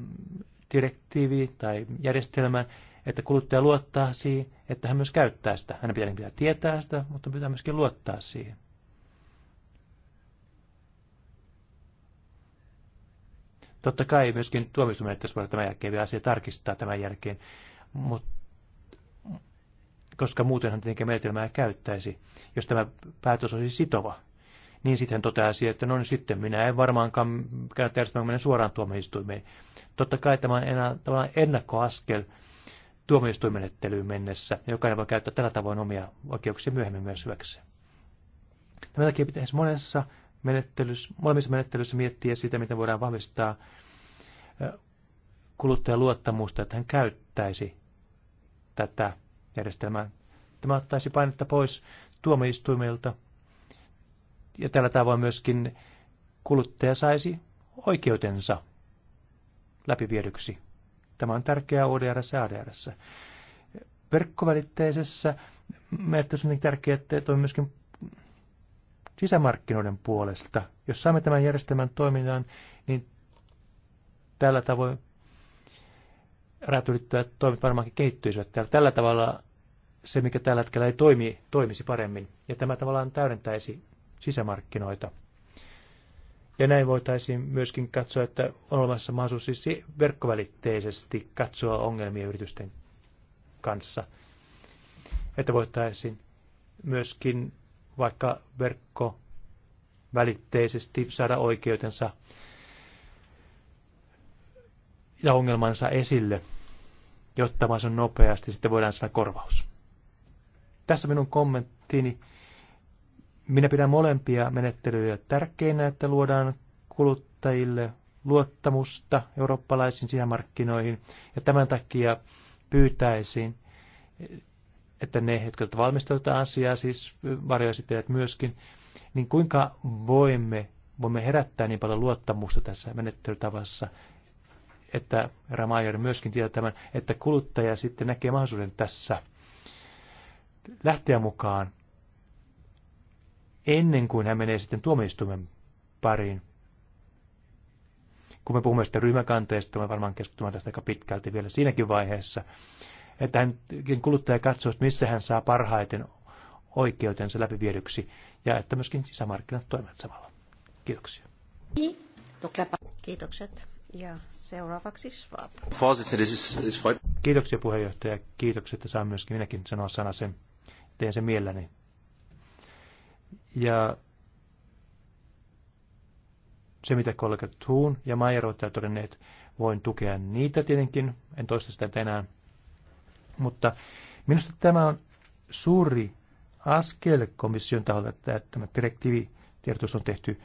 direktiivi tai järjestelmän, että kuluttaja luottaa siihen, että hän myös käyttää sitä. hän pitää tietää sitä, mutta pitää myöskin luottaa siihen. Totta kai myöskin tuomistumenettelyssä voidaan tämän jälkeen vielä asia tarkistaa tämän jälkeen, mut koska muutenhan tietenkin menetelmää käyttäisi, jos tämä päätös olisi sitova. Niin sitten toteaa siihen, että no niin sitten minä en varmaankaan kannata järjestelmään mennä suoraan tuomioistuimeen. Totta kai tämä on enää, tavallaan ennakkoaskel tuomioistuimenettelyyn mennessä. Jokainen voi käyttää tällä tavoin omia oikeuksia myöhemmin myös hyväksi. Tämän takia pitäisi monessa menettelys, molemmissa menettelyissä miettiä sitä, miten voidaan vahvistaa kuluttajan luottamusta, että hän käyttäisi tätä järjestelmää. Tämä ottaisi painetta pois tuomioistuimilta ja tällä tavoin myöskin kuluttaja saisi oikeutensa läpiviedyksi. Tämä on tärkeää ODRS ja ADRS. Verkkovälitteisessä menettelyssä on niin tärkeää, että toimii myöskin sisämarkkinoiden puolesta. Jos saamme tämän järjestelmän toimintaan, niin tällä tavoin ylittävät toimet varmaankin kehittyisivät. Tällä tavalla se, mikä tällä hetkellä ei toimi, toimisi paremmin. Ja tämä tavallaan täydentäisi sisämarkkinoita. Ja näin voitaisiin myöskin katsoa, että on olemassa mahdollisuus siis verkkovälitteisesti katsoa ongelmia yritysten kanssa. Että voitaisiin myöskin vaikka verkko välitteisesti saada oikeutensa ja ongelmansa esille, jotta mä on nopeasti, sitten voidaan saada korvaus. Tässä minun kommenttini. Minä pidän molempia menettelyjä tärkeinä, että luodaan kuluttajille luottamusta eurooppalaisiin sisämarkkinoihin, ja tämän takia pyytäisin, että ne, jotka valmistelevat asiaa, siis varjoesittelijät myöskin, niin kuinka voimme, voimme herättää niin paljon luottamusta tässä menettelytavassa, että Ramajer myöskin tietää tämän, että kuluttaja sitten näkee mahdollisuuden tässä lähteä mukaan ennen kuin hän menee sitten tuomioistuimen pariin. Kun me puhumme sitten ryhmäkanteesta, me varmaan keskustellaan tästä aika pitkälti vielä siinäkin vaiheessa, että hänkin kuluttaja katsoo, missä hän saa parhaiten oikeutensa läpiviedyksi ja että myöskin sisämarkkinat toimivat samalla. Kiitoksia. Kiitokset. Ja seuraavaksi Schwab. Kiitoksia puheenjohtaja. Kiitoksia, että saan myöskin minäkin sanoa sana sen. Teen sen mielelläni. Ja se, mitä kollegat Huun ja Maija ovat todenneet, voin tukea niitä tietenkin. En toista sitä tänään. Mutta minusta tämä on suuri askel komission taholta, että tämä direktiivitiedotus on tehty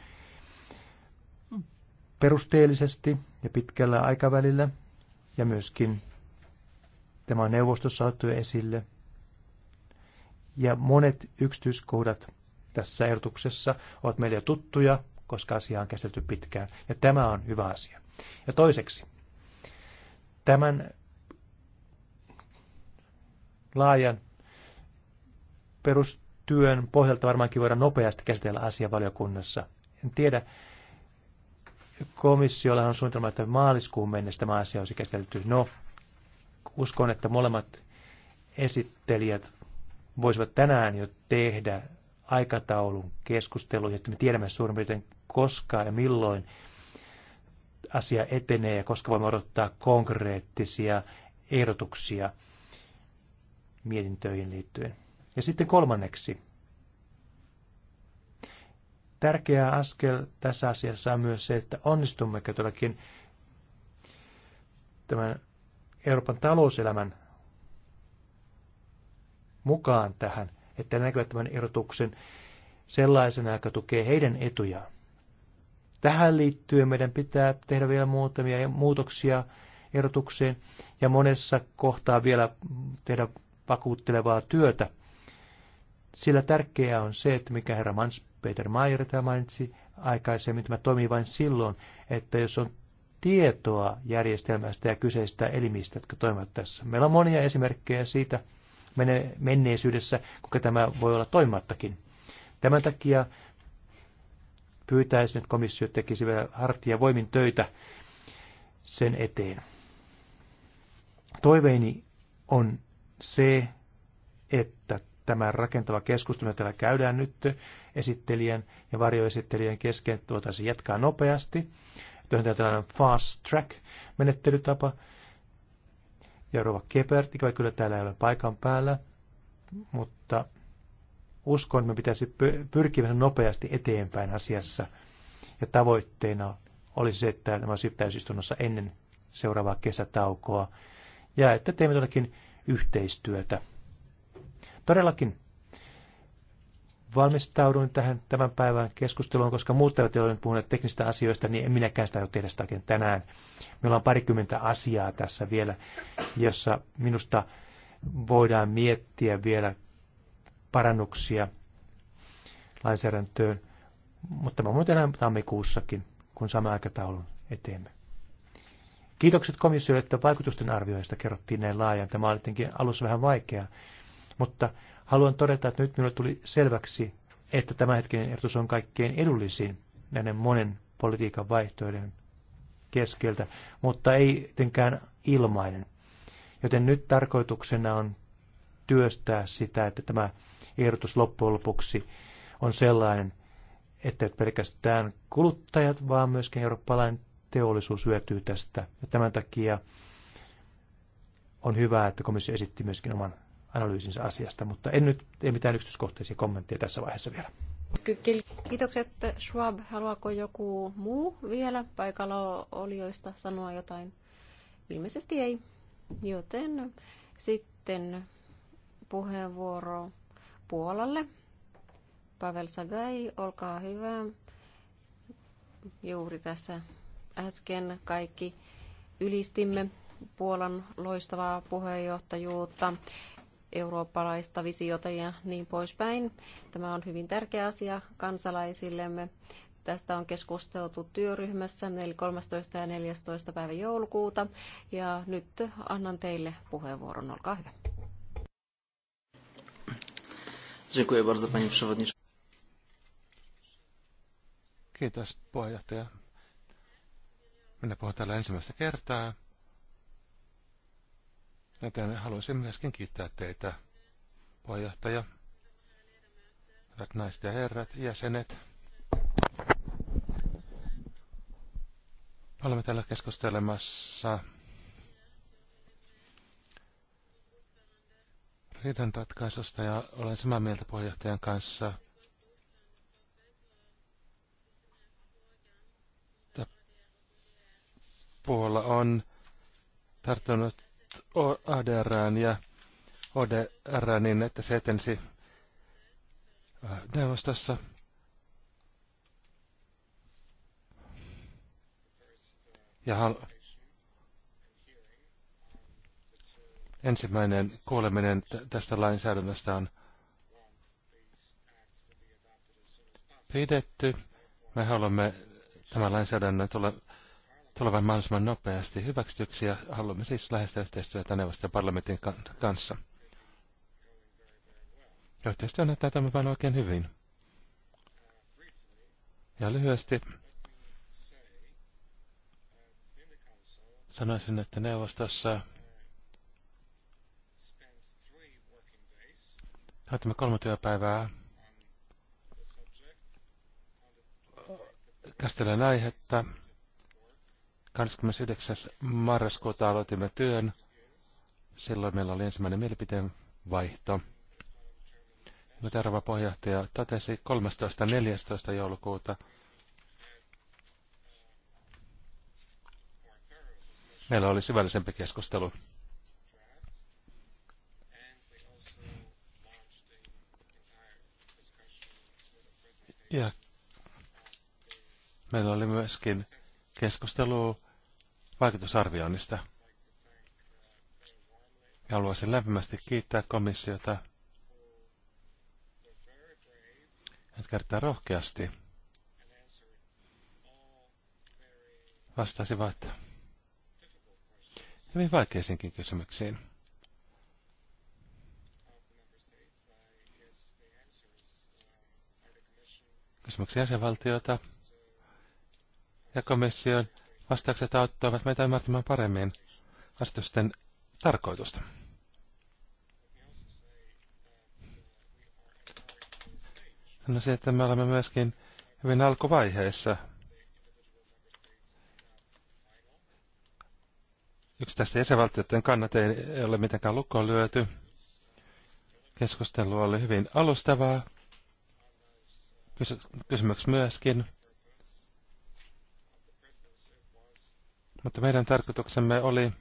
perusteellisesti ja pitkällä aikavälillä ja myöskin tämä on neuvostossa otettu esille. Ja monet yksityiskohdat tässä ehdotuksessa ovat meille jo tuttuja, koska asia on käsitelty pitkään, ja tämä on hyvä asia. Ja toiseksi, tämän laajan perustyön pohjalta varmaankin voidaan nopeasti käsitellä asia valiokunnassa. En tiedä, komissiolla on suunnitelma, että maaliskuun mennessä tämä asia olisi käsitelty. No, uskon, että molemmat esittelijät voisivat tänään jo tehdä aikataulun keskustelu, että me tiedämme suurin piirtein koska ja milloin asia etenee ja koska voimme odottaa konkreettisia ehdotuksia mietintöihin liittyen. Ja sitten kolmanneksi. Tärkeä askel tässä asiassa on myös se, että onnistummeko todellakin tämän Euroopan talouselämän mukaan tähän, että näkyvät tämän erotuksen sellaisena, joka tukee heidän etujaan. Tähän liittyen meidän pitää tehdä vielä muutamia muutoksia erotukseen ja monessa kohtaa vielä tehdä vakuuttelevaa työtä. Sillä tärkeää on se, että mikä herra Mans Peter Mayer tämä mainitsi aikaisemmin, tämä toimii vain silloin, että jos on tietoa järjestelmästä ja kyseistä elimistä, jotka toimivat tässä. Meillä on monia esimerkkejä siitä menneisyydessä, kuinka tämä voi olla toimimattakin. Tämän takia pyytäisin, että komissio tekisi vielä hartia voimin töitä sen eteen. Toiveeni on se, että tämä rakentava keskustelu, jota käydään nyt esittelijän ja varjoesittelijän kesken, voitaisiin jatkaa nopeasti. on tällainen fast track menettelytapa. Ja Rova Kepert, ikävä kyllä täällä ei ole paikan päällä, mutta uskon, että me pitäisi pyrkiä nopeasti eteenpäin asiassa. Ja tavoitteena olisi se, että tämä olisi täysistunnossa ennen seuraavaa kesätaukoa. Ja että teemme todellakin yhteistyötä. Todellakin valmistauduin tähän tämän päivän keskusteluun, koska muut eivät ole puhuneet teknisistä asioista, niin en minäkään sitä tehdä sitä oikein tänään. Meillä on parikymmentä asiaa tässä vielä, jossa minusta voidaan miettiä vielä parannuksia lainsäädäntöön, mutta mä muuten tammikuussakin, kun saamme aikataulun eteemme. Kiitokset komissiolle, että vaikutusten arvioista kerrottiin näin laajan. Tämä oli alussa vähän vaikeaa, mutta haluan todeta, että nyt minulle tuli selväksi, että tämä hetkinen ehdotus on kaikkein edullisin näiden monen politiikan vaihtoehdon keskeltä, mutta ei tietenkään ilmainen. Joten nyt tarkoituksena on työstää sitä, että tämä ehdotus loppujen lopuksi on sellainen, että pelkästään kuluttajat, vaan myöskin eurooppalainen teollisuus hyötyy tästä. Ja tämän takia on hyvä, että komissio esitti myöskin oman analyysinsä asiasta, mutta en nyt tee mitään yksityiskohtaisia kommentteja tässä vaiheessa vielä. Kiitokset Schwab. Haluaako joku muu vielä paikalla olijoista sanoa jotain? Ilmeisesti ei, joten sitten puheenvuoro Puolalle. Pavel Sagai, olkaa hyvä. Juuri tässä Äsken kaikki ylistimme Puolan loistavaa puheenjohtajuutta, eurooppalaista visiota ja niin poispäin. Tämä on hyvin tärkeä asia kansalaisillemme. Tästä on keskusteltu työryhmässä 13. ja 14. päivä joulukuuta. Ja nyt annan teille puheenvuoron. Olkaa hyvä. Dziękuję bardzo, panie przewodniczący. Kiitos, puheenjohtaja. Minä puhun täällä ensimmäistä kertaa. Joten haluaisin myöskin kiittää teitä, puheenjohtaja, hyvät naiset ja herrat, jäsenet. Olemme täällä keskustelemassa riidanratkaisusta ja olen samaa mieltä puheenjohtajan kanssa – puolella on tarttunut ADRään ja ODR, niin että se etensi neuvostossa. Ja hal- ensimmäinen kuuleminen tästä lainsäädännöstä on pidetty. Me haluamme tämän lainsäädännön tulla tulevan mahdollisimman nopeasti hyväksytyksi ja haluamme siis lähestyä yhteistyötä neuvoston parlamentin kanssa. Yhteistyö näyttää toimivan oikein hyvin. Ja lyhyesti sanoisin, että neuvostossa Käytämme kolme työpäivää. Käsitellään aihetta. 29. marraskuuta aloitimme työn. Silloin meillä oli ensimmäinen mielipiteen vaihto. Terva puheenjohtaja totesi 13.14. joulukuuta. Meillä oli syvällisempi keskustelu. Ja meillä oli myöskin keskustelu vaikutusarvioinnista. Ja haluaisin lämpimästi kiittää komissiota, että kertaa rohkeasti vastasivat hyvin vaikeisiinkin kysymyksiin. Kysymyksiä jäsenvaltiota ja komission Vastaukset auttavat meitä ymmärtämään paremmin asetusten tarkoitusta. Sanoisin, että me olemme myöskin hyvin alkuvaiheessa. Yksi tästä jäsenvaltioiden kannat ei ole mitenkään lukkoon lyöty. Keskustelu oli hyvin alustavaa. Kysymyksiä myöskin Mutta meidän tarkoituksemme oli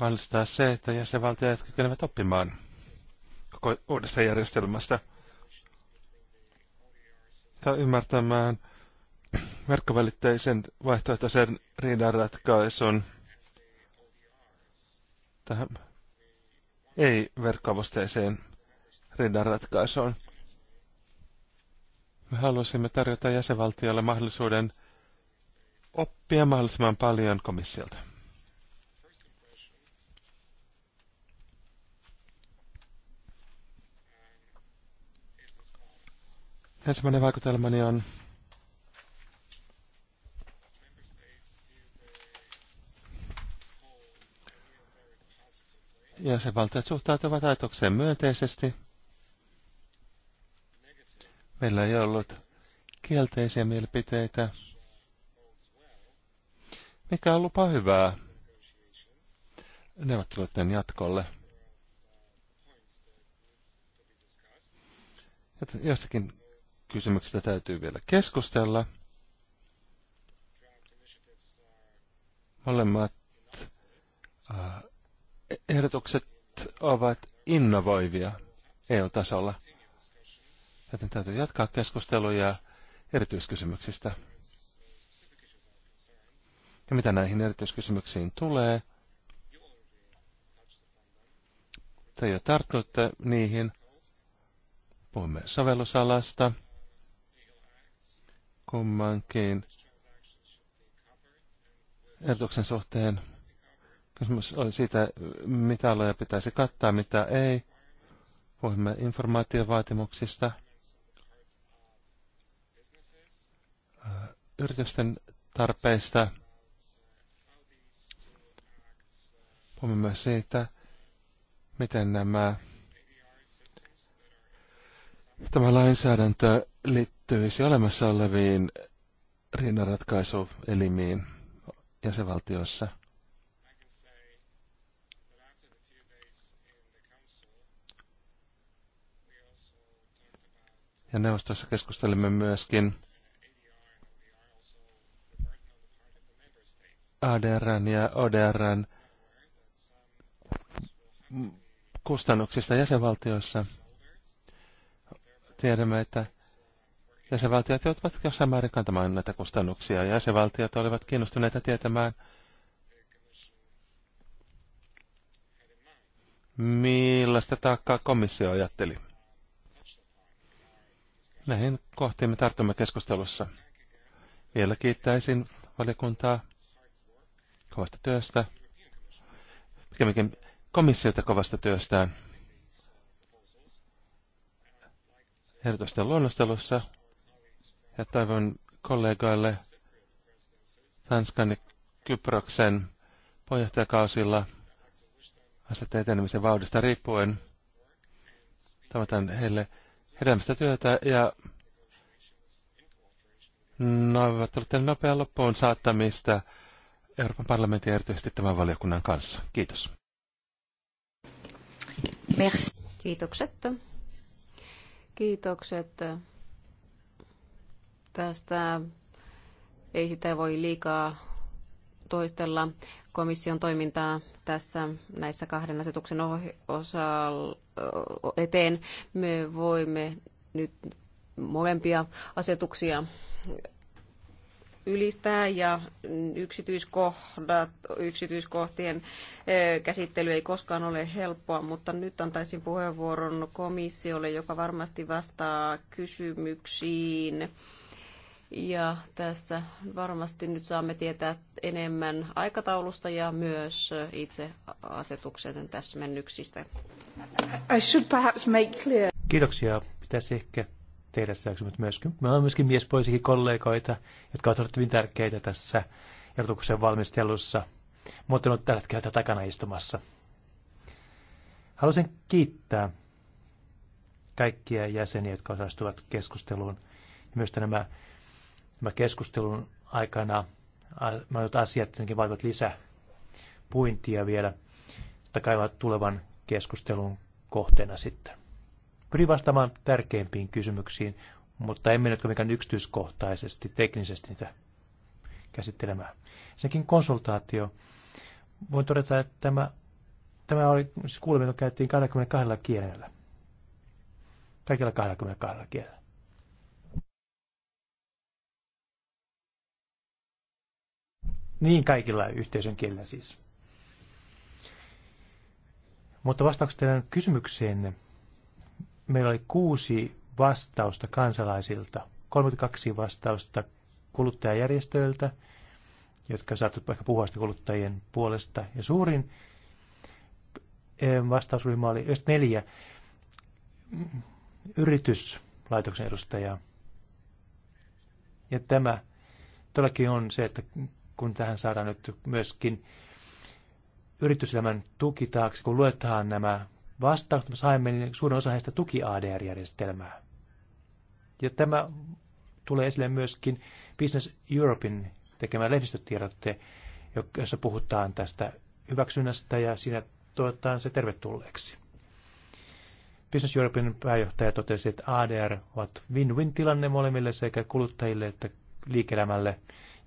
mahdollistaa se, että jäsenvaltiot kykenevät oppimaan koko uudesta järjestelmästä tai ymmärtämään verkkovälitteisen vaihtoehtoisen riidanratkaisun tähän ei verkkoavusteiseen riidanratkaisuun. Me halusimme tarjota jäsenvaltiolle mahdollisuuden – oppia mahdollisimman paljon komissiolta. Ensimmäinen vaikutelmani on, se valtiot suhtautuvat ajatukseen myönteisesti. Meillä ei ollut kielteisiä mielipiteitä mikä on lupa hyvää neuvotteluiden jatkolle. Jostakin kysymyksistä täytyy vielä keskustella. Molemmat äh, ehdotukset ovat innovoivia EU-tasolla, joten täytyy jatkaa keskusteluja erityiskysymyksistä. Ja mitä näihin erityiskysymyksiin tulee, te jo tarttuitte niihin. Puhumme sovellusalasta kummankin erityksen suhteen. Kysymys oli siitä, mitä aloja pitäisi kattaa, mitä ei. Puhumme informaatiovaatimuksista, yritysten tarpeista – on myös siitä, miten nämä, tämä lainsäädäntö liittyisi olemassa oleviin rinnanratkaisuelimiin jäsenvaltioissa. Ja neuvostossa keskustelimme myöskin ADRn ja ODRn kustannuksista jäsenvaltioissa. Tiedämme, että jäsenvaltiot joutuvat jossain määrin kantamaan näitä kustannuksia. Jäsenvaltiot olivat kiinnostuneita tietämään, millaista taakkaa komissio ajatteli. Näihin kohtiin me tartumme keskustelussa. Vielä kiittäisin valiokuntaa kovasta työstä. Pikemminkin komissiota kovasta työstään ehdotusten luonnostelussa ja toivon kollegoille Tanskan ja Kyproksen puheenjohtajakausilla astetta etenemisen vauhdista riippuen. Tavataan heille hedelmästä työtä ja neuvotteluiden nopean loppuun saattamista Euroopan parlamentin erityisesti tämän valiokunnan kanssa. Kiitos. Merci. Kiitokset. Kiitokset tästä. Ei sitä voi liikaa toistella komission toimintaa tässä näissä kahden asetuksen osa eteen. Me voimme nyt molempia asetuksia ylistää ja yksityiskohdat, yksityiskohtien käsittely ei koskaan ole helppoa, mutta nyt antaisin puheenvuoron komissiolle, joka varmasti vastaa kysymyksiin. Ja tässä varmasti nyt saamme tietää enemmän aikataulusta ja myös itse asetuksen täsmennyksistä. I should perhaps make clear. Kiitoksia. Pitäisi ehkä tehdä sitä, mutta myöskin, meillä on myöskin miespoisikin kollegoita, jotka ovat olleet hyvin tärkeitä tässä erotuksen valmistelussa, mutta on tällä hetkellä takana istumassa. Haluaisin kiittää kaikkia jäseniä, jotka osallistuvat keskusteluun. Ja myös nämä, nämä keskustelun aikana monet asiat tietenkin vaativat lisää puintia vielä, mutta kai tulevan keskustelun kohteena sitten pyrin vastaamaan tärkeimpiin kysymyksiin, mutta emme nyt mikään yksityiskohtaisesti, teknisesti niitä käsittelemään. Sekin konsultaatio. Voin todeta, että tämä, tämä oli siis kuuleminen, joka käytiin 22 kielellä. Kaikilla 22 kielellä. Niin kaikilla yhteisön kielillä siis. Mutta vastaukset teidän kysymykseenne meillä oli kuusi vastausta kansalaisilta, 32 vastausta kuluttajajärjestöiltä, jotka saattavat ehkä puhua sitä kuluttajien puolesta. Ja suurin eh, vastausryhmä oli just neljä mm, yrityslaitoksen edustajaa. Ja tämä todellakin on se, että kun tähän saadaan nyt myöskin yrityselämän tuki taakse, kun luetaan nämä vastaukset me saimme, niin suurin osa heistä tuki ADR-järjestelmää. Ja tämä tulee esille myöskin Business Europein tekemään lehdistötiedotte, jossa puhutaan tästä hyväksynnästä ja siinä toivotaan se tervetulleeksi. Business Europein pääjohtaja totesi, että ADR ovat win-win tilanne molemmille sekä kuluttajille että liikelämälle.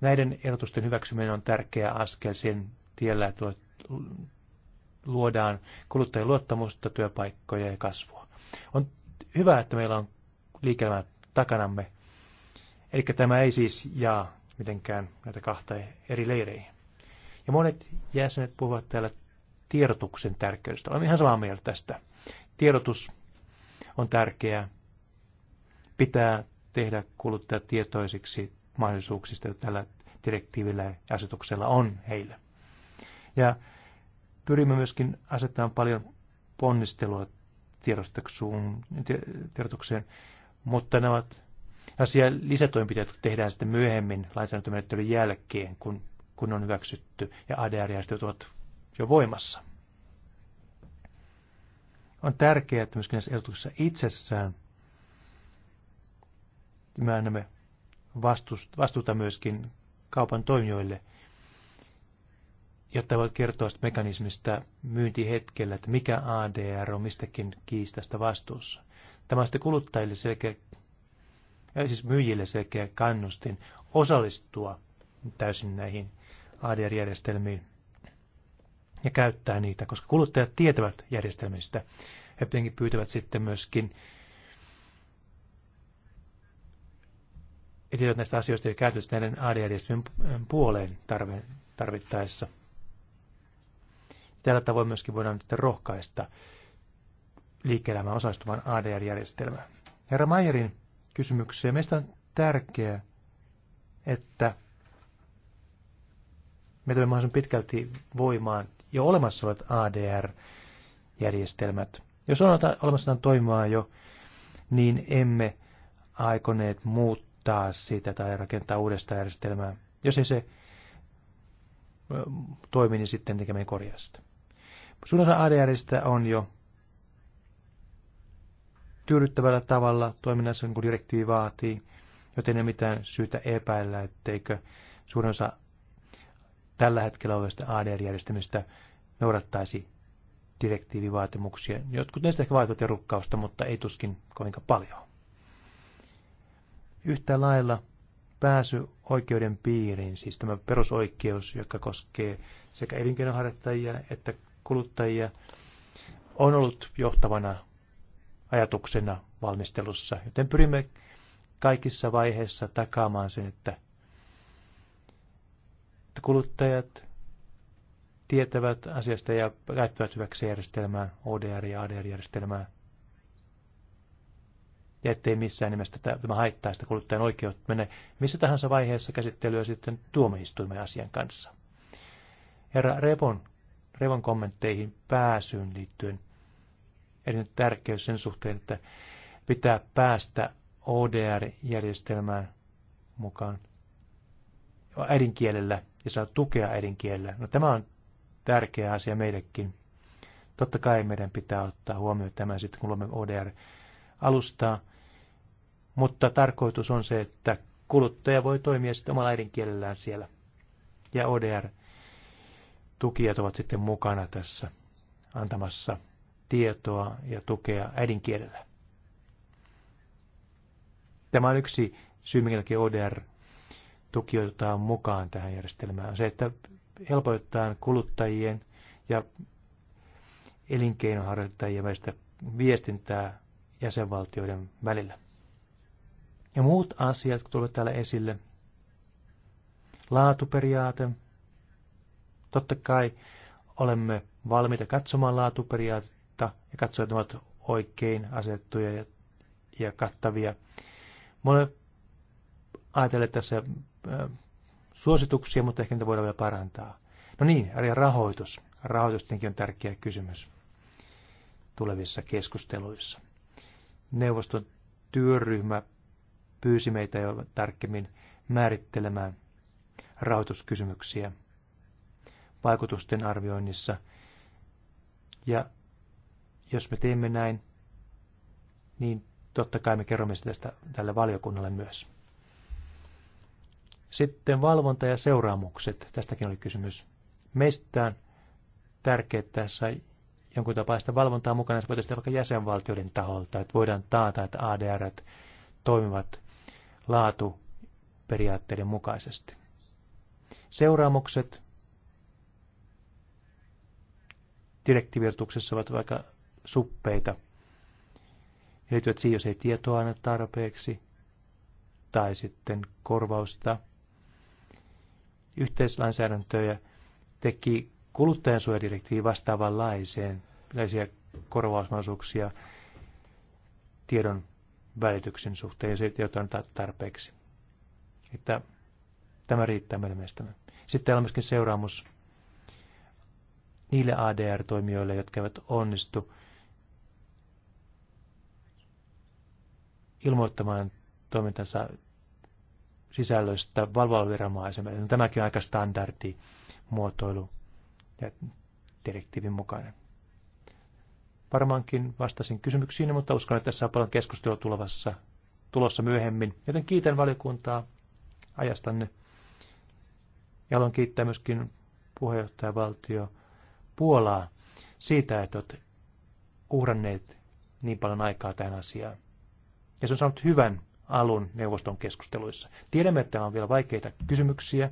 Näiden erotusten hyväksyminen on tärkeä askel sen tiellä, että luodaan kuluttajien luottamusta, työpaikkoja ja kasvua. On hyvä, että meillä on liikelmä takanamme. Eli tämä ei siis jaa mitenkään näitä kahta eri leireihin. Ja monet jäsenet puhuvat täällä tiedotuksen tärkeydestä. Olemme ihan samaa mieltä tästä. Tiedotus on tärkeää. Pitää tehdä kuluttajat tietoisiksi mahdollisuuksista, joita tällä direktiivillä ja asetuksella on heille. Ja pyrimme myöskin asettamaan paljon ponnistelua tiedotukseen, mutta nämä ovat asia lisätoimenpiteet tehdään sitten myöhemmin lainsäädäntömenettelyn jälkeen, kun, kun on hyväksytty ja adr ovat jo voimassa. On tärkeää, että myöskin näissä ehdotuksissa itsessään me annamme vastuuta myöskin kaupan toimijoille – jotta voit kertoa mekanismista myyntihetkellä, että mikä ADR on mistäkin kiistasta vastuussa. Tämä on sitten kuluttajille selkeä, siis myyjille selkeä kannustin osallistua täysin näihin ADR-järjestelmiin ja käyttää niitä, koska kuluttajat tietävät järjestelmistä. He tietenkin pyytävät sitten myöskin ja tiedot näistä asioista ja käytöstä näiden adr järjestelmien puoleen tarvittaessa. Tällä tavoin myöskin voidaan sitten rohkaista liike-elämään osallistuvan adr järjestelmää Herra Mayerin kysymykseen. Meistä on tärkeää, että me tulemme mahdollisimman pitkälti voimaan jo olemassa olevat ADR-järjestelmät. Jos on olemassa on toimimaan jo, niin emme aikoneet muuttaa sitä tai rakentaa uudesta järjestelmää. Jos ei se toimi, niin sitten tekemään korjaa sitä. Suurin osa ADRistä on jo tyydyttävällä tavalla toiminnassa, niin kun direktiivi vaatii, joten ei mitään syytä epäillä, etteikö suurin osa tällä hetkellä olevista ADR-järjestelmistä noudattaisi direktiivivaatimuksia. Jotkut näistä ehkä vaativat rukkausta, mutta ei tuskin kovinkaan paljon. Yhtä lailla pääsy oikeuden piiriin, siis tämä perusoikeus, joka koskee sekä elinkeinonharjoittajia että kuluttajia on ollut johtavana ajatuksena valmistelussa, joten pyrimme kaikissa vaiheissa takaamaan sen, että kuluttajat tietävät asiasta ja käyttävät hyväksi järjestelmää, ODR- ja ADR-järjestelmää. Ja ettei missään nimessä tämä haittaa sitä kuluttajan oikeutta mene missä tahansa vaiheessa käsittelyä sitten tuomioistuimen asian kanssa. Herra Rebon Revon kommentteihin pääsyyn liittyen. Erityinen tärkeys sen suhteen, että pitää päästä ODR-järjestelmään mukaan äidinkielellä ja saa tukea äidinkielellä. No tämä on tärkeä asia meillekin. Totta kai meidän pitää ottaa huomioon tämä sitten, kun luomme ODR-alustaa. Mutta tarkoitus on se, että kuluttaja voi toimia sitten omalla äidinkielellään siellä. Ja ODR tukijat ovat sitten mukana tässä antamassa tietoa ja tukea äidinkielellä. Tämä on yksi syy, minkä takia ODR tukioitetaan mukaan tähän järjestelmään, on se, että helpotetaan kuluttajien ja elinkeinoharjoittajien välistä viestintää jäsenvaltioiden välillä. Ja muut asiat, kun tulevat täällä esille, laatuperiaate, Totta kai olemme valmiita katsomaan laatuperiaatetta ja katsoa, että ne ovat oikein asettuja ja, ja kattavia. Mä olen ajatellut tässä äh, suosituksia, mutta ehkä niitä voidaan vielä parantaa. No niin, eli rahoitus. Rahoitus on tärkeä kysymys tulevissa keskusteluissa. Neuvoston työryhmä pyysi meitä jo tarkemmin määrittelemään rahoituskysymyksiä vaikutusten arvioinnissa. Ja jos me teemme näin, niin totta kai me kerromme sitä tästä tälle valiokunnalle myös. Sitten valvonta ja seuraamukset. Tästäkin oli kysymys. Meistä on tärkeää tässä jonkun tapaista valvontaa mukana. Se voitaisiin vaikka jäsenvaltioiden taholta, että voidaan taata, että ADR toimivat laatuperiaatteiden mukaisesti. Seuraamukset direktivirtuksessa ovat vaikka suppeita. He liittyvät siihen, jos ei tietoa anna tarpeeksi, tai sitten korvausta. Yhteislainsäädäntöjä teki kuluttajansuojadirektiivi vastaavanlaiseen, yleisiä korvausmahdollisuuksia tiedon välityksen suhteen, jos ei tietoa anna tarpeeksi. Että tämä riittää meidän mielestämme. Sitten on myöskin seuraamus niille ADR-toimijoille, jotka eivät onnistu ilmoittamaan toimintansa sisällöstä valvontaviranomaiselle. No, tämäkin on aika standardi muotoilu ja direktiivin mukainen. Varmaankin vastasin kysymyksiin, mutta uskon, että tässä on paljon keskustelua tulevassa, tulossa myöhemmin. Joten kiitän valiokuntaa ajastanne. Ja haluan kiittää myöskin puheenjohtajavaltio Puolaa siitä, että olet uhranneet niin paljon aikaa tähän asiaan. Ja se on saanut hyvän alun neuvoston keskusteluissa. Tiedämme, että täällä on vielä vaikeita kysymyksiä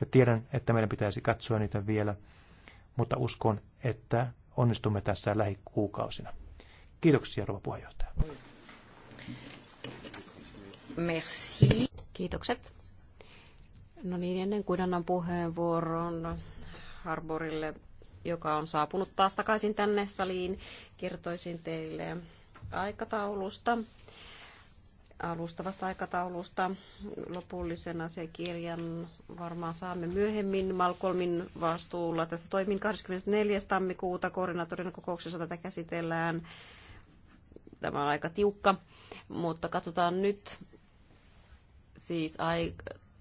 ja tiedän, että meidän pitäisi katsoa niitä vielä, mutta uskon, että onnistumme tässä lähikuukausina. Kiitoksia, rouva puheenjohtaja. Merci. Kiitokset. No niin, ennen kuin annan puheenvuoron Harborille joka on saapunut taas takaisin tänne saliin. Kertoisin teille aikataulusta, alustavasta aikataulusta. Lopullisen asiakirjan varmaan saamme myöhemmin Malcolmin vastuulla. Tässä toimin 24. tammikuuta koordinaattorin kokouksessa tätä käsitellään. Tämä on aika tiukka, mutta katsotaan nyt siis ai-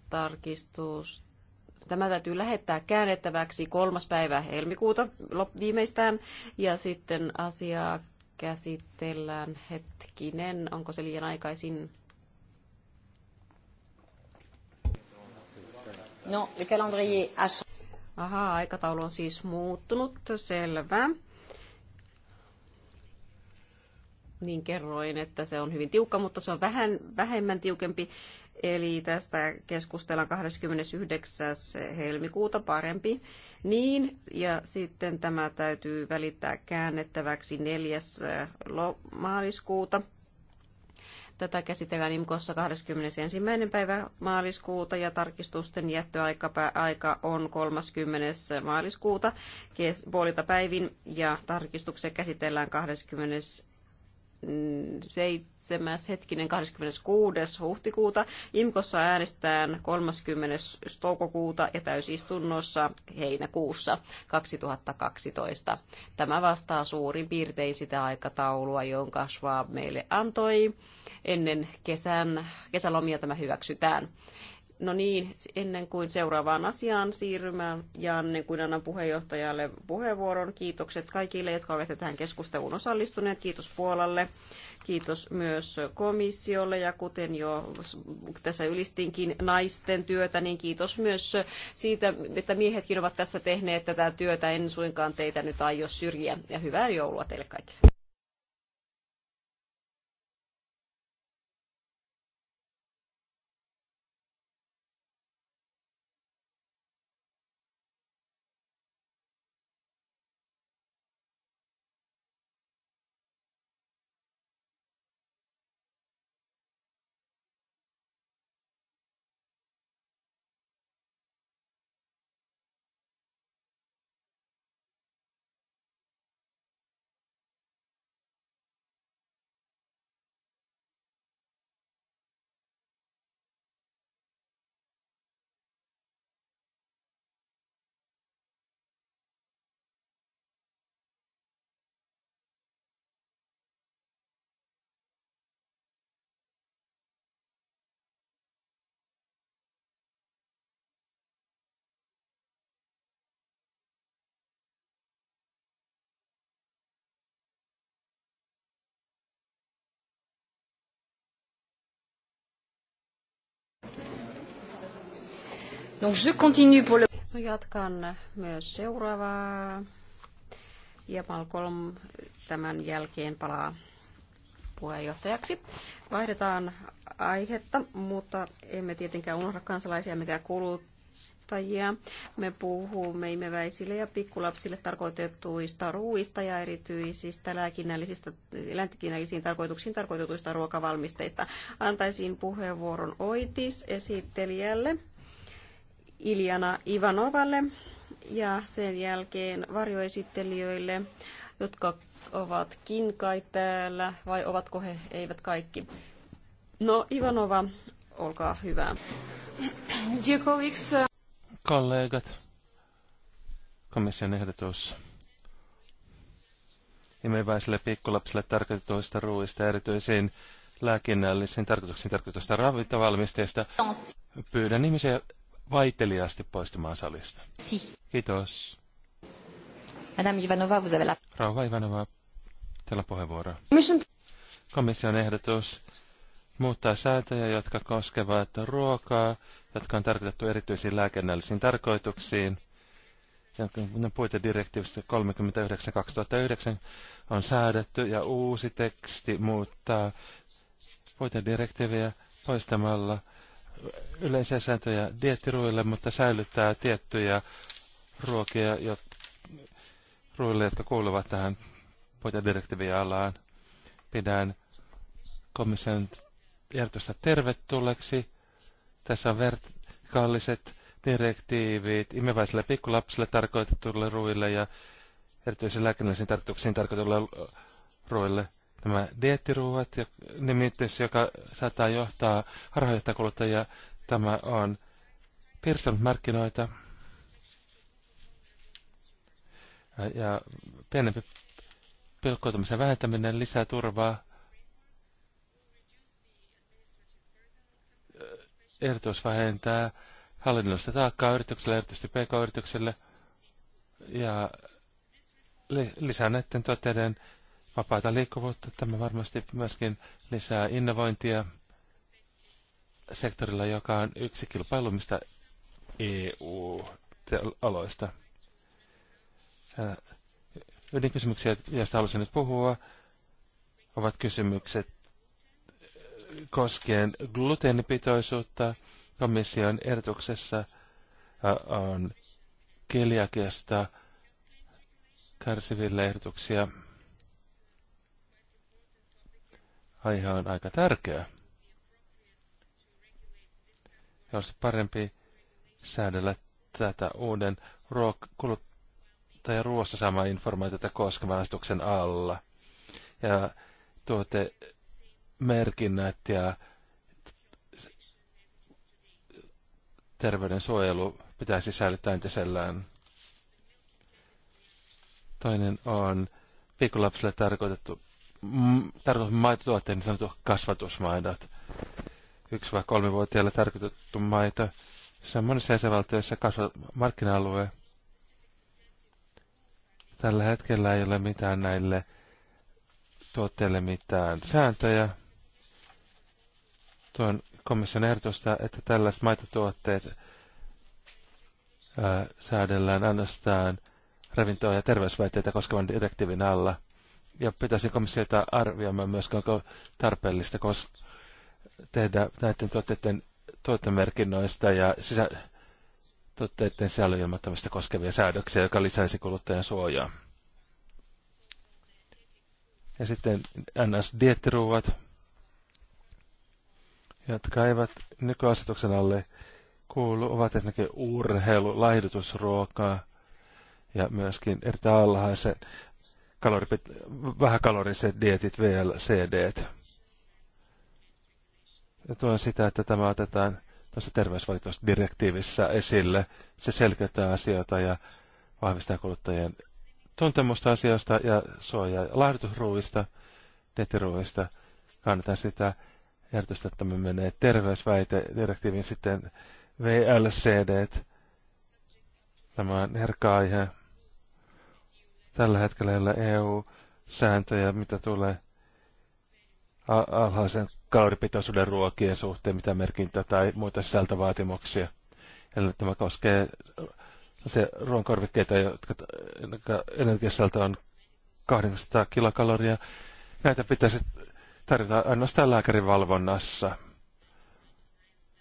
tarkistus Tämä täytyy lähettää käännettäväksi kolmas päivä helmikuuta viimeistään ja sitten asiaa käsitellään hetkinen. Onko se liian aikaisin? No, le calendrier a Aha, aikataulu on siis muuttunut, selvä. Niin kerroin, että se on hyvin tiukka, mutta se on vähän vähemmän tiukempi Eli tästä keskustellaan 29. helmikuuta parempi. Niin, ja sitten tämä täytyy välittää käännettäväksi 4. Eh, maaliskuuta. Tätä käsitellään IMKossa 21. päivä maaliskuuta ja tarkistusten jättöaika on 30. maaliskuuta puolilta päivin ja tarkistuksia käsitellään 20. 7. hetkinen 26. huhtikuuta. Imkossa äänestetään 30. toukokuuta ja täysistunnossa heinäkuussa 2012. Tämä vastaa suurin piirtein sitä aikataulua, jonka Schwab meille antoi. Ennen kesän, kesälomia tämä hyväksytään. No niin, ennen kuin seuraavaan asiaan siirrymään ja ennen kuin annan puheenjohtajalle puheenvuoron, kiitokset kaikille, jotka ovat tähän keskusteluun osallistuneet. Kiitos Puolalle, kiitos myös komissiolle ja kuten jo tässä ylistinkin naisten työtä, niin kiitos myös siitä, että miehetkin ovat tässä tehneet tätä työtä. En suinkaan teitä nyt aio syrjiä ja hyvää joulua teille kaikille. Donc je continue pour le... No, jatkan myös seuraavaa. Ja Malcolm tämän jälkeen palaa puheenjohtajaksi. Vaihdetaan aihetta, mutta emme tietenkään unohda kansalaisia mikä kuluttajia. Me puhumme imeväisille ja pikkulapsille tarkoitettuista ruuista ja erityisistä lääkinnällisistä, lääkinnällisiin tarkoituksiin tarkoitetuista ruokavalmisteista. Antaisin puheenvuoron Oitis esittelijälle. Iljana Ivanovalle ja sen jälkeen varjoesittelijöille, jotka ovatkin kai täällä, vai ovatko he eivät kaikki. No, Ivanova, olkaa hyvä. Uh, Kollegat, komission ehdotus imeväisille pikkulapsille tarkoitetuista ruuista erityisiin lääkinnällisiin tarkoituksiin tarkoitusta ravintovalmisteista. Pyydän ihmisiä vaiteliaasti poistumaan salista. Si. Kiitos. Madame Ivanova, vous avez la... Rauha Ivanova, teillä puheenvuoro. Komission ehdotus muuttaa sääntöjä, jotka koskevat ruokaa, jotka on tarkoitettu erityisiin lääkennällisiin tarkoituksiin. Ne puitedirektiivistä 39-2009 on säädetty ja uusi teksti muuttaa puitedirektiiviä poistamalla yleisiä sääntöjä diettiruille, mutta säilyttää tiettyjä ruokia jo, ruoille, jotka kuuluvat tähän poitadirektiivien alaan. Pidän komission järjestöstä tervetulleeksi. Tässä on vertikaaliset direktiivit imeväisille pikkulapsille tarkoitetulle ruille ja erityisen lääkinnällisiin tarkoituksiin tarkoitetulle ruille – nämä dieettiruuat ja nimitys, joka saattaa johtaa harhaanjohtaa ja Tämä on pirstonut markkinoita. Ja pienempi pilkkoitumisen vähentäminen lisää turvaa. Ehdotus vähentää hallinnollista taakkaa yritykselle, erityisesti pk-yritykselle, ja lisää näiden tuotteiden vapaata liikkuvuutta. Tämä varmasti myöskin lisää innovointia sektorilla, joka on yksi kilpailumista EU-aloista. Ydinkysymyksiä, joista haluaisin nyt puhua, ovat kysymykset koskien gluteenipitoisuutta. Komission ehdotuksessa on keliakiasta kärsiville ehdotuksia aihe on aika tärkeä. Ja olisi parempi säädellä tätä uuden ruok- kuluttajan ruoassa saamaa informaatiota koskevan asetuksen alla. Ja tuote merkinnät ja terveydensuojelu pitäisi säilyttää entisellään. Toinen on pikkulapsille tarkoitettu mm, tarkoitettu maitotuotteen niin sanottu kasvatusmaidot. Yksi- vai vuotiailla tarkoitettu maito. Se on monissa jäsenvaltioissa kasva- markkina-alue. Tällä hetkellä ei ole mitään näille tuotteille mitään sääntöjä. Tuon komission ehdotusta, että tällaiset maitotuotteet ää, säädellään ainoastaan ravintoa ja terveysväitteitä koskevan direktiivin alla – ja pitäisi komissiota arvioimaan myös, onko tarpeellista koska tehdä näiden tuotteiden tuotemerkinnoista ja sisä, tuotteiden sisällön koskevia säädöksiä, joka lisäisi kuluttajan suojaa. Ja sitten NS-diettiruuat, jotka eivät nykyasetuksen alle kuulu, ovat esimerkiksi urheilu, laihdutusruokaa ja myöskin erittäin alhaisen kaloripit, vähäkaloriset dietit, VLCD. Ja tuen sitä, että tämä otetaan tuossa terveysvalitusdirektiivissä esille. Se selkeyttää asioita ja vahvistaa kuluttajien tuntemusta asioista ja suojaa lahdutusruuista, nettiruuista. Kannatan sitä ehdotusta, että me menee terveysväitedirektiivin sitten VLCD. Tämä on herkka aihe. Tällä hetkellä ei ole EU-sääntöjä, mitä tulee alhaisen kauripitoisuuden ruokien suhteen, mitä merkintä tai muita sisältövaatimuksia. Eli tämä koskee se ruoankorvikkeita, jotka energiasisältö on 800 kilokaloria. Näitä pitäisi tarjota ainoastaan lääkärin valvonnassa.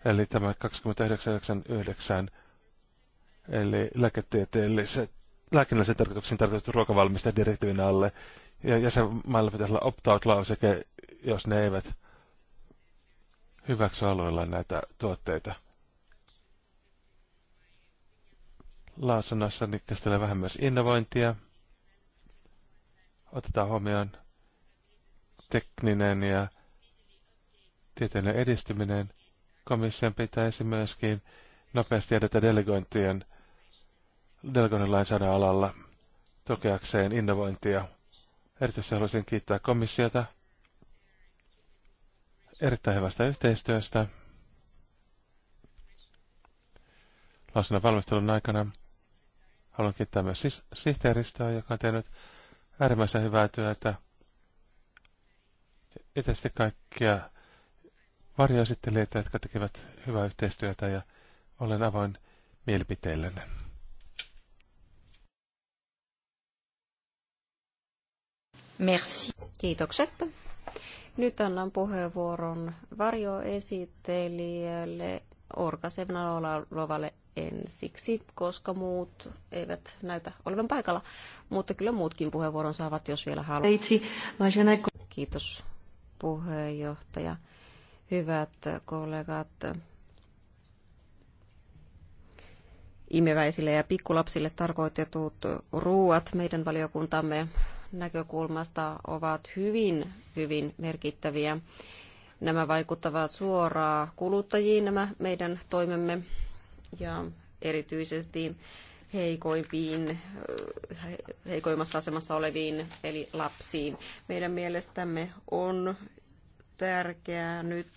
Eli tämä 2999, eli lääketieteelliset lääkinnällisen tarkoituksen tarkoitettu ruokavalmiste direktiivin alle. Ja jäsenmailla pitäisi olla opt-out-lauseke, jos ne eivät hyväksy alueella näitä tuotteita. Lausunnossa käsitellään vähän myös innovointia. Otetaan huomioon tekninen ja tieteellinen edistyminen. Komission pitäisi myöskin nopeasti edetä delegointien delegoinnin lainsäädännön alalla tukeakseen innovointia. Erityisesti haluaisin kiittää komissiota erittäin hyvästä yhteistyöstä. Lausunnon valmistelun aikana haluan kiittää myös sihteeristöä, joka on tehnyt äärimmäisen hyvää työtä. Itse kaikkia varjoesittelijöitä, jotka tekevät hyvää yhteistyötä ja olen avoin mielipiteillenne. Merci. Kiitokset. Nyt annan puheenvuoron varjoesittelijälle Orkasevna Sevnalovalle ensiksi, koska muut eivät näytä olevan paikalla, mutta kyllä muutkin puheenvuoron saavat, jos vielä haluavat. Kiitos puheenjohtaja. Hyvät kollegat, imeväisille ja pikkulapsille tarkoitetut ruuat meidän valiokuntamme näkökulmasta ovat hyvin, hyvin merkittäviä. Nämä vaikuttavat suoraan kuluttajiin nämä meidän toimemme ja erityisesti heikoimpiin, heikoimmassa asemassa oleviin, eli lapsiin. Meidän mielestämme on tärkeää nyt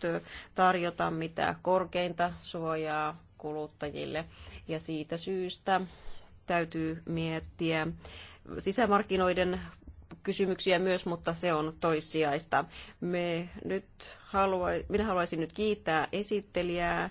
tarjota mitä korkeinta suojaa kuluttajille. Ja siitä syystä täytyy miettiä sisämarkkinoiden kysymyksiä myös, mutta se on toissijaista. Me nyt halua, minä haluaisin nyt kiittää esittelijää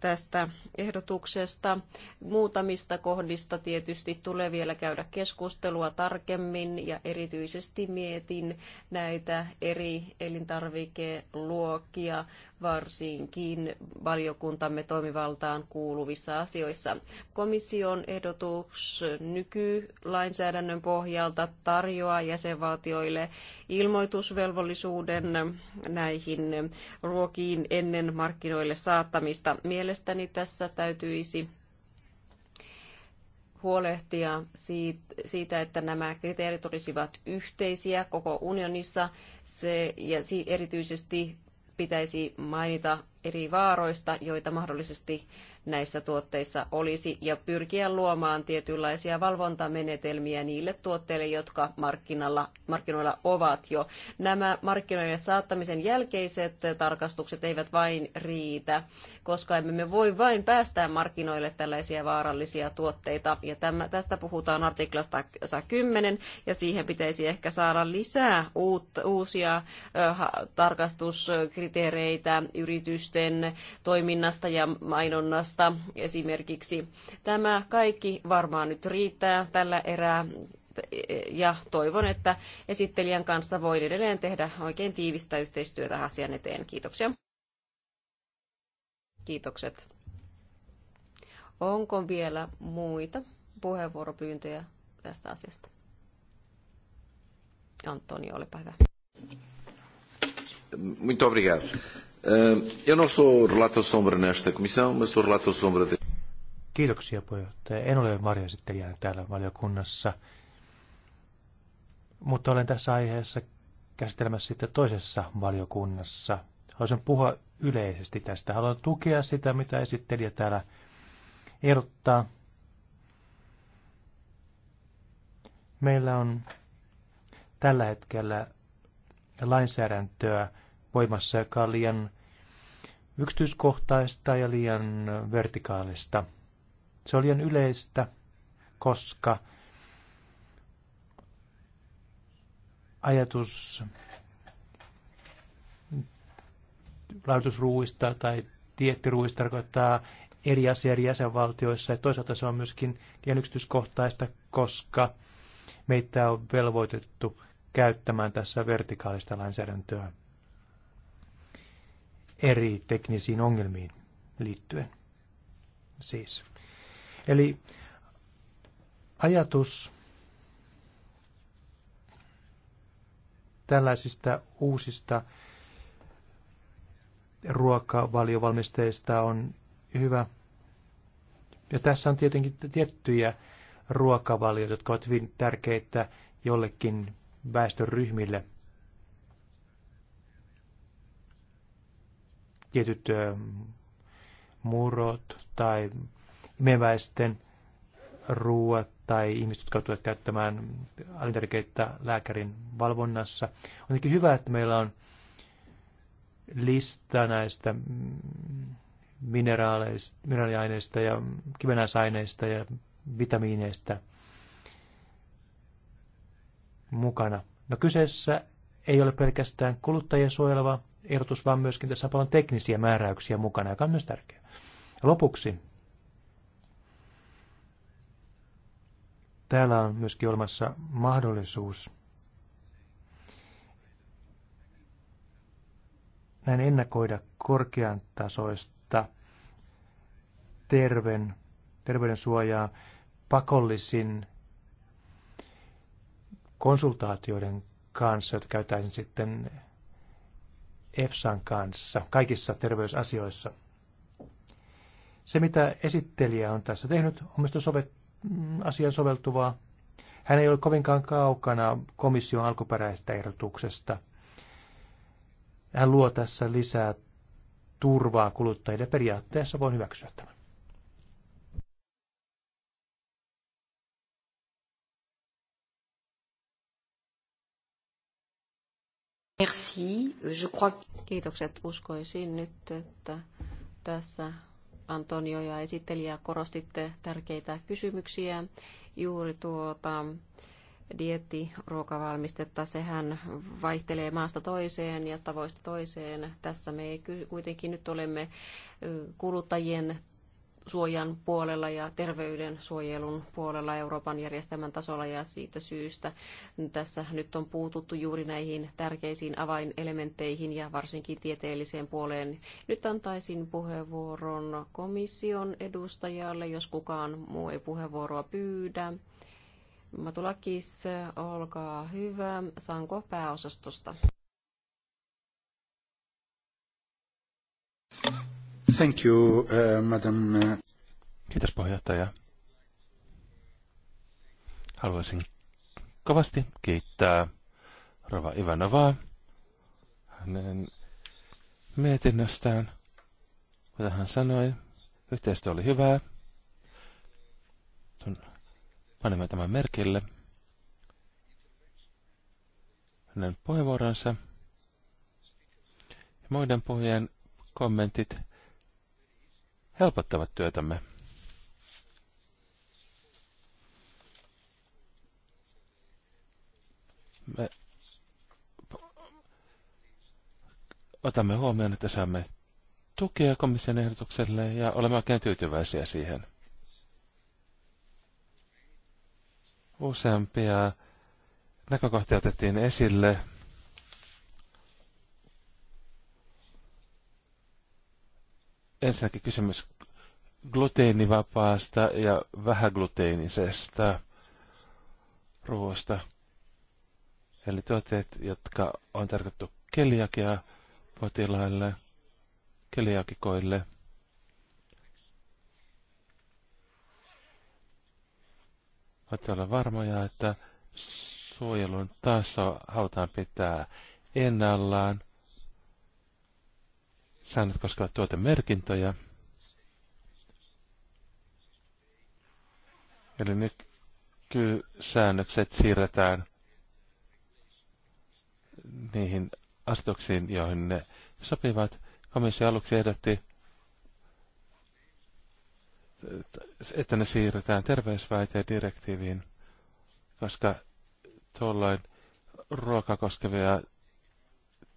tästä ehdotuksesta. Muutamista kohdista tietysti tulee vielä käydä keskustelua tarkemmin ja erityisesti mietin näitä eri elintarvikeluokkia varsinkin valiokuntamme toimivaltaan kuuluvissa asioissa. Komission ehdotus nykylainsäädännön pohjalta tarjoaa jäsenvaltioille ilmoitusvelvollisuuden näihin ruokiin ennen markkinoille saattamista. Mielestäni tässä täytyisi huolehtia siitä, että nämä kriteerit olisivat yhteisiä koko unionissa se, ja erityisesti pitäisi mainita eri vaaroista, joita mahdollisesti näissä tuotteissa olisi ja pyrkiä luomaan tietynlaisia valvontamenetelmiä niille tuotteille, jotka markkinalla, markkinoilla ovat jo. Nämä markkinoille saattamisen jälkeiset tarkastukset eivät vain riitä, koska emme me voi vain päästää markkinoille tällaisia vaarallisia tuotteita. Ja tämä, tästä puhutaan artiklasta 10 ja siihen pitäisi ehkä saada lisää uutta, uusia tarkastuskriteereitä yritysten toiminnasta ja mainonnasta Kreikasta esimerkiksi. Tämä kaikki varmaan nyt riittää tällä erää ja toivon, että esittelijän kanssa voin edelleen tehdä oikein tiivistä yhteistyötä asian eteen. Kiitoksia. Kiitokset. Onko vielä muita puheenvuoropyyntöjä tästä asiasta? Antoni, olepa hyvä. Muito obrigado. Ehm, eu não sou relator sombra nesta comissão, mas sou relator sombra de... Kiitoksia puheenjohtaja. En ole varjoesittelijänä täällä valiokunnassa, mutta olen tässä aiheessa käsittelemässä sitten toisessa valiokunnassa. Haluaisin puhua yleisesti tästä. Haluan tukea sitä, mitä esittelijä täällä ehdottaa. Meillä on tällä hetkellä lainsäädäntöä voimassa, joka on liian yksityiskohtaista ja liian vertikaalista. Se oli liian yleistä, koska ajatus laitusruuista tai diettiruuista tarkoittaa eri asia eri jäsenvaltioissa. Ja toisaalta se on myöskin liian yksityiskohtaista, koska meitä on velvoitettu käyttämään tässä vertikaalista lainsäädäntöä eri teknisiin ongelmiin liittyen. Siis. Eli ajatus tällaisista uusista ruokavaliovalmisteista on hyvä. Ja tässä on tietenkin tiettyjä ruokavalioita, jotka ovat hyvin tärkeitä jollekin väestöryhmille. tietyt murot tai imeväisten ruoat tai ihmiset, jotka tulevat käyttämään alintarkeita lääkärin valvonnassa. On tietenkin hyvä, että meillä on lista näistä mineraaleista, mineraaliaineista ja kivenäisaineista ja vitamiineista mukana. No kyseessä ei ole pelkästään kuluttajia suojeleva ehdotus, vaan myöskin tässä on paljon teknisiä määräyksiä mukana, joka on myös tärkeää. Lopuksi täällä on myöskin olemassa mahdollisuus näin ennakoida korkean tasoista terveen, terveyden suojaa pakollisin konsultaatioiden kanssa, jotka käytäisiin sitten EFSAn kanssa kaikissa terveysasioissa. Se, mitä esittelijä on tässä tehnyt, on myös sove- mm, asian soveltuvaa. Hän ei ole kovinkaan kaukana komission alkuperäisestä ehdotuksesta. Hän luo tässä lisää turvaa kuluttajille. Periaatteessa voin hyväksyä tämän. Merci. Je crois... Kiitokset. Uskoisin nyt, että tässä Antonio ja esittelijä korostitte tärkeitä kysymyksiä. Juuri tuota ruokavalmistetta, sehän vaihtelee maasta toiseen ja tavoista toiseen. Tässä me kuitenkin nyt olemme kuluttajien suojan puolella ja terveyden suojelun puolella Euroopan järjestelmän tasolla ja siitä syystä tässä nyt on puututtu juuri näihin tärkeisiin avainelementteihin ja varsinkin tieteelliseen puoleen. Nyt antaisin puheenvuoron komission edustajalle, jos kukaan muu ei puheenvuoroa pyydä. Matulakis, olkaa hyvä. Saanko pääosastosta? Thank you, uh, madam. Uh, Kiitos puheenjohtaja. Haluaisin kovasti kiittää Rova Ivanovaa hänen mietinnöstään. Kuten hän sanoi, yhteistyö oli hyvää. Panemme tämän merkille. Hänen puheenvuoronsa ja muiden puhujien kommentit helpottavat työtämme. Me otamme huomioon, että saamme tukea komission ehdotukselle ja olemme oikein tyytyväisiä siihen. Useampia näkökohtia otettiin esille. ensinnäkin kysymys gluteenivapaasta ja vähägluteenisesta ruoasta. Eli tuotteet, jotka on tarkoitettu keliakia potilaille, keliakikoille. Voitte olla varmoja, että suojelun taso halutaan pitää ennallaan – Säännöt koskevat tuotemerkintöjä. Eli nykysäännökset siirretään niihin asetuksiin, joihin ne sopivat. Komissio aluksi ehdotti, että ne siirretään terveysväiteen direktiiviin, koska tuolloin ruokaa koskevia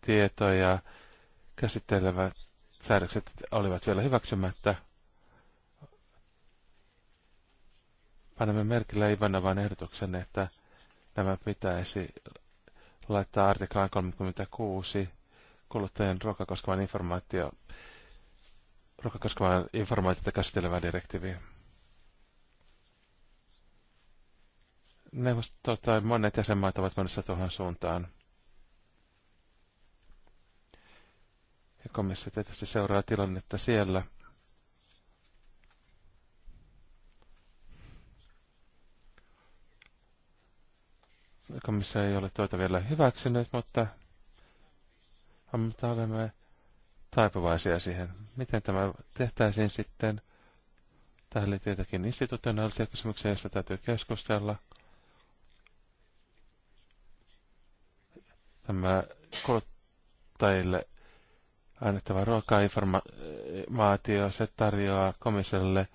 tietoja käsittelevät säädökset olivat vielä hyväksymättä. Panemme merkille Ivanovan ehdotuksen, että nämä pitäisi laittaa artiklaan 36 kuluttajien ruokaa informaatio, ruokaa informaatiota käsittelevää direktiiviä. Neuvostot tai monet jäsenmaat ovat menossa tuohon suuntaan. Ja komissio tietysti seuraa tilannetta siellä. Komissio ei ole tuota vielä hyväksynyt, mutta, olemme taipuvaisia siihen. Miten tämä tehtäisiin sitten? Tähän liittyy jotakin institutionaalisia kysymyksiä, joista täytyy keskustella. Tämä kuluttajille annettava ruokainformaatio, se tarjoaa komissiolle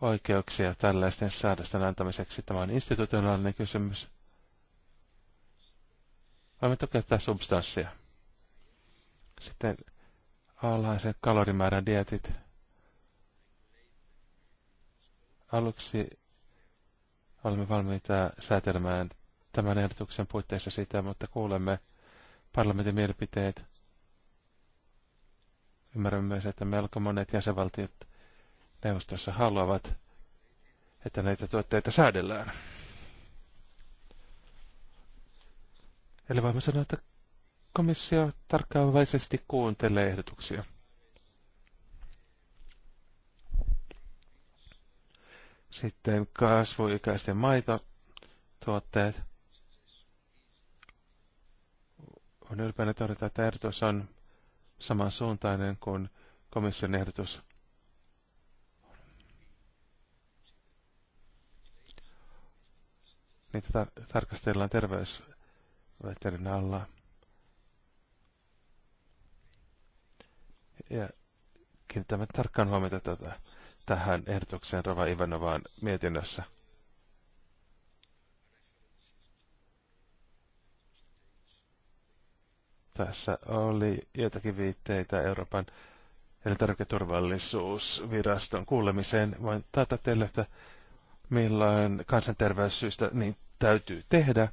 oikeuksia tällaisten säädösten antamiseksi. Tämä on institutionaalinen kysymys. Voimme tukea tätä substanssia. Sitten alhaisen kalorimäärän dietit. Aluksi olemme valmiita säätelemään tämän ehdotuksen puitteissa sitä, mutta kuulemme parlamentin mielipiteet – Ymmärrän myös, että melko monet jäsenvaltiot neuvostossa haluavat, että näitä tuotteita säädellään. Eli voimme sanoa, että komissio tarkkaavaisesti kuuntelee ehdotuksia. Sitten kasvuikäisten maitotuotteet. On ylpeänä todeta, että ehdotus on samansuuntainen kuin komission ehdotus. Niitä tar- tarkastellaan terveysveterin alla. Ja kiinnitämme tarkkaan huomiota tätä, tähän ehdotukseen Rova Ivanovaan mietinnössä. Tässä oli joitakin viitteitä Euroopan elintarviketurvallisuusviraston kuulemiseen. Voin taata teille, että milloin kansanterveyssyistä niin täytyy tehdä.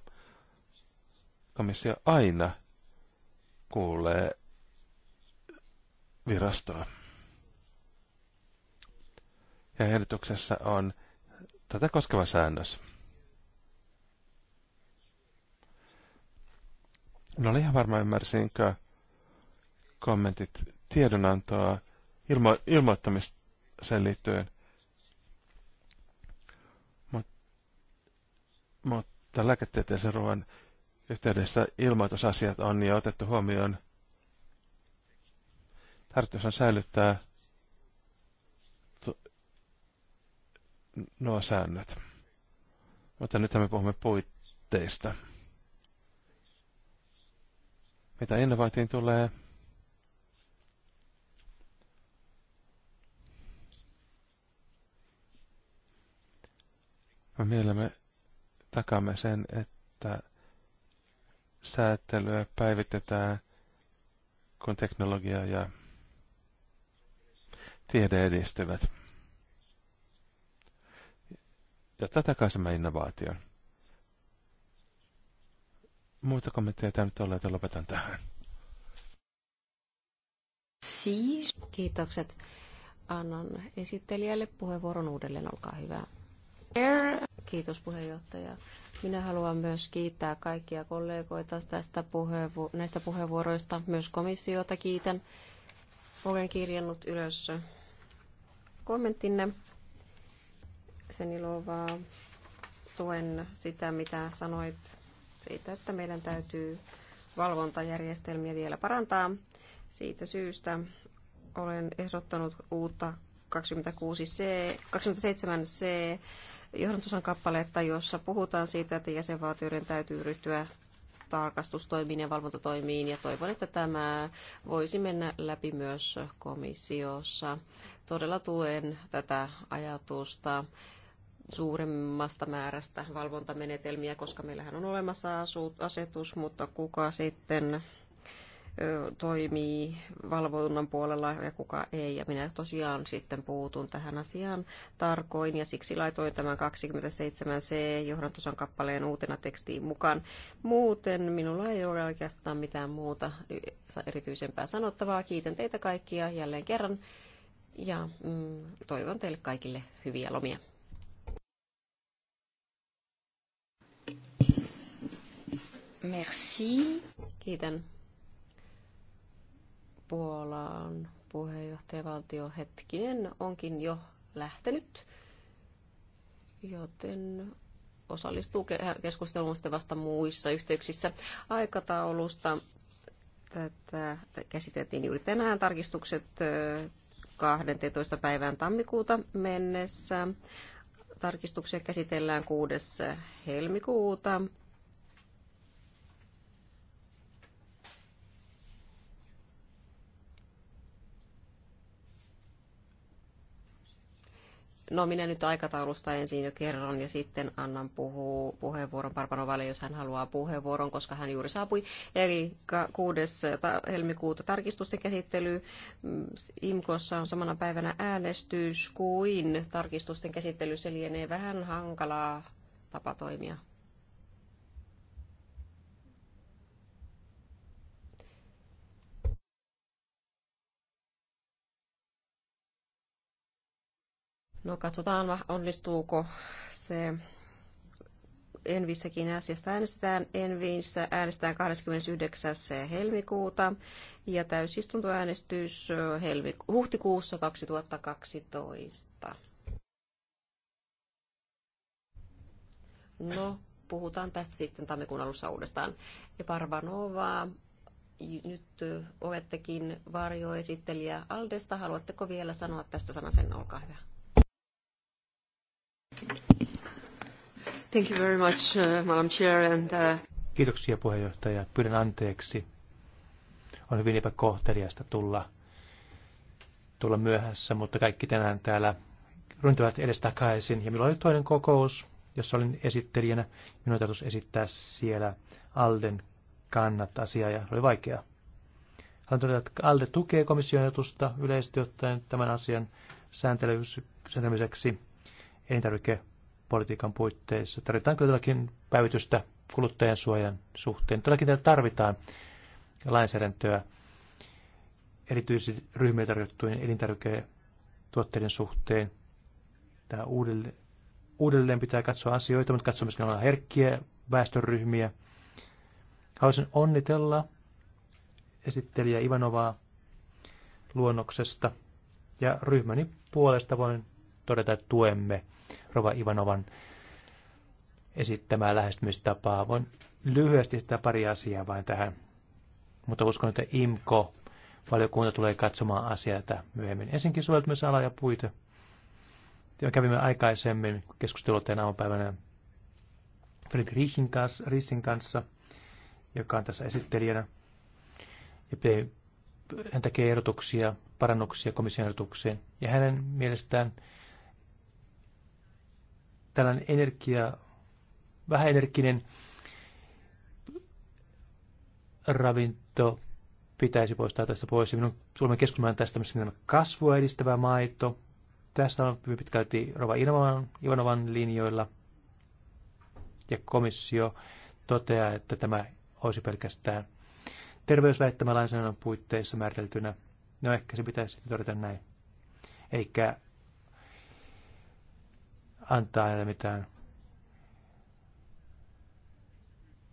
Komissio aina kuulee virastoa. Ja ehdotuksessa on tätä koskeva säännös. No, ole ihan varma, ymmärsinkö kommentit tiedonantoa ilmo- ilmoittamiseen liittyen. Mut, mutta lääketieteellisen ruoan yhteydessä ilmoitusasiat on jo otettu huomioon. Tarkoitus on säilyttää nuo säännöt. Mutta nyt me puhumme puitteista. Mitä innovaatiin tulee, me mielemme takamme sen, että säätelyä päivitetään, kun teknologia ja tiede edistyvät. Ja tätä kai innovaation. Muita kommentteja tämä nyt ole, että lopetan tähän. Siis, kiitokset. Annan esittelijälle puheenvuoron uudelleen, olkaa hyvä. Kiitos puheenjohtaja. Minä haluan myös kiittää kaikkia kollegoita tästä puheenvu- näistä puheenvuoroista. Myös komissiota kiitän. Olen kirjannut ylös kommenttinne. Sen ilovaa tuen sitä, mitä sanoit siitä, että meidän täytyy valvontajärjestelmiä vielä parantaa. Siitä syystä olen ehdottanut uutta 26C, 27C johdantosan kappaletta, jossa puhutaan siitä, että jäsenvaltioiden täytyy ryhtyä tarkastustoimiin ja valvontatoimiin ja toivon, että tämä voisi mennä läpi myös komissiossa. Todella tuen tätä ajatusta suuremmasta määrästä valvontamenetelmiä, koska meillähän on olemassa asetus, mutta kuka sitten toimii valvonnan puolella ja kuka ei. Ja minä tosiaan sitten puutun tähän asiaan tarkoin ja siksi laitoin tämän 27c johdantosan kappaleen uutena tekstiin mukaan. Muuten minulla ei ole oikeastaan mitään muuta erityisempää sanottavaa. Kiitän teitä kaikkia jälleen kerran ja mm, toivon teille kaikille hyviä lomia. Merci. Kiitän Puolaan puheenjohtajavaltio hetkinen onkin jo lähtenyt, joten osallistuu äh, keskusteluun sitten vasta muissa yhteyksissä aikataulusta. Tätä käsiteltiin juuri tänään tarkistukset 12. Äh, päivään tammikuuta mennessä. Tarkistuksia käsitellään 6. helmikuuta No minä nyt aikataulusta ensin jo kerron ja sitten annan puhuu puheenvuoron Parpanovalle, jos hän haluaa puheenvuoron, koska hän juuri saapui. Eli 6. helmikuuta tarkistusten käsittely. Mm, IMKossa on samana päivänä äänestys kuin tarkistusten käsittely. Se lienee vähän hankalaa tapa toimia. No katsotaan, onnistuuko se Envissäkin asiasta äänestetään. Envissä äänestetään 29. helmikuuta ja täysistuntoäänestys helmi- huhtikuussa 2012. No, puhutaan tästä sitten tammikuun alussa uudestaan. Ja Parvanovaa, nyt olettekin varjoesittelijä Aldesta. Haluatteko vielä sanoa tästä sanasen? Olkaa hyvä. Thank you very much, uh, Madam Chair. And, uh... Kiitoksia puheenjohtaja. Pyydän anteeksi. On hyvin epäkohteliasta tulla, tulla myöhässä, mutta kaikki tänään täällä runtavat edestakaisin. Ja minulla oli toinen kokous, jossa olin esittelijänä. Minun täytyisi esittää siellä Alden kannat asiaa ja oli vaikeaa. Haluan todeta, että ALDE tukee komission ajatusta yleisesti ottaen tämän asian sääntelemiseksi elintarvikepolitiikan puitteissa. Tarvitaan kyllä päivitystä kuluttajan suojan suhteen. Todellakin täällä tarvitaan lainsäädäntöä erityisesti ryhmille tarjottujen elintarviketuotteiden suhteen. Tämä uudelleen, uudelleen pitää katsoa asioita, mutta katsoa myöskin olla herkkiä väestöryhmiä. Haluaisin onnitella esittelijä Ivanovaa luonnoksesta ja ryhmäni puolesta voin todeta, että tuemme Rova Ivanovan esittämää lähestymistapaa. Voin lyhyesti sitä pari asiaa vain tähän, mutta uskon, että IMKO valiokunta tulee katsomaan asiaa myöhemmin. Ensinnäkin soveltumisala ja puite. Me kävimme aikaisemmin keskustelua tämän aamupäivänä Fredrik kanssa, Rissin kanssa, joka on tässä esittelijänä. Ja hän tekee ehdotuksia, parannuksia komission ehdotukseen. Ja hänen mielestään tällainen energia, vähäenerginen ravinto pitäisi poistaa tästä pois. Minun suomen keskustelun tästä myös kasvua edistävä maito. Tässä on hyvin pitkälti Rova Ilman, Ivanovan linjoilla. Ja komissio toteaa, että tämä olisi pelkästään terveysväittämälainsäädännön puitteissa määriteltynä. No ehkä se pitäisi todeta näin. Eikä antaa heille mitään,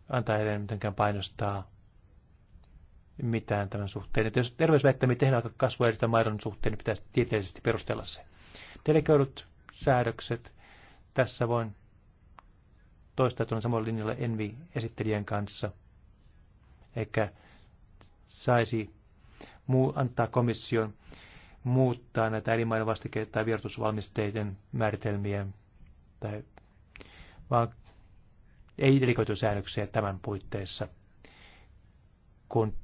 antaa heille mitenkään painostaa mitään tämän suhteen. Että jos terveysväittämiä tehdään aika kasvua ja maidon suhteen, niin pitäisi tieteellisesti perustella se. Delegoidut säädökset. Tässä voin toistaa tuon samalla linjalla Envi-esittelijän kanssa. Eikä saisi muu, antaa komission muuttaa näitä elinmaidon vastikkeita tai vierotusvalmisteiden määritelmien tai vaan ei delikoitu tämän puitteissa, kun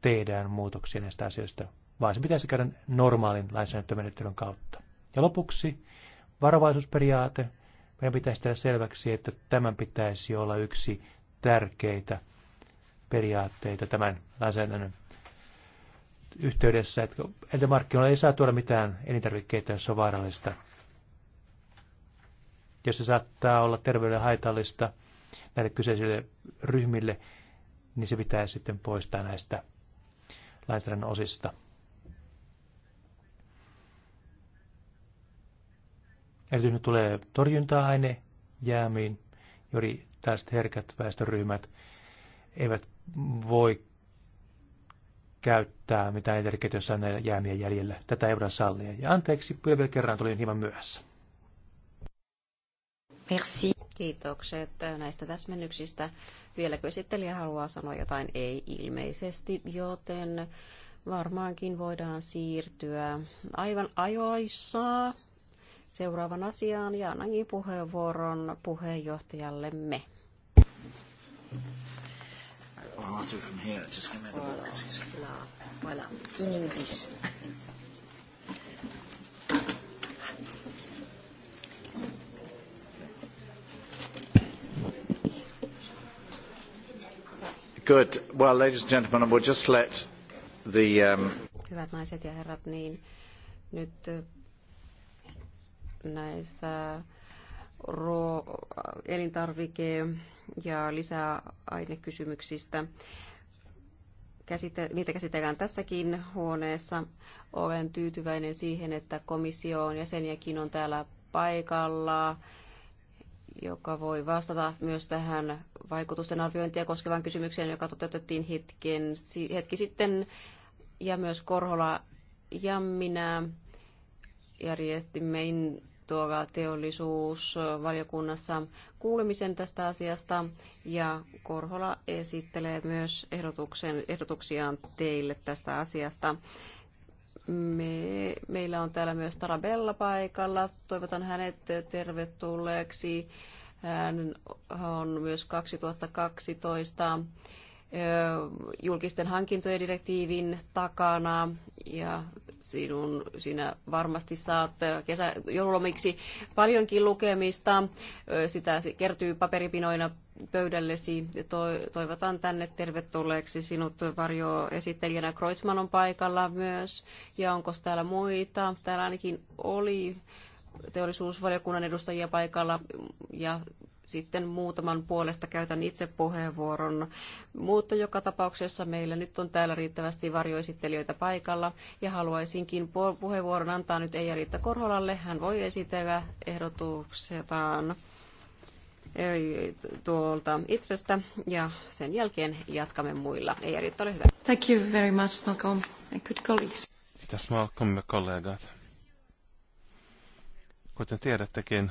tehdään muutoksia näistä asioista, vaan se pitäisi käydä normaalin lainsäädäntömenettelyn kautta. Ja lopuksi varovaisuusperiaate. Meidän pitäisi tehdä selväksi, että tämän pitäisi olla yksi tärkeitä periaatteita tämän lainsäädännön yhteydessä, että markkinoilla ei saa tuoda mitään elintarvikkeita, jos on vaarallista jos se saattaa olla terveyden haitallista näille kyseisille ryhmille, niin se pitää sitten poistaa näistä lainsäädännön osista. Erityisesti tulee torjunta-aine jäämiin, juuri tästä herkät väestöryhmät eivät voi käyttää mitään elintarvikkeita, joissa on jäämiä jäljellä. Tätä ei voida sallia. Ja anteeksi, vielä kerran tulin hieman myöhässä. Merci. Kiitokset näistä täsmennyksistä. Vieläkö esittelijä haluaa sanoa jotain? Ei ilmeisesti, joten varmaankin voidaan siirtyä aivan ajoissa seuraavan asiaan ja annankin puheenvuoron puheenjohtajallemme. Well, I'll do from here. Just give me the Voilà. voilà. In English. Good. Well, ladies and gentlemen, we'll just let the... Um... Hyvät naiset ja herrat, niin nyt äh, näistä ruo- äh, elintarvike- ja lisäainekysymyksistä. Käsite- niitä käsitellään tässäkin huoneessa. Olen tyytyväinen siihen, että komissio on jäseniäkin on täällä paikalla joka voi vastata myös tähän vaikutusten arviointia koskevaan kysymykseen, joka toteutettiin hetken, hetki sitten. Ja myös Korhola ja minä järjestimme tuolla teollisuusvaliokunnassa kuulemisen tästä asiasta ja Korhola esittelee myös ehdotuksen, ehdotuksiaan teille tästä asiasta. Me, meillä on täällä myös Tarabella paikalla. Toivotan hänet tervetulleeksi. Hän on myös 2012 julkisten hankintojen direktiivin takana ja sinun, sinä varmasti saat kesä, joululomiksi paljonkin lukemista. Sitä kertyy paperipinoina pöydällesi. Toivotan tänne tervetulleeksi sinut varjoesittelijänä. Kreutzmann on paikalla myös. Ja onko täällä muita? Täällä ainakin oli teollisuusvaliokunnan edustajia paikalla ja sitten muutaman puolesta käytän itse puheenvuoron. Mutta joka tapauksessa meillä nyt on täällä riittävästi varjoesittelijöitä paikalla ja haluaisinkin puheenvuoron antaa nyt Eija Riitta Korholalle. Hän voi esitellä ehdotuksetaan tuolta Itrestä ja sen jälkeen jatkamme muilla. Eija Riitta, ole hyvä. Thank you very much, Malcolm and good colleagues. Kiitos Malcolm ja kollegat. Kuten tiedättekin,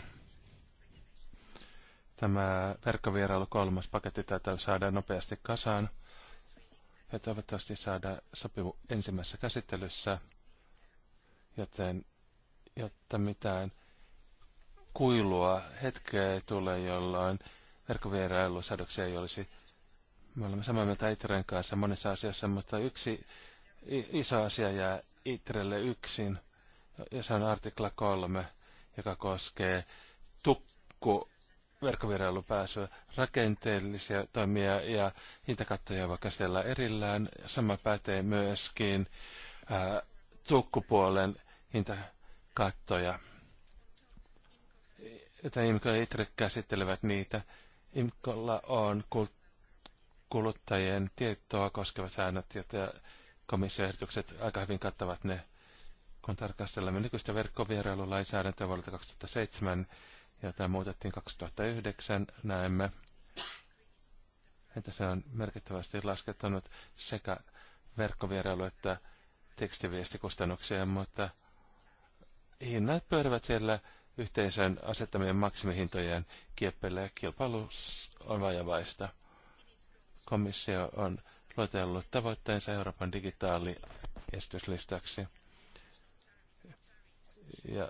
Tämä verkkovierailu kolmas paketti tätä saadaan nopeasti kasaan ja toivottavasti saada sopivu ensimmäisessä käsittelyssä, joten jotta mitään kuilua hetkeä ei tule, jolloin verkkovierailusäädöksiä ei olisi. Me olemme samaa mieltä Itren kanssa monissa asioissa, mutta yksi iso asia jää Itrelle yksin, ja se on artikla 3, joka koskee tukku verkkovierailun pääsyä, rakenteellisia toimia ja hintakattoja voi käsitellä erillään. Sama pätee myöskin ää, tukkupuolen hintakattoja. Että IMKO ja ITRE käsittelevät niitä. IMKOlla on kuluttajien tietoa koskevat säännöt, ja komissioehdotukset aika hyvin kattavat ne. Kun tarkastellaan nykyistä verkkovierailulainsäädäntöä vuodelta 2007, ja tämä muutettiin 2009, näemme, että se on merkittävästi laskettanut sekä verkkovierailu että tekstiviestikustannuksia, mutta hinnat pyörivät siellä yhteisön asettamien maksimihintojen kieppeillä ja kilpailu on vajavaista. Komissio on luotellut tavoitteensa Euroopan digitaali Ja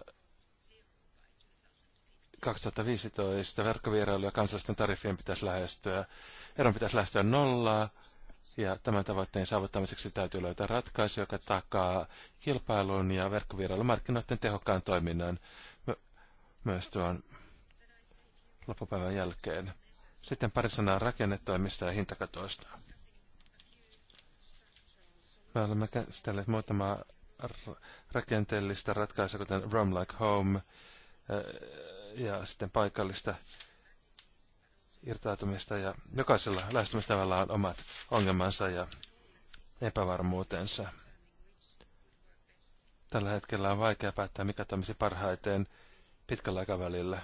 2015 verkkovierailu ja kansallisten tariffien pitäisi lähestyä, eron pitäisi lähestyä nollaa, ja tämän tavoitteen saavuttamiseksi täytyy löytää ratkaisu, joka takaa kilpailun ja verkkovierailumarkkinoiden tehokkaan toiminnan myös tuon loppupäivän jälkeen. Sitten pari sanaa rakennetoimista ja hintakatoista. Me olemme käsitelleet muutamaa rakenteellista ratkaisua, kuten Roam Like Home, ja sitten paikallista irtautumista ja jokaisella lähestymistavalla on omat ongelmansa ja epävarmuutensa. Tällä hetkellä on vaikea päättää, mikä toimisi parhaiten pitkällä aikavälillä.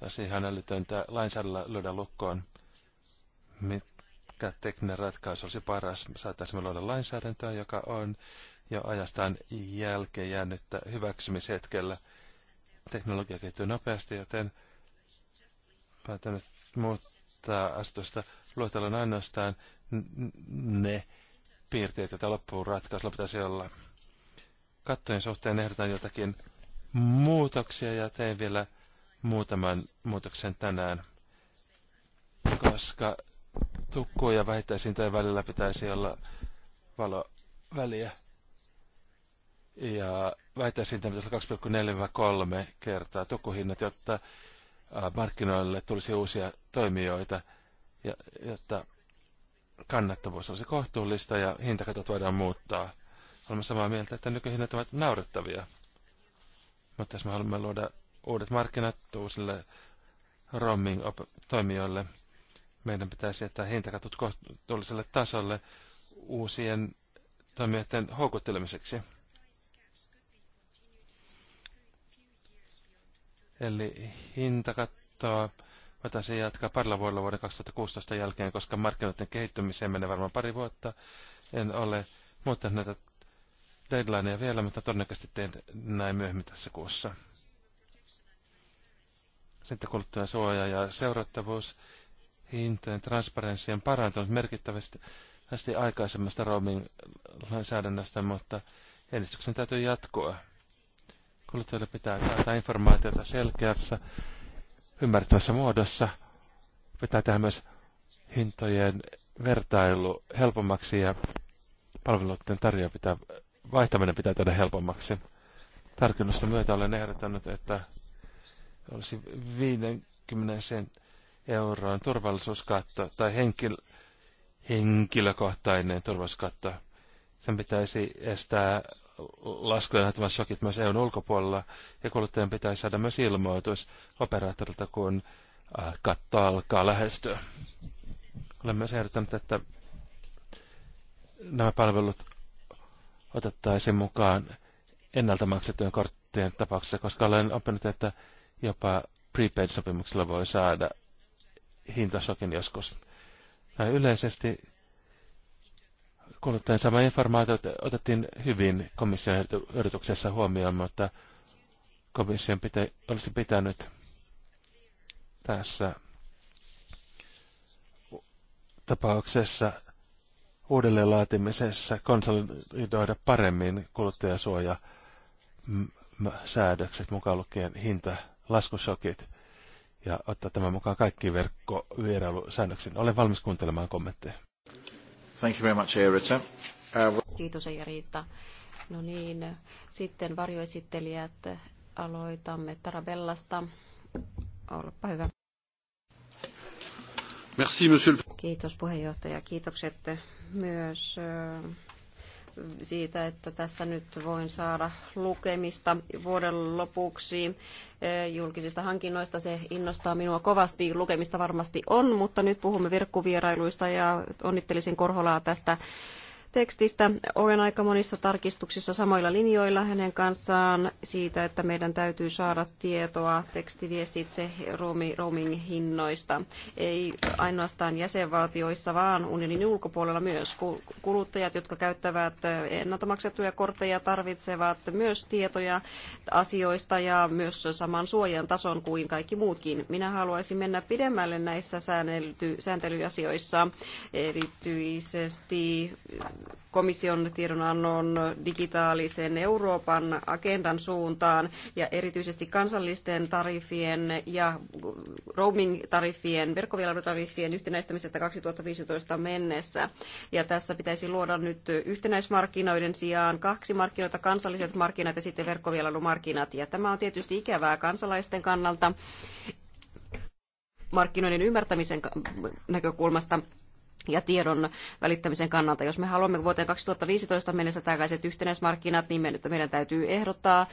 Olisi ihan älytöntä lainsäädällä lyödä lukkoon, mikä tekninen ratkaisu olisi paras. Saattaisimme luoda lainsäädäntöä, joka on jo ajastaan jälkeen jäänyttä hyväksymishetkellä – Teknologia kehittyy nopeasti, joten päätän nyt muuttaa asetusta. Luetellaan ainoastaan ne piirteet, joita loppuun ratkaisulla pitäisi olla. Kattojen suhteen ehdotan jotakin muutoksia ja teen vielä muutaman muutoksen tänään, koska tukku ja vähittäisintojen välillä pitäisi olla valoväliä. Ja väittäisin, että pitäisi olla 2,4-3 kertaa tukuhinnat, jotta markkinoille tulisi uusia toimijoita, ja, jotta kannattavuus olisi kohtuullista ja hintakatot voidaan muuttaa. Olemme samaa mieltä, että nykyhinnat ovat naurettavia. Mutta jos me haluamme luoda uudet markkinat uusille roaming-toimijoille, meidän pitäisi jättää hintakatot kohtuulliselle tasolle uusien toimijoiden houkuttelemiseksi. Eli hinta hintakattoa voitaisiin jatkaa parilla vuodella vuoden 2016 jälkeen, koska markkinoiden kehittymiseen menee varmaan pari vuotta. En ole muuttanut näitä deadlineja vielä, mutta todennäköisesti teen näin myöhemmin tässä kuussa. Sitten kuluttajan suoja ja seurattavuus, hintojen transparenssi on parantunut merkittävästi aikaisemmasta roaming-lainsäädännöstä, mutta edistyksen täytyy jatkoa. Kuluttajille pitää saada informaatiota selkeässä, ymmärrettävässä muodossa. Pitää tehdä myös hintojen vertailu helpommaksi ja palveluiden tarjoa pitää, vaihtaminen pitää tehdä helpommaksi. Tarkennusta myötä olen ehdottanut, että olisi 50 sen euroon turvallisuuskatto tai henkil, henkilökohtainen turvallisuuskatto. Sen pitäisi estää laskujen lähettämään shokit myös EUn ulkopuolella, ja kuluttajan pitää saada myös ilmoitus operaattorilta, kun äh, katto alkaa lähestyä. Olen myös ehdottanut, että nämä palvelut otettaisiin mukaan ennalta maksettujen korttien tapauksessa, koska olen oppinut, että jopa prepaid-sopimuksella voi saada hintasokin joskus. Näin yleisesti kuluttajan sama informaatio otettiin hyvin komission yrityksessä huomioon, mutta komission pitä, olisi pitänyt tässä tapauksessa laatimisessa konsolidoida paremmin kuluttajasuoja säädökset mukaan lukien hinta, laskushokit ja ottaa tämän mukaan kaikki verkkovierailusäännöksiin. Olen valmis kuuntelemaan kommentteja. Thank you very much, Erita. Uh, Kiitos, Erita. No niin, sitten varjoesittelijät. Aloitamme Tarabellasta. Olpa hyvä. Merci, monsieur. Kiitos puheenjohtaja. Kiitokset myös siitä, että tässä nyt voin saada lukemista vuoden lopuksi e, julkisista hankinnoista. Se innostaa minua kovasti. Lukemista varmasti on, mutta nyt puhumme verkkovierailuista ja onnittelisin Korholaa tästä tekstistä. Olen aika monissa tarkistuksissa samoilla linjoilla hänen kanssaan siitä, että meidän täytyy saada tietoa tekstiviestitse roaming hinnoista. Ei ainoastaan jäsenvaltioissa, vaan unionin ulkopuolella myös. Kuluttajat, jotka käyttävät ennalta maksettuja kortteja, tarvitsevat myös tietoja asioista ja myös saman suojan tason kuin kaikki muutkin. Minä haluaisin mennä pidemmälle näissä sääntely, sääntelyasioissa erityisesti komission tiedonannon digitaalisen Euroopan agendan suuntaan ja erityisesti kansallisten tariffien ja roaming-tariffien, verkkovielailutariffien yhtenäistämisestä 2015 mennessä. Ja tässä pitäisi luoda nyt yhtenäismarkkinoiden sijaan kaksi markkinoita, kansalliset markkinat ja sitten verkkovielailumarkkinat. Ja tämä on tietysti ikävää kansalaisten kannalta markkinoiden ymmärtämisen näkökulmasta ja tiedon välittämisen kannalta. Jos me haluamme vuoteen 2015 mennessä tällaiset yhtenäismarkkinat, niin meidän täytyy ehdottaa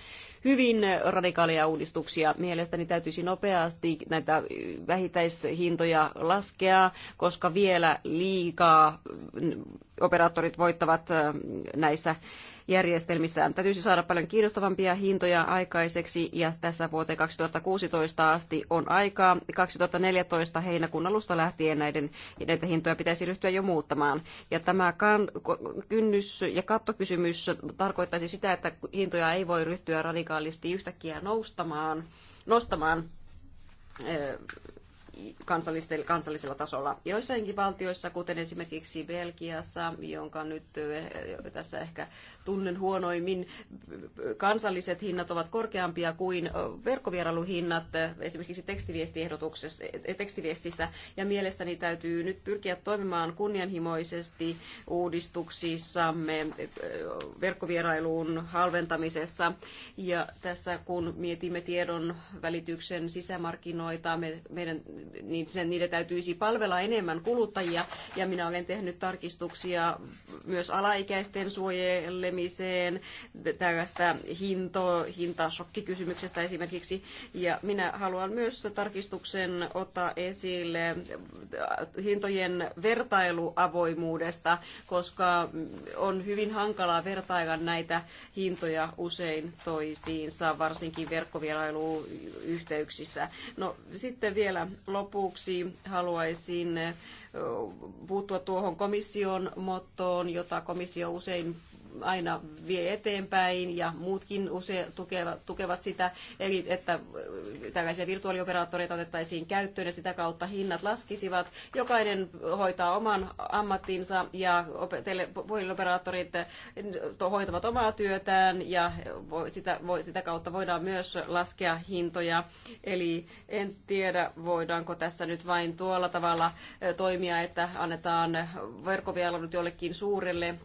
hyvin radikaaleja uudistuksia. Mielestäni täytyisi nopeasti näitä vähittäishintoja laskea, koska vielä liikaa operaattorit voittavat näissä järjestelmissään. Täytyisi saada paljon kiinnostavampia hintoja aikaiseksi ja tässä vuoteen 2016 asti on aikaa. 2014 heinäkuun alusta lähtien näiden, näitä hintoja pitäisi ryhtyä jo muuttamaan. Ja tämä kan, kynnys- ja kattokysymys tarkoittaisi sitä, että hintoja ei voi ryhtyä radikaalisti yhtäkkiä noustamaan, nostamaan kansallisella tasolla. Joissainkin valtioissa, kuten esimerkiksi Belgiassa, jonka nyt eh, tässä ehkä tunnen huonoimmin, kansalliset hinnat ovat korkeampia kuin eh, verkkovierailuhinnat eh, esimerkiksi tekstiviestissä. Ja mielestäni täytyy nyt pyrkiä toimimaan kunnianhimoisesti uudistuksissamme verkkovierailuun halventamisessa. Ja tässä kun mietimme tiedon välityksen sisämarkkinoita, me, meidän niin sen niiden täytyisi palvella enemmän kuluttajia. Ja minä olen tehnyt tarkistuksia myös alaikäisten suojelemiseen, tällaista hinto, hintashokkikysymyksestä esimerkiksi. Ja minä haluan myös tarkistuksen ottaa esille hintojen vertailuavoimuudesta, koska on hyvin hankalaa vertailla näitä hintoja usein toisiinsa, varsinkin verkkovierailuyhteyksissä. No sitten vielä lopuksi haluaisin puuttua tuohon komission mottoon, jota komissio usein aina vie eteenpäin ja muutkin usein tukevat, tukevat sitä, eli että äh, tällaisia virtuaalioperaattoreita otettaisiin käyttöön ja sitä kautta hinnat laskisivat. Jokainen hoitaa oman ammattinsa ja puhelinoperaattorit äh, hoitavat omaa työtään ja sitä, sitä kautta voidaan myös laskea hintoja. Eli en tiedä, voidaanko tässä nyt vain tuolla tavalla äh, toimia, että annetaan verkkovialannut jollekin suurelle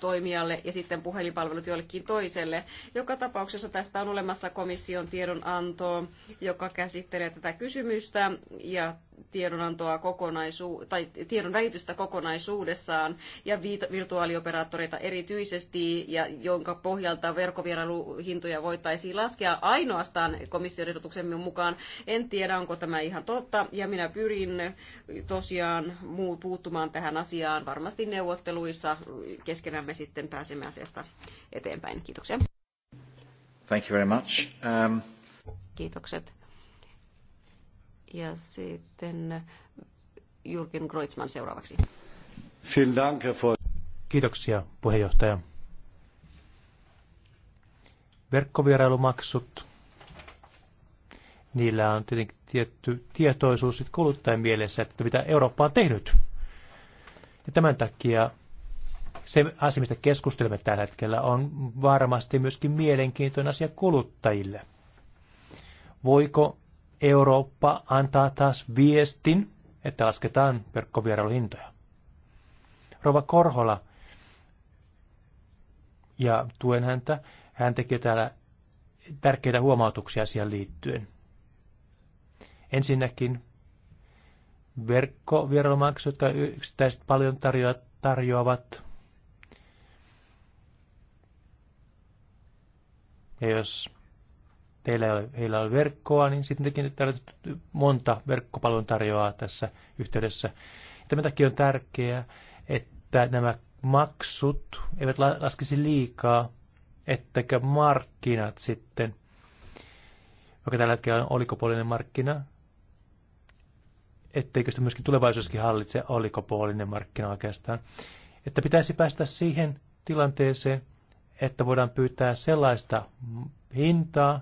toimijalle ja sitten puhelinpalvelut jollekin toiselle. Joka tapauksessa tästä on olemassa komission tiedonanto, joka käsittelee tätä kysymystä ja tiedonantoa kokonaisu- tai tiedon välitystä kokonaisuudessaan ja virtuaalioperaattoreita erityisesti, ja jonka pohjalta verkkovierailuhintoja voitaisiin laskea ainoastaan komission ehdotuksen mukaan. En tiedä, onko tämä ihan totta, ja minä pyrin tosiaan muu puuttumaan tähän asiaan. Varmasti neuvotteluissa keskenämme sitten pääsemme asiasta eteenpäin. Kiitoksia. Thank you very much. Um... Kiitokset. Ja sitten Jürgen Kreutzmann seuraavaksi. Kiitoksia puheenjohtaja. Verkkovierailumaksut, niillä on tietenkin tietty tietoisuus sit kuluttajan mielessä, että mitä Eurooppa on tehnyt. Ja tämän takia se asia, mistä keskustelemme tällä hetkellä, on varmasti myöskin mielenkiintoinen asia kuluttajille. Voiko Eurooppa antaa taas viestin, että lasketaan verkkovierailuhintoja. Rova Korhola, ja tuen häntä, hän teki täällä tärkeitä huomautuksia asiaan liittyen. Ensinnäkin verkkovierailumaksut, jotka yksittäiset paljon tarjoavat, tarjoavat. Ja jos teillä ei ole, heillä ole verkkoa, niin sitten tekin monta verkkopalvelun tarjoaa tässä yhteydessä. Tämän takia on tärkeää, että nämä maksut eivät laskisi liikaa, ettäkä markkinat sitten, vaikka tällä hetkellä on olikopuolinen markkina, etteikö sitä myöskin tulevaisuudessakin hallitse olikopuolinen markkina oikeastaan. Että pitäisi päästä siihen tilanteeseen, että voidaan pyytää sellaista hintaa,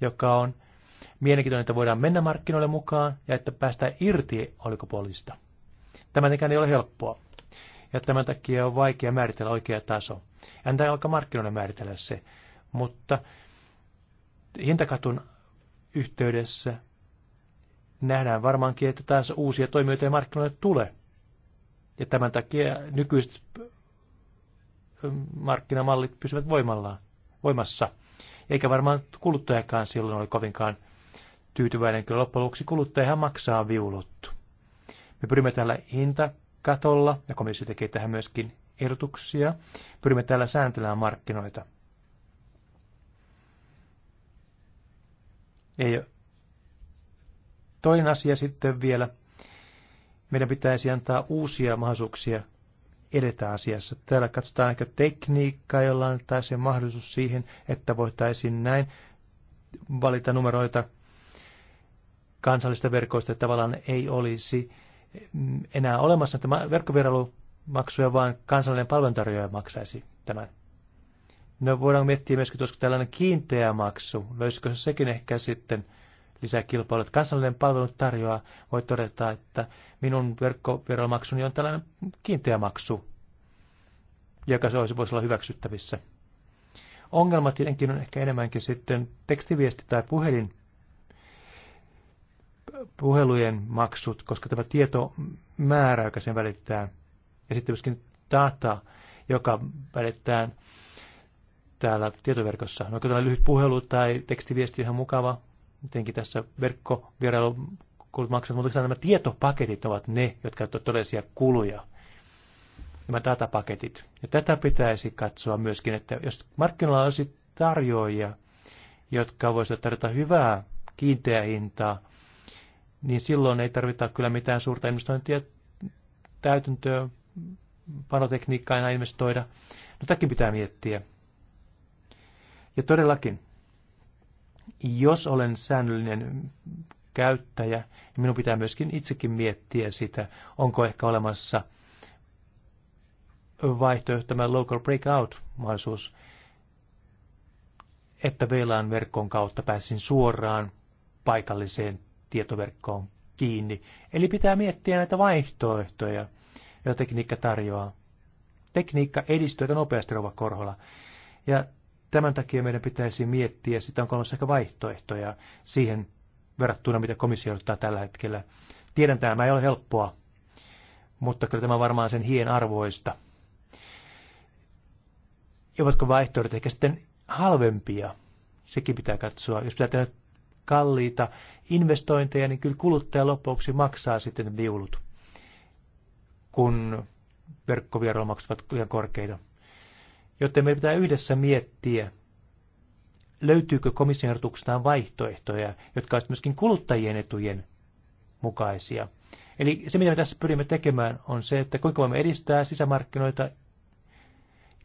joka on mielenkiintoinen, että voidaan mennä markkinoille mukaan ja että päästään irti oligopolista. Tämä ei ole helppoa. Ja tämän takia on vaikea määritellä oikea taso. Entä ei alkaa markkinoille määritellä se. Mutta hintakatun yhteydessä nähdään varmaankin, että taas uusia toimijoita ja markkinoille tulee. Ja tämän takia nykyiset markkinamallit pysyvät voimallaan, voimassa – eikä varmaan kuluttajakaan silloin ole kovinkaan tyytyväinen, kyllä loppujen lopuksi kuluttajahan maksaa viuluttu. Me pyrimme tällä hintakatolla, ja komissio tekee tähän myöskin ehdotuksia, pyrimme tällä sääntelemään markkinoita. Ei. Toinen asia sitten vielä. Meidän pitäisi antaa uusia mahdollisuuksia edetä asiassa. Täällä katsotaan ehkä tekniikkaa, jolla on mahdollisuus siihen, että voitaisiin näin valita numeroita kansallista verkoista, että tavallaan ei olisi mm, enää olemassa tämä verkkovierailumaksuja, vaan kansallinen palveluntarjoaja maksaisi tämän. No voidaan miettiä myöskin, olisiko tällainen kiinteä maksu, löysikö sekin ehkä sitten – lisää lisäkilpailu. Kansallinen palvelu tarjoaa, voi todeta, että minun verkkoveromaksuni on tällainen kiinteä maksu, joka se olisi, voisi olla hyväksyttävissä. Ongelma tietenkin on ehkä enemmänkin sitten tekstiviesti tai puhelin puhelujen maksut, koska tämä tietomäärä, joka sen välittää, ja sitten myöskin data, joka välittää täällä tietoverkossa. No, onko tällainen lyhyt puhelu tai tekstiviesti ihan mukava, Tietenkin tässä kulut maksavat, mutta nämä tietopaketit ovat ne, jotka ovat todellisia kuluja. Nämä datapaketit. Ja tätä pitäisi katsoa myöskin, että jos markkinoilla olisi tarjoajia, jotka voisivat tarjota hyvää kiinteää hintaa, niin silloin ei tarvita kyllä mitään suurta investointia täytäntöä, panotekniikkaa enää investoida. No tämäkin pitää miettiä. Ja todellakin, jos olen säännöllinen käyttäjä, niin minun pitää myöskin itsekin miettiä sitä, onko ehkä olemassa vaihtoehto tämä local breakout-mahdollisuus, että VLAN-verkon kautta pääsin suoraan paikalliseen tietoverkkoon kiinni. Eli pitää miettiä näitä vaihtoehtoja, joita tekniikka tarjoaa. Tekniikka edistyy aika nopeasti, Rova Korhola. Ja Tämän takia meidän pitäisi miettiä, sitä on olemassa ehkä vaihtoehtoja siihen verrattuna, mitä komissio ottaa tällä hetkellä. Tiedän, tämä ei ole helppoa, mutta kyllä tämä on varmaan sen hien arvoista. Ja ovatko vaihtoehdot ehkä sitten halvempia? Sekin pitää katsoa. Jos pitää tehdä kalliita investointeja, niin kyllä kuluttaja lopuksi maksaa sitten viulut, kun verkkovierailumaksut ovat liian korkeita. Joten meidän pitää yhdessä miettiä, löytyykö komission ehdotuksestaan vaihtoehtoja, jotka olisivat myöskin kuluttajien etujen mukaisia. Eli se, mitä me tässä pyrimme tekemään, on se, että kuinka voimme edistää sisämarkkinoita,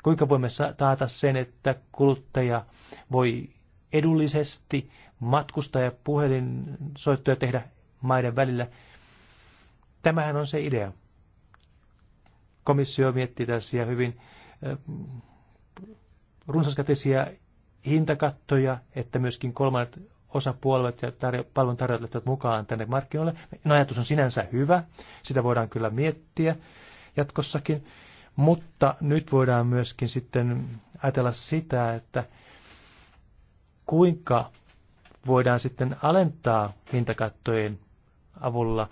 kuinka voimme taata sen, että kuluttaja voi edullisesti matkustaa ja puhelinsoittoja tehdä maiden välillä. Tämähän on se idea. Komissio miettii tässä hyvin runsaskätisiä hintakattoja, että myöskin kolmannet osapuolet ja tarjo- palveluntarjoajat lähtevät mukaan tänne markkinoille. No, Ajatus on sinänsä hyvä, sitä voidaan kyllä miettiä jatkossakin, mutta nyt voidaan myöskin sitten ajatella sitä, että kuinka voidaan sitten alentaa hintakattojen avulla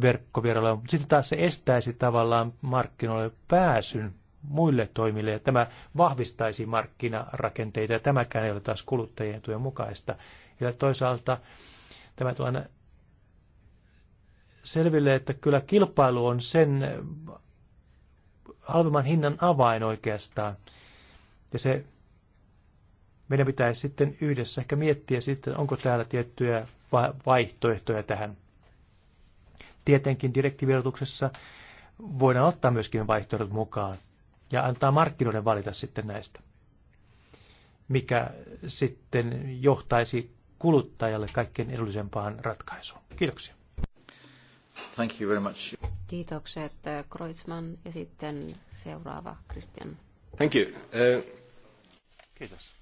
verkkovierailua, mutta sitten taas se estäisi tavallaan markkinoille pääsyn muille toimille. Ja tämä vahvistaisi markkinarakenteita ja tämäkään ei ole taas kuluttajien tuen mukaista. Ja toisaalta tämä tuonne selville, että kyllä kilpailu on sen halvemman hinnan avain oikeastaan. Ja se meidän pitäisi sitten yhdessä ehkä miettiä sitten, onko täällä tiettyjä vaihtoehtoja tähän. Tietenkin direktiivirjoituksessa voidaan ottaa myöskin vaihtoehdot mukaan ja antaa markkinoiden valita sitten näistä, mikä sitten johtaisi kuluttajalle kaikkein edullisempaan ratkaisuun. Kiitoksia. Thank you very much. Kiitokset eh, Kreutzmann ja sitten seuraava Christian. Thank you. Uh... Kiitos.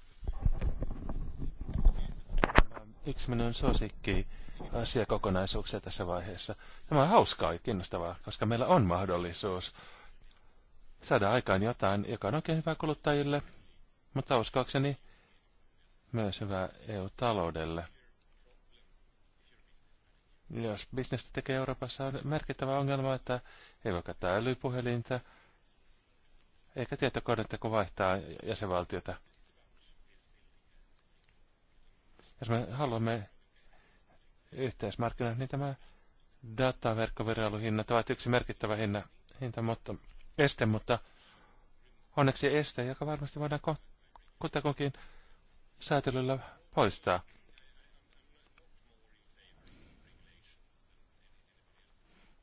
Yksi minun suosikki asiakokonaisuuksia tässä vaiheessa. Tämä on hauskaa ja kiinnostavaa, koska meillä on mahdollisuus saada aikaan jotain, joka on oikein hyvä kuluttajille, mutta uskoakseni myös hyvä EU-taloudelle. Jos bisnestä tekee Euroopassa, on merkittävä ongelma, että ei voi käyttää älypuhelinta, eikä tietokonetta, kun vaihtaa jäsenvaltiota. Jos me haluamme yhteismarkkinat, niin tämä dataverkkoverailuhinnat ovat yksi merkittävä hinta, mutta este, mutta onneksi este, joka varmasti voidaan kutakuinkin säätelyllä poistaa.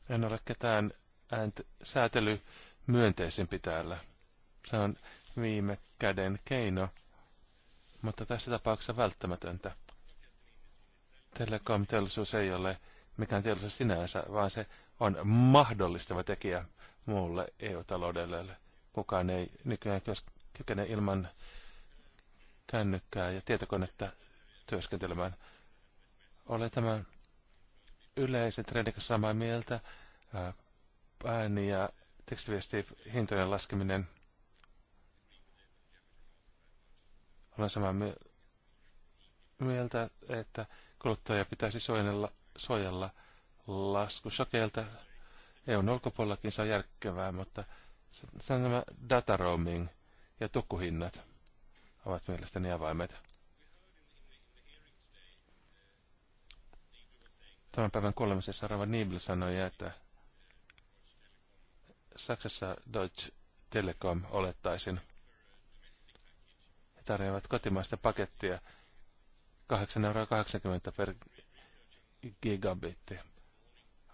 En ole ketään säätely myönteisempi täällä. Se on viime käden keino, mutta tässä tapauksessa välttämätöntä. Telekom-teollisuus ei ole mikään teollisuus sinänsä, vaan se on mahdollistava tekijä muulle EU-taloudelle. Kukaan ei nykyään kykene ilman kännykkää ja tietokonetta työskentelemään. Ole tämän yleisen trendin samaa mieltä. Ääni ja tekstiviesti hintojen laskeminen. Olen samaa mieltä, että kuluttajia pitäisi suojella, suojella laskushokeilta EUn ulkopuolellakin se on järkevää, mutta se on nämä data roaming ja tukkuhinnat ovat mielestäni avaimet. Tämän päivän kuulemisessa Rava Niebel sanoi, että Saksassa Deutsche Telekom olettaisin. He tarjoavat kotimaista pakettia 8,80 euroa per gigabitti.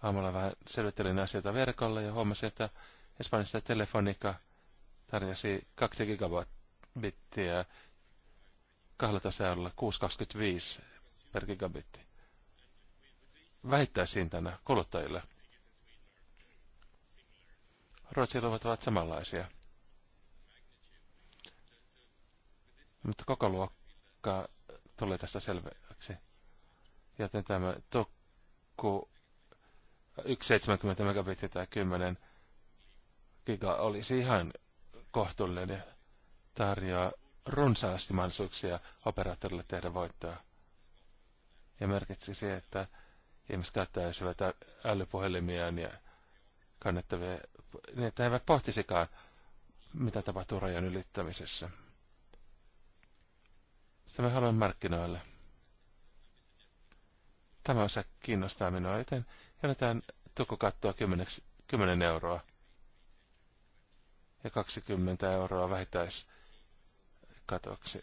Aamulla vähän selvittelin asioita verkolla ja huomasin, että Espanjasta telefonika tarjosi 2 gigabittiä 12 eurolla 6,25 per gigabitti. Vähittäisiin tänä kuluttajille. Ruotsin luvat ovat samanlaisia. Mutta koko luokka tulee tästä selväksi. Joten tämä tukku 1,70 megabitti tai 10 giga olisi ihan kohtuullinen ja tarjoaa runsaasti mahdollisuuksia operaattorille tehdä voittoa. Ja se, että ihmiset käyttäisivät älypuhelimiaan ja kannettavia, niin että he eivät pohtisikaan, mitä tapahtuu rajan ylittämisessä. Sitä me haluamme markkinoille. Tämä osa kiinnostaa minua, joten Kannattaa tukukattoa 10, 10 euroa ja 20 euroa vähittäis katoksi.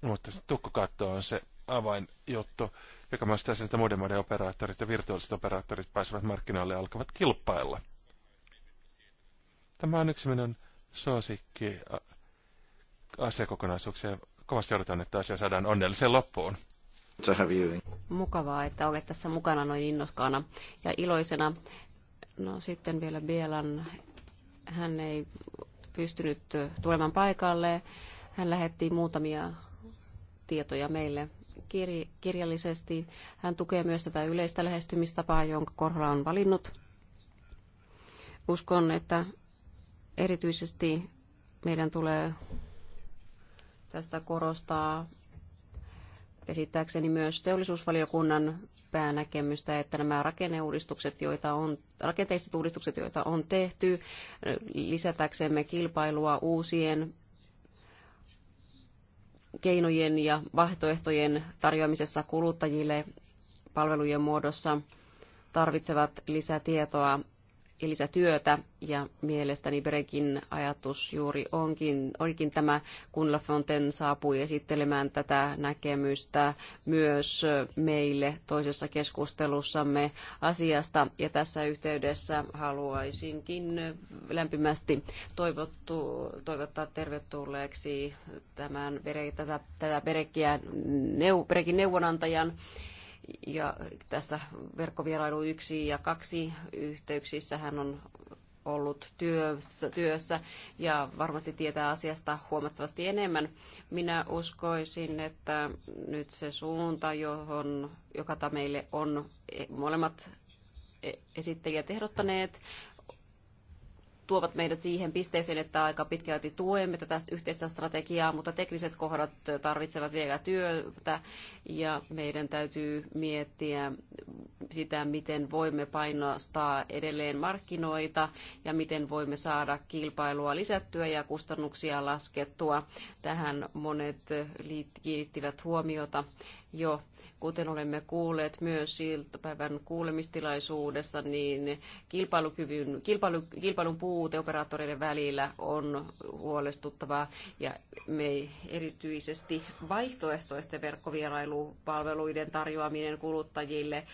Mutta se tukkukatto on se avainjuttu, joka maistaa sen, että muiden maiden operaattorit ja virtuaaliset operaattorit pääsevät markkinoille ja alkavat kilpailla. Tämä on yksi minun suosikki asiakokonaisuuksia. Kovasti odotan, että asia saadaan onnelliseen loppuun. Mukavaa, että olet tässä mukana noin innokkaana ja iloisena. No sitten vielä Bielan, hän ei pystynyt tulemaan paikalle. Hän lähetti muutamia tietoja meille kirjallisesti. Hän tukee myös tätä yleistä lähestymistapaa, jonka Korhola on valinnut. Uskon, että erityisesti meidän tulee tässä korostaa käsittääkseni myös teollisuusvaliokunnan päänäkemystä, että nämä rakenneuudistukset, joita on, rakenteiset uudistukset, joita on tehty, lisätäksemme kilpailua uusien keinojen ja vaihtoehtojen tarjoamisessa kuluttajille palvelujen muodossa tarvitsevat lisätietoa lisätyötä ja mielestäni Brekin ajatus juuri onkin, olikin tämä, kun Lafonten saapui esittelemään tätä näkemystä myös meille toisessa keskustelussamme asiasta ja tässä yhteydessä haluaisinkin lämpimästi toivottu, toivottaa tervetulleeksi tämän, tätä, tätä Brekin neuvonantajan ja tässä verkkovierailu yksi ja kaksi yhteyksissä hän on ollut työssä, työssä ja varmasti tietää asiasta huomattavasti enemmän. Minä uskoisin, että nyt se suunta, johon, joka meille on e- molemmat e- esittelijät ehdottaneet, tuovat meidät siihen pisteeseen, että aika pitkälti tuemme tätä yhteistä strategiaa, mutta tekniset kohdat tarvitsevat vielä työtä ja meidän täytyy miettiä sitä, miten voimme painostaa edelleen markkinoita ja miten voimme saada kilpailua lisättyä ja kustannuksia laskettua. Tähän monet kiinnittivät huomiota jo Kuten olemme kuulleet myös iltapäivän kuulemistilaisuudessa, niin kilpailukyvyn, kilpailu, kilpailun puute operaattoreiden välillä on huolestuttavaa ja me erityisesti vaihtoehtoisten verkkovierailupalveluiden tarjoaminen kuluttajille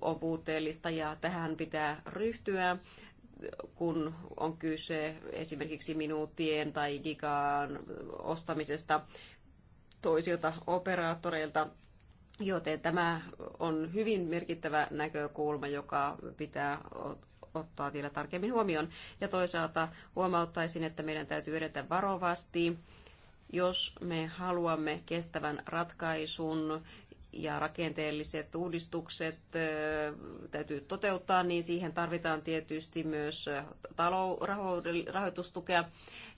on puutteellista ja tähän pitää ryhtyä kun on kyse esimerkiksi minuuttien tai gigaan ostamisesta toisilta operaattoreilta Joten tämä on hyvin merkittävä näkökulma, joka pitää ottaa vielä tarkemmin huomioon. Ja toisaalta huomauttaisin, että meidän täytyy edetä varovasti, jos me haluamme kestävän ratkaisun ja rakenteelliset uudistukset täytyy toteuttaa, niin siihen tarvitaan tietysti myös talou- rahoitustukea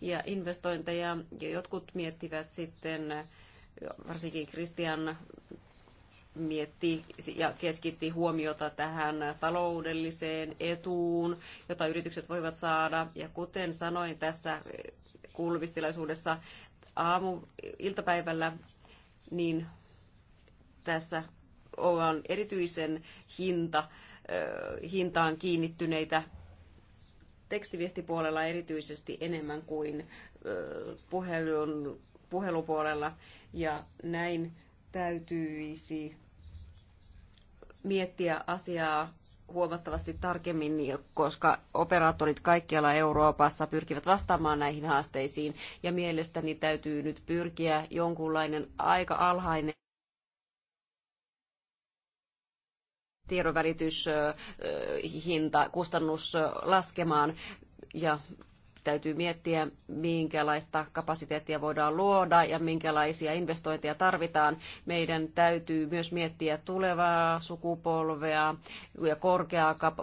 ja investointeja. Ja jotkut miettivät sitten, varsinkin Kristian mietti ja keskitti huomiota tähän taloudelliseen etuun, jota yritykset voivat saada. Ja kuten sanoin tässä eh, kuulumistilaisuudessa aamu iltapäivällä, niin tässä ollaan erityisen hinta, eh, hintaan kiinnittyneitä tekstiviestipuolella erityisesti enemmän kuin eh, puhelun, puhelupuolella. Ja näin täytyisi miettiä asiaa huomattavasti tarkemmin, koska operaattorit kaikkialla Euroopassa pyrkivät vastaamaan näihin haasteisiin, ja mielestäni täytyy nyt pyrkiä jonkunlainen aika alhainen tiedonvälityshinta, kustannus laskemaan ja täytyy miettiä, minkälaista kapasiteettia voidaan luoda ja minkälaisia investointeja tarvitaan. Meidän täytyy myös miettiä tulevaa sukupolvea ja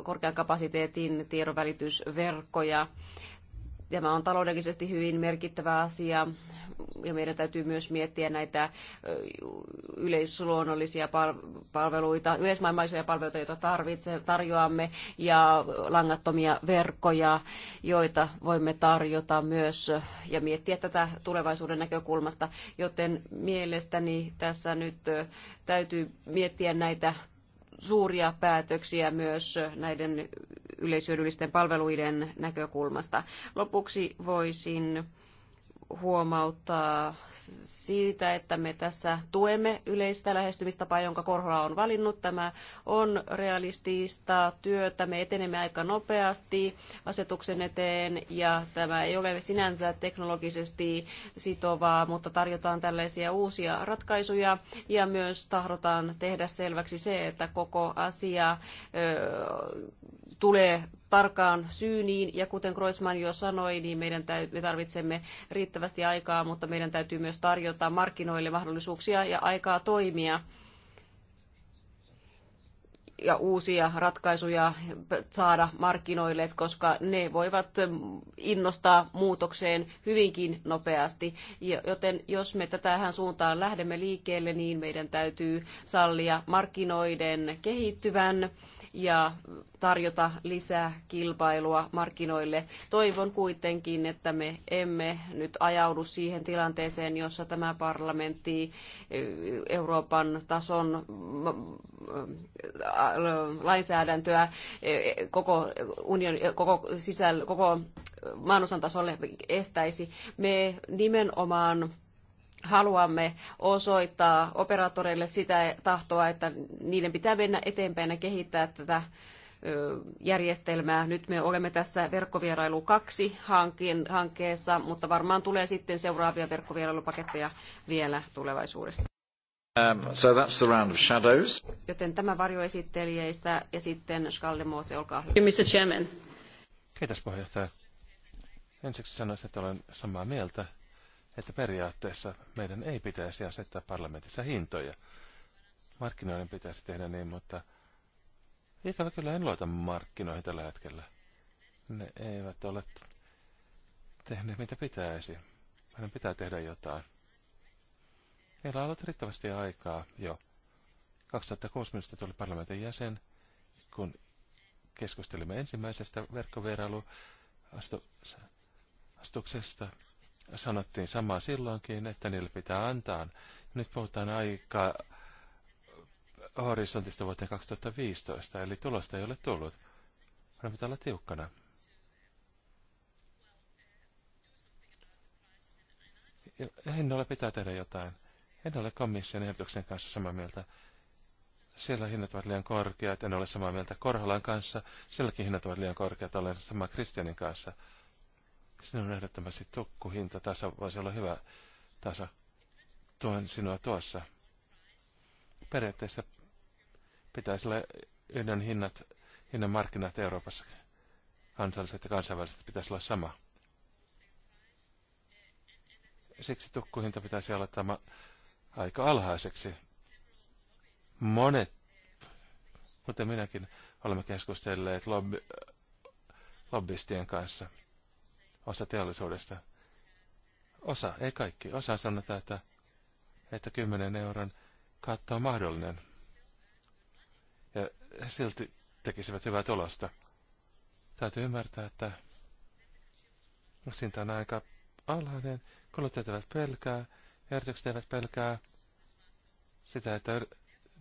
korkean kapasiteetin tiedonvälitysverkkoja. Tämä on taloudellisesti hyvin merkittävä asia ja meidän täytyy myös miettiä näitä yleisluonnollisia palveluita, yleismaailmaisia palveluita, joita tarvitse tarjoamme, ja langattomia verkkoja, joita voimme tarjota myös ja miettiä tätä tulevaisuuden näkökulmasta, joten mielestäni tässä nyt täytyy miettiä näitä suuria päätöksiä myös näiden yleisyödyllisten palveluiden näkökulmasta. Lopuksi voisin huomauttaa siitä, että me tässä tuemme yleistä lähestymistapaa, jonka Korhola on valinnut. Tämä on realistista työtä. Me etenemme aika nopeasti asetuksen eteen ja tämä ei ole sinänsä teknologisesti sitovaa, mutta tarjotaan tällaisia uusia ratkaisuja ja myös tahdotaan tehdä selväksi se, että koko asia ö, tulee tarkaan syyniin. Ja kuten Groisman jo sanoi, niin meidän täy- me tarvitsemme riittävästi aikaa, mutta meidän täytyy myös tarjota markkinoille mahdollisuuksia ja aikaa toimia ja uusia ratkaisuja saada markkinoille, koska ne voivat innostaa muutokseen hyvinkin nopeasti. Joten jos me tähän suuntaan lähdemme liikkeelle, niin meidän täytyy sallia markkinoiden kehittyvän ja tarjota lisää kilpailua markkinoille. Toivon kuitenkin, että me emme nyt ajaudu siihen tilanteeseen, jossa tämä parlamentti Euroopan tason lainsäädäntöä e, koko, union, e, koko, sisällä, koko maanosan tasolle estäisi. Me nimenomaan haluamme osoittaa operaattoreille sitä tahtoa, että niiden pitää mennä eteenpäin ja kehittää tätä e, järjestelmää. Nyt me olemme tässä verkkovierailu 2 hankkeessa, mutta varmaan tulee sitten seuraavia verkkovierailupaketteja vielä tulevaisuudessa. Um, so that's the round of shadows. Joten tämä varjoesittelijöistä ja sitten Skaldemose, olkaa hyvä. Mr. Chairman. Kiitos puheenjohtaja. Ensiksi sanoisin, että olen samaa mieltä, että periaatteessa meidän ei pitäisi asettaa parlamentissa hintoja. Markkinoiden pitäisi tehdä niin, mutta ikävä kyllä en luota markkinoihin tällä hetkellä. Ne eivät ole tehneet mitä pitäisi. Meidän pitää tehdä jotain. Meillä on ollut riittävästi aikaa jo. 2006 minusta tuli parlamentin jäsen, kun keskustelimme ensimmäisestä verkkovierailuastuksesta. Sanottiin samaa silloinkin, että niille pitää antaa. Nyt puhutaan aikaa horisontista vuoteen 2015, eli tulosta ei ole tullut. Meidän pitää olla tiukkana. Ja hinnoilla pitää tehdä jotain. En ole komission ehdotuksen kanssa samaa mieltä. Siellä hinnat ovat liian korkeat, en ole samaa mieltä Korholan kanssa. Sielläkin hinnat ovat liian korkeat, olen samaa Kristianin kanssa. Sinun ehdottomasti tukkuhinta tasa voisi olla hyvä tasa. Tuon sinua tuossa. Periaatteessa pitäisi olla yhden hinnat, hinnan markkinat Euroopassa. Kansalliset ja kansainväliset pitäisi olla sama siksi tukkuhinta pitäisi olla tämä aika alhaiseksi. Monet, mutta minäkin olemme keskustelleet lobby, lobbystien kanssa, osa teollisuudesta. Osa, ei kaikki, osa sanotaan, että, että 10 euron katto on mahdollinen. Ja he silti tekisivät hyvää tulosta. Täytyy ymmärtää, että Sinta on aika alhainen, kuluttajat pelkää, Järjestykset eivät pelkää sitä, että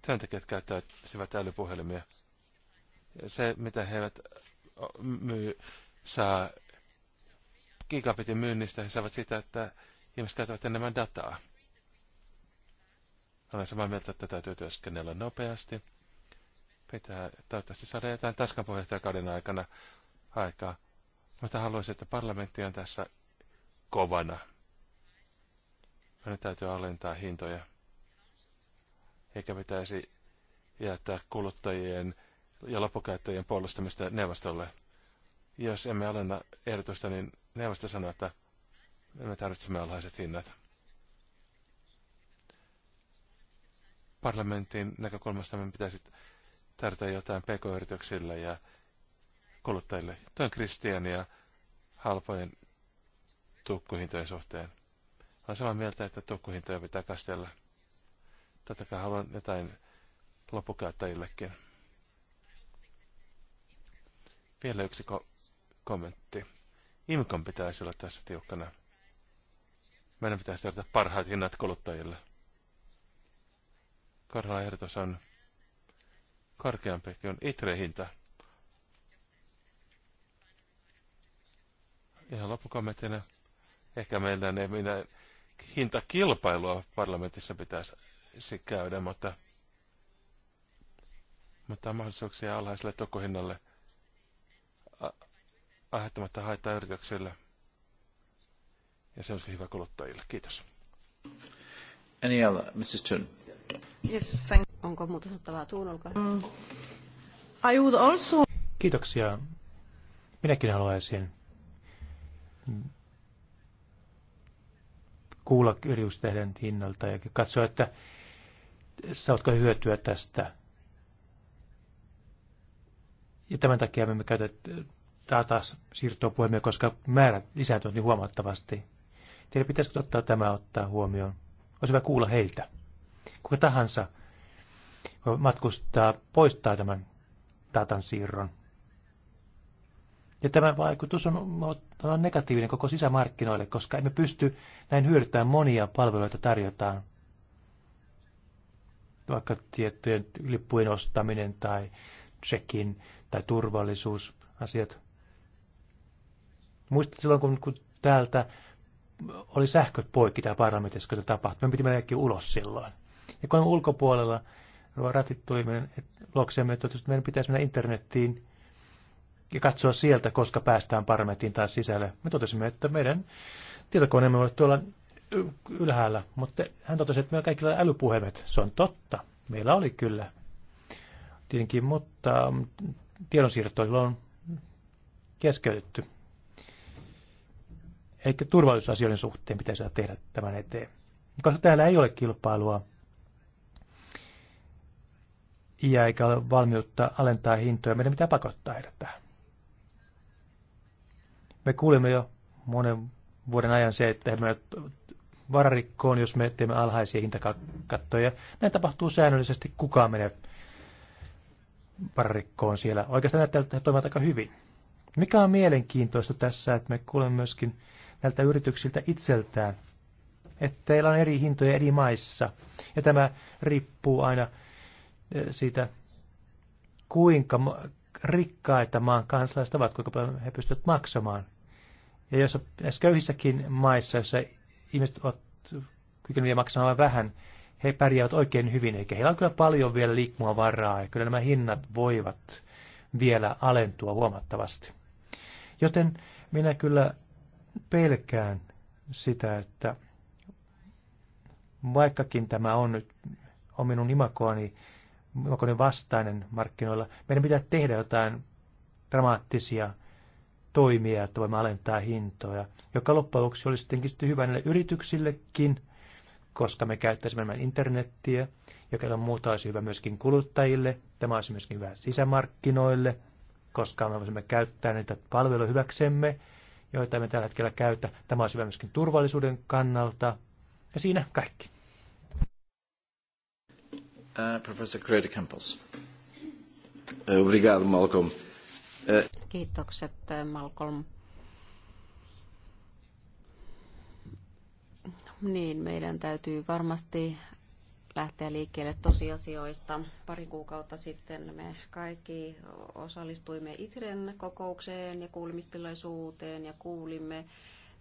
työntekijät käyttävät älypuhelimia. Se, mitä he eivät myy, saa gigabitin myynnistä, he saavat sitä, että ihmiset käyttävät enemmän dataa. Olen samaa mieltä, että täytyy työskennellä nopeasti. Pitää toivottavasti saada jotain Tanskan puheenjohtajakauden aikana aikaa. Mutta haluaisin, että parlamentti on tässä kovana. Meidän täytyy alentaa hintoja. Eikä pitäisi jättää kuluttajien ja loppukäyttäjien puolustamista neuvostolle. Jos emme alenna ehdotusta, niin neuvosto sanoo, että me tarvitsemme alhaiset hinnat. Parlamentin näkökulmasta me pitäisi tarjota jotain pk-yrityksille ja kuluttajille. Tuon Kristiania halpojen tukkuhintojen suhteen. Olen samaa mieltä, että tukkuhintoja pitää kastella. Totta kai haluan jotain loppukäyttäjillekin. Vielä yksi ko- kommentti. Imkon pitäisi olla tässä tiukkana. Meidän pitäisi tehdä parhaat hinnat kuluttajille. Karhala ehdotus on korkeampi kuin ITRE-hinta. Ihan loppukommenttina. Ehkä meillä ei minä hintakilpailua parlamentissa pitäisi käydä, mutta, mutta on mahdollisuuksia alhaiselle tokohinnalle aiheuttamatta haittaa yrityksille. Ja se olisi hyvä kuluttajille. Kiitos. Any other? Mrs. Chun. Yes, thank Onko muuta sanottavaa? Tuun, olkaa mm. I would also... Kiitoksia. Minäkin haluaisin kuulla yritystehden hinnalta ja katsoa, että saatko hyötyä tästä. Ja tämän takia me emme käytä taas siirtoa puhemia, koska määrät lisääntyvät niin huomattavasti. Teidän pitäisikö ottaa tämä ottaa huomioon? Olisi hyvä kuulla heiltä. Kuka tahansa matkustaa, poistaa tämän datan siirron. Ja tämä vaikutus on, on negatiivinen koko sisämarkkinoille, koska emme pysty näin hyödyttämään monia palveluita tarjotaan. Vaikka tiettyjen lippujen ostaminen tai checkin tai turvallisuusasiat. Muistat silloin, kun, kun täältä oli sähköt poikki tämä parlamentissa, kun se tapahtui. Me piti mennä ulos silloin. Ja kun ulkopuolella ratit tuli meidän, luoksemme, että meidän pitäisi mennä internettiin ja katsoa sieltä, koska päästään parlamenttiin taas sisälle. Me totesimme, että meidän tietokoneemme voi tuolla ylhäällä, mutta hän totesi, että meillä kaikilla on älypuhelimet. Se on totta. Meillä oli kyllä. Tietenkin, mutta mm, tiedonsiirto on keskeytetty. Eli turvallisuusasioiden suhteen pitäisi tehdä tämän eteen. Koska täällä ei ole kilpailua ja eikä ole valmiutta alentaa hintoja, meidän pitää pakottaa heidät tähän. Me kuulimme jo monen vuoden ajan se, että me vararikkoon, jos me teemme alhaisia hintakattoja. Näin tapahtuu säännöllisesti, kukaan menee vararikkoon siellä. Oikeastaan näyttää, että he toimivat aika hyvin. Mikä on mielenkiintoista tässä, että me kuulemme myöskin näiltä yrityksiltä itseltään, että teillä on eri hintoja eri maissa. Ja tämä riippuu aina eh, siitä, kuinka rikkaita maan kansalaiset ovat, kuinka paljon he pystyvät maksamaan ja jos näissä köyhissäkin maissa, joissa ihmiset ovat kykeneviä maksamaan vähän, he pärjäävät oikein hyvin. eikä heillä on kyllä paljon vielä liikkumaan varaa ja kyllä nämä hinnat voivat vielä alentua huomattavasti. Joten minä kyllä pelkään sitä, että vaikkakin tämä on nyt on minun imakooni, imakooni vastainen markkinoilla, meidän pitää tehdä jotain dramaattisia toimia, että voimme alentaa hintoja, joka loppujen lopuksi olisi tietenkin sitten hyvä näille yrityksillekin, koska me käyttäisimme enemmän internettiä, joka on muuta olisi hyvä myöskin kuluttajille, tämä olisi myöskin hyvä sisämarkkinoille, koska me voisimme käyttää niitä palveluja hyväksemme, joita me tällä hetkellä käytä. Tämä olisi hyvä myöskin turvallisuuden kannalta. Ja siinä kaikki. Uh, professor Craig Campos. Uh, obrigado, Malcolm. Uh... Kiitokset eh, Malcolm. Niin, meidän täytyy varmasti lähteä liikkeelle tosiasioista. Pari kuukautta sitten me kaikki osallistuimme Itren kokoukseen ja kuulemistilaisuuteen ja kuulimme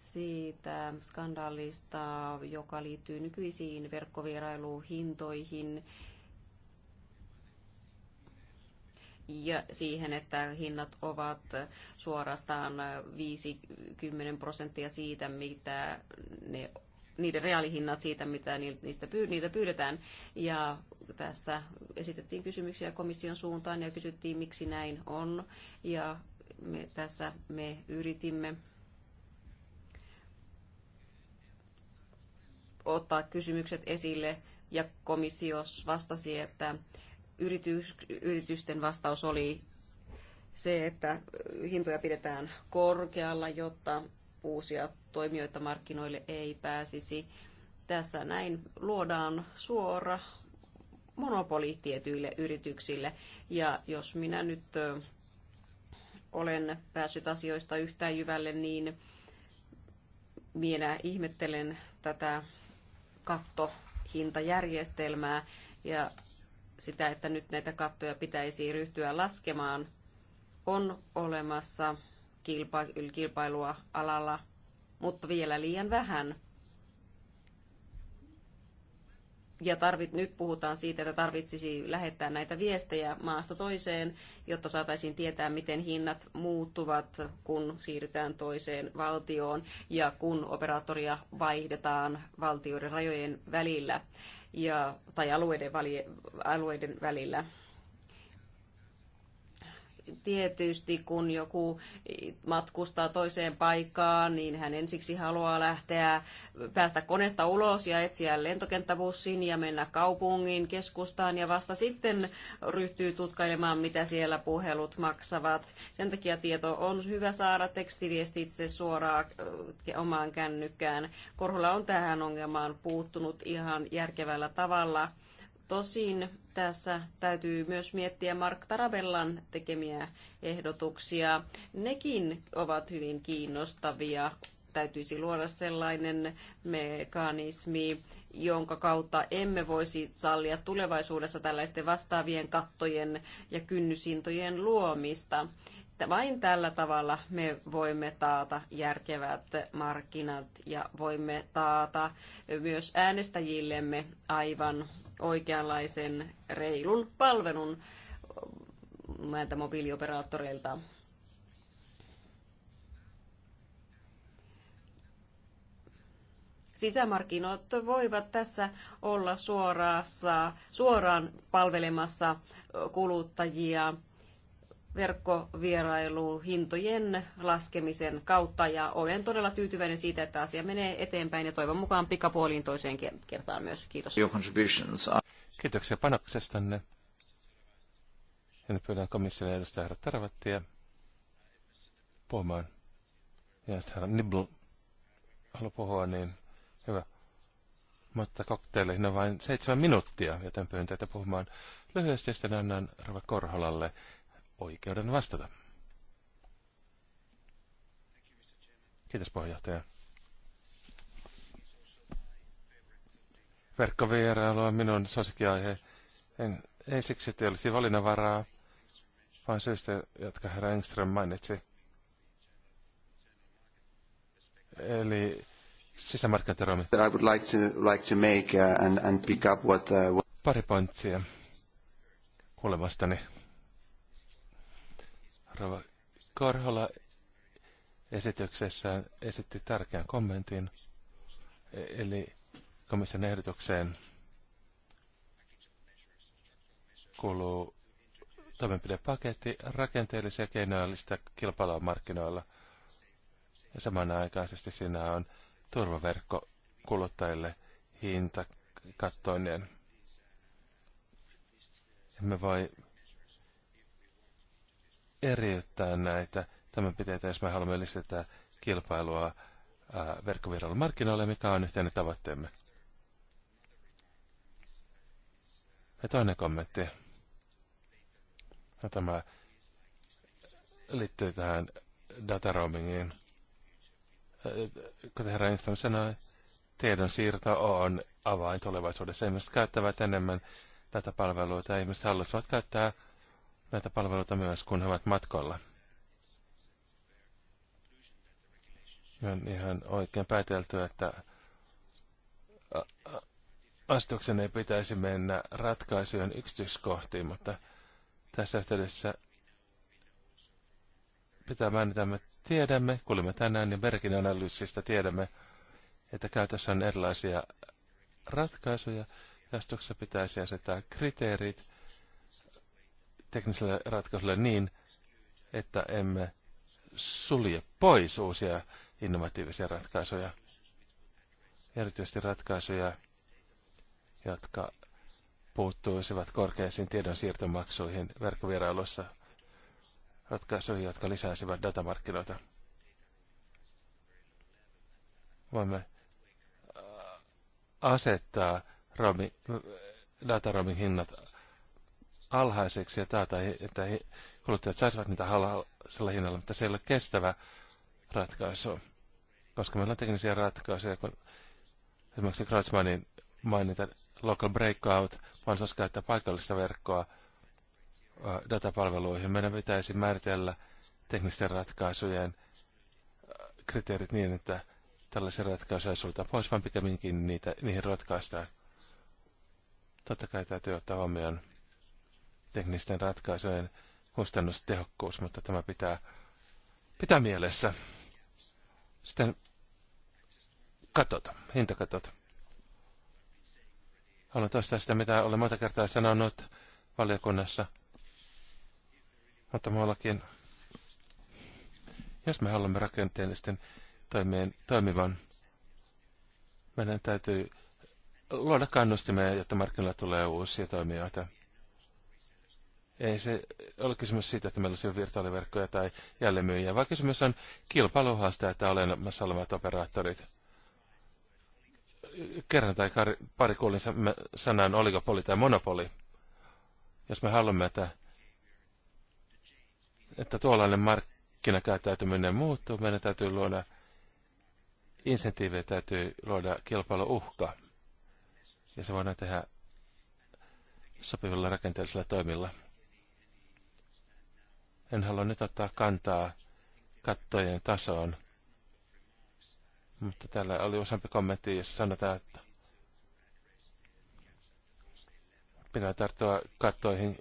siitä skandaalista, joka liittyy nykyisiin verkkovierailuhintoihin ja siihen, että hinnat ovat suorastaan 50 prosenttia siitä, mitä ne niiden reaalihinnat siitä, mitä niistä pyy- niitä pyydetään. Ja tässä esitettiin kysymyksiä komission suuntaan ja kysyttiin, miksi näin on. Ja me, tässä me yritimme ottaa kysymykset esille ja komissio vastasi, että yritys, yritysten vastaus oli se, että hintoja pidetään korkealla, jotta uusia toimijoita markkinoille ei pääsisi. Tässä näin luodaan suora monopoli tietyille yrityksille. Ja jos minä nyt olen päässyt asioista yhtään jyvälle, niin minä ihmettelen tätä kattohintajärjestelmää ja sitä, että nyt näitä kattoja pitäisi ryhtyä laskemaan. On olemassa kilpailua alalla, mutta vielä liian vähän. Ja tarvit, nyt puhutaan siitä, että tarvitsisi lähettää näitä viestejä maasta toiseen, jotta saataisiin tietää, miten hinnat muuttuvat, kun siirrytään toiseen valtioon ja kun operaattoria vaihdetaan valtioiden rajojen välillä ja, tai alueiden, vali, alueiden välillä tietysti kun joku matkustaa toiseen paikkaan, niin hän ensiksi haluaa lähteä, päästä koneesta ulos ja etsiä lentokenttäbussin ja mennä kaupungin keskustaan ja vasta sitten ryhtyy tutkailemaan, mitä siellä puhelut maksavat. Sen takia tieto on hyvä saada tekstiviestitse suoraan äh, omaan kännykkään. Korhola on tähän ongelmaan puuttunut ihan järkevällä tavalla Tosin tässä täytyy myös miettiä Mark Tarabellan tekemiä ehdotuksia. Nekin ovat hyvin kiinnostavia. Täytyisi luoda sellainen mekanismi, jonka kautta emme voisi sallia tulevaisuudessa tällaisten vastaavien kattojen ja kynnysintojen luomista. Vain tällä tavalla me voimme taata järkevät markkinat ja voimme taata myös äänestäjillemme aivan oikeanlaisen reilun palvelun näiltä mobiilioperaattoreilta. Sisämarkkinat voivat tässä olla suorassa, suoraan palvelemassa kuluttajia verkkovierailuhintojen laskemisen kautta ja olen todella tyytyväinen siitä, että asia menee eteenpäin ja toivon mukaan pikapuoliin toiseen kertaan myös. Kiitos. Kiitoksia panoksestanne. Ja nyt pyydän komissiolle edustaja herra Tervattia puhumaan. Ja herra Nibble haluaa puhua, niin hyvä. Mutta kokteileihin on vain seitsemän minuuttia, joten pyydän teitä puhumaan lyhyesti, sitten annan Rava Korholalle oikeuden vastata. Kiitos puheenjohtaja. Verkkovierailu on minun suosikkiaihe. En, ei siksi, että olisi valinnanvaraa, vaan syystä, jotka herra Engström mainitsi. Eli sisämarkkinateromi. I would like to, like to make uh, and, and pick up what, uh, what... Pari pointtia kuulemastani. Rava Korhola esityksessään esitti tärkeän kommentin, eli komission ehdotukseen kuuluu toimenpidepaketti rakenteellisia keinoillista kilpailua markkinoilla. Ja samanaikaisesti siinä on turvaverkko kuluttajille hintakattoineen. Emme voi eriyttää näitä toimenpiteitä, jos me haluamme lisätä kilpailua verkkoviralla markkinoille, mikä on yhteinen tavoitteemme. Ja toinen kommentti. Ja tämä liittyy tähän roamingiin. Kuten herra Instan sanoi, tiedon siirto on avain tulevaisuudessa. Ihmiset käyttävät enemmän datapalveluita, ihmiset haluaisivat käyttää näitä palveluita myös, kun he ovat matkalla. On ihan oikein päätelty, että astuksen ei pitäisi mennä ratkaisujen yksityiskohtiin, mutta tässä yhteydessä pitää mainita, me tiedämme, kuulimme tänään ja Bergin niin analyysistä tiedämme, että käytössä on erilaisia ratkaisuja. Astuksessa pitäisi asettaa kriteerit tekniselle ratkaisulle niin, että emme sulje pois uusia innovatiivisia ratkaisuja, erityisesti ratkaisuja, jotka puuttuisivat korkeisiin tiedonsiirtomaksuihin verkkovierailuissa. ratkaisuja, jotka lisäisivät datamarkkinoita. Voimme asettaa romi, dataromin hinnat alhaiseksi ja tai että he, kuluttajat saisivat niitä halalla hinnalla, mutta se ei ole kestävä ratkaisu, koska meillä on teknisiä ratkaisuja, kun esimerkiksi Kratzmanin mainita local breakout, vaan saisi käyttää paikallista verkkoa datapalveluihin. Meidän pitäisi määritellä teknisten ratkaisujen kriteerit niin, että tällaisia ratkaisuja ei sulta pois, vaan pikemminkin niitä, niihin ratkaistaan. Totta kai täytyy ottaa huomioon teknisten ratkaisujen kustannustehokkuus, mutta tämä pitää, pitää mielessä. Sitten katot, hintakatot. Haluan toistaa sitä, mitä olen monta kertaa sanonut valiokunnassa. Mutta muuallakin, jos me haluamme rakenteellisten toimien toimivan, meidän täytyy luoda kannustimia, jotta markkinoilla tulee uusia toimijoita. Ei se ole kysymys siitä, että meillä olisi virtuaaliverkkoja tai jälleenmyyjiä, vaan kysymys on kilpailuhaasta, että olemassa olevat operaattorit. Kerran tai pari kuulin sanan oligopoli tai monopoli. Jos me haluamme, että, että tuollainen markkinakäyttäytyminen muuttuu, meidän täytyy luoda insentiivejä, täytyy luoda kilpailuuhka. Ja se voidaan tehdä sopivilla rakenteellisilla toimilla. En halua nyt ottaa kantaa kattojen tasoon. Mutta täällä oli useampi kommentti, jossa sanotaan, että pitää tarttua kattoihin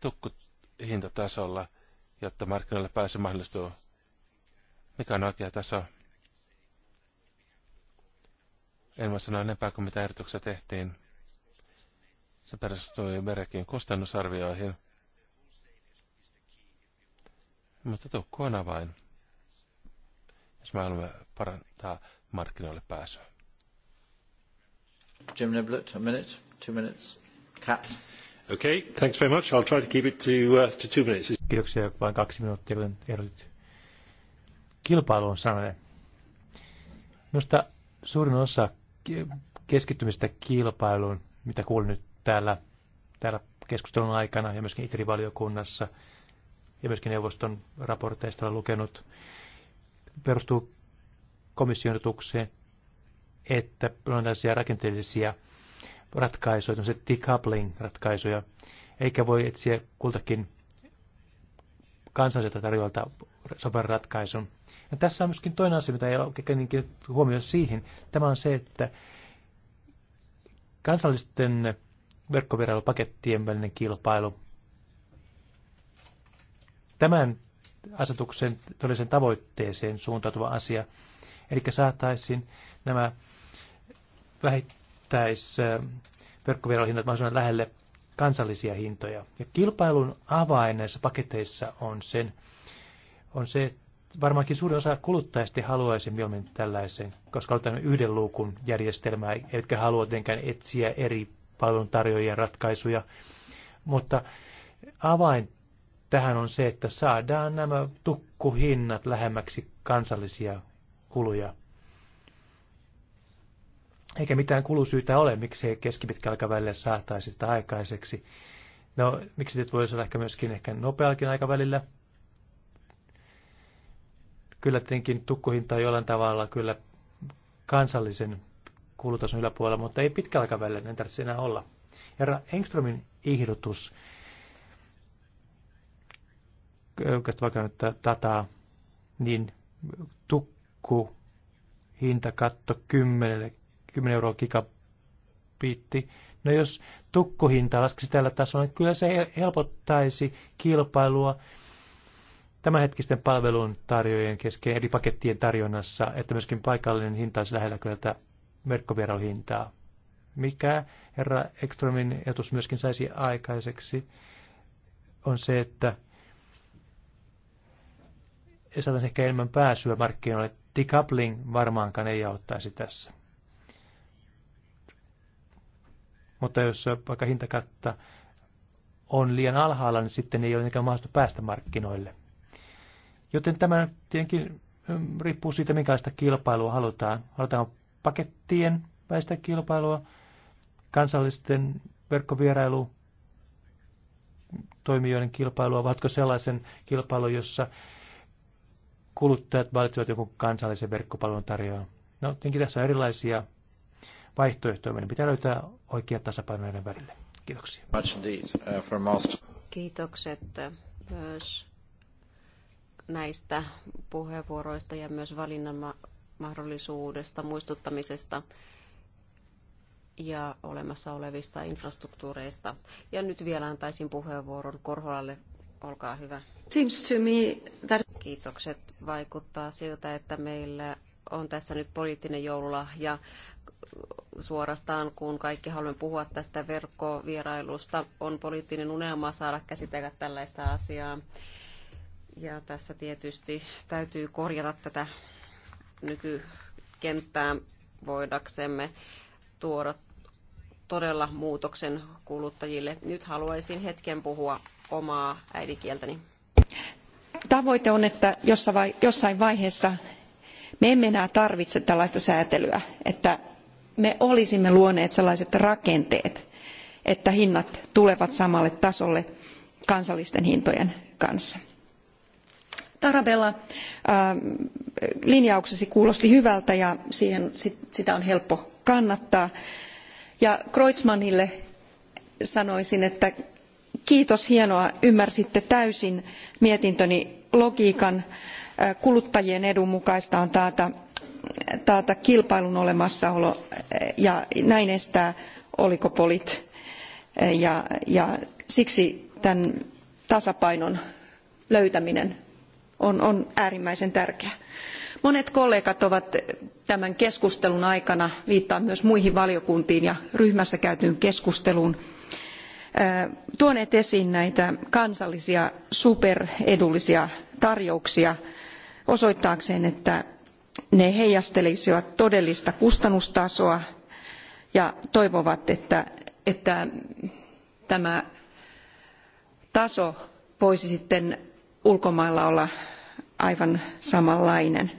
tukkuhintatasolla, jotta markkinoille pääsy mahdollistuu. Mikä on oikea taso? En voi sanoa enempää kuin mitä ehdotuksia tehtiin. Se perustui Merekin kustannusarvioihin. Mutta tukku on avain, jos me haluamme parantaa markkinoille pääsyä. Jim Niblett, a minute, two minutes, cap. Okay, thanks very much. I'll try to keep it to, uh, to two minutes. Kiitoksia, vain kaksi minuuttia, kun ehdotit. Kilpailu on Minusta suurin osa keskittymistä kilpailuun, mitä kuulin nyt täällä, täällä keskustelun aikana ja myöskin ITRI-valiokunnassa – ja myöskin neuvoston raporteista olen lukenut, perustuu komission että on tällaisia rakenteellisia ratkaisuja, tämmöisiä decoupling-ratkaisuja, eikä voi etsiä kultakin kansalliselta tarjoilta sopivan ratkaisun. Ja tässä on myöskin toinen asia, mitä ei ole oikein huomioon siihen. Tämä on se, että kansallisten verkkoviralupakettien välinen kilpailu tämän asetuksen todellisen tavoitteeseen suuntautuva asia. Eli saataisiin nämä vähittäis mahdollisimman lähelle kansallisia hintoja. Ja kilpailun avain näissä paketeissa on, sen, on se, että varmaankin suurin osa kuluttajista haluaisi mieluummin tällaisen, koska on yhden luukun järjestelmää, etkä halua tietenkään etsiä eri palveluntarjoajien ratkaisuja. Mutta avain tähän on se, että saadaan nämä tukkuhinnat lähemmäksi kansallisia kuluja. Eikä mitään kulusyitä ole, miksi ei keskipitkällä aikavälillä saataisi sitä aikaiseksi. No, miksi nyt voisi olla ehkä myöskin ehkä nopeallakin aikavälillä? Kyllä tietenkin tukkuhinta on jollain tavalla kyllä kansallisen kulutason yläpuolella, mutta ei pitkällä aikavälillä, en tarvitse enää olla. Herra Engströmin ehdotus oikeastaan vaikka dataa, niin tukku hinta katto 10, 10 euroa gigabitti. No jos tukkuhinta laskisi tällä tasolla, niin kyllä se helpottaisi kilpailua tämänhetkisten palvelun tarjoajien kesken eri pakettien tarjonnassa, että myöskin paikallinen hinta olisi lähellä kyllä tätä verkkovierailuhintaa. Mikä herra Ekströmin etus myöskin saisi aikaiseksi on se, että saataisiin ehkä enemmän pääsyä markkinoille. Decoupling varmaankaan ei auttaisi tässä. Mutta jos vaikka hintakatta on liian alhaalla, niin sitten ei ole mikään mahdollista päästä markkinoille. Joten tämä tietenkin mm, riippuu siitä, minkälaista kilpailua halutaan. Halutaan pakettien väistä kilpailua, kansallisten verkkovierailu toimijoiden kilpailua, vaatko sellaisen kilpailun, jossa kuluttajat valitsevat joku kansallisen verkkopalvelun tarjoajan. No, tietenkin tässä on erilaisia vaihtoehtoja. Meidän pitää löytää oikea tasapaino näiden välille. Kiitoksia. Uh, Kiitokset uh, myös näistä puheenvuoroista ja myös valinnan mahdollisuudesta, muistuttamisesta ja olemassa olevista infrastruktuureista. Ja nyt vielä antaisin puheenvuoron Korholalle Olkaa hyvä. Seems to me that... Kiitokset. Vaikuttaa siltä, että meillä on tässä nyt poliittinen joululahja suorastaan, kun kaikki haluamme puhua tästä verkkovierailusta. On poliittinen unelma saada käsitellä tällaista asiaa. Ja tässä tietysti täytyy korjata tätä nykykenttää voidaksemme tuoda todella muutoksen kuluttajille. Nyt haluaisin hetken puhua omaa äidinkieltäni. Tavoite on, että jossain vaiheessa me emme enää tarvitse tällaista säätelyä, että me olisimme luoneet sellaiset rakenteet, että hinnat tulevat samalle tasolle kansallisten hintojen kanssa. Tarabella, ähm, linjauksesi kuulosti hyvältä ja siihen, sitä on helppo kannattaa. Ja Kreutzmannille sanoisin, että Kiitos, hienoa. Ymmärsitte täysin mietintöni logiikan. Kuluttajien edun mukaista on taata, kilpailun olemassaolo ja näin estää oligopolit. Ja, siksi tämän tasapainon löytäminen on, on äärimmäisen tärkeää. Monet kollegat ovat tämän keskustelun aikana, viittaan myös muihin valiokuntiin ja ryhmässä käytyyn keskusteluun, tuoneet esiin näitä kansallisia superedullisia tarjouksia osoittaakseen että ne heijastelisivat todellista kustannustasoa ja toivovat että, tämä taso voisi sitten ulkomailla olla aivan samanlainen.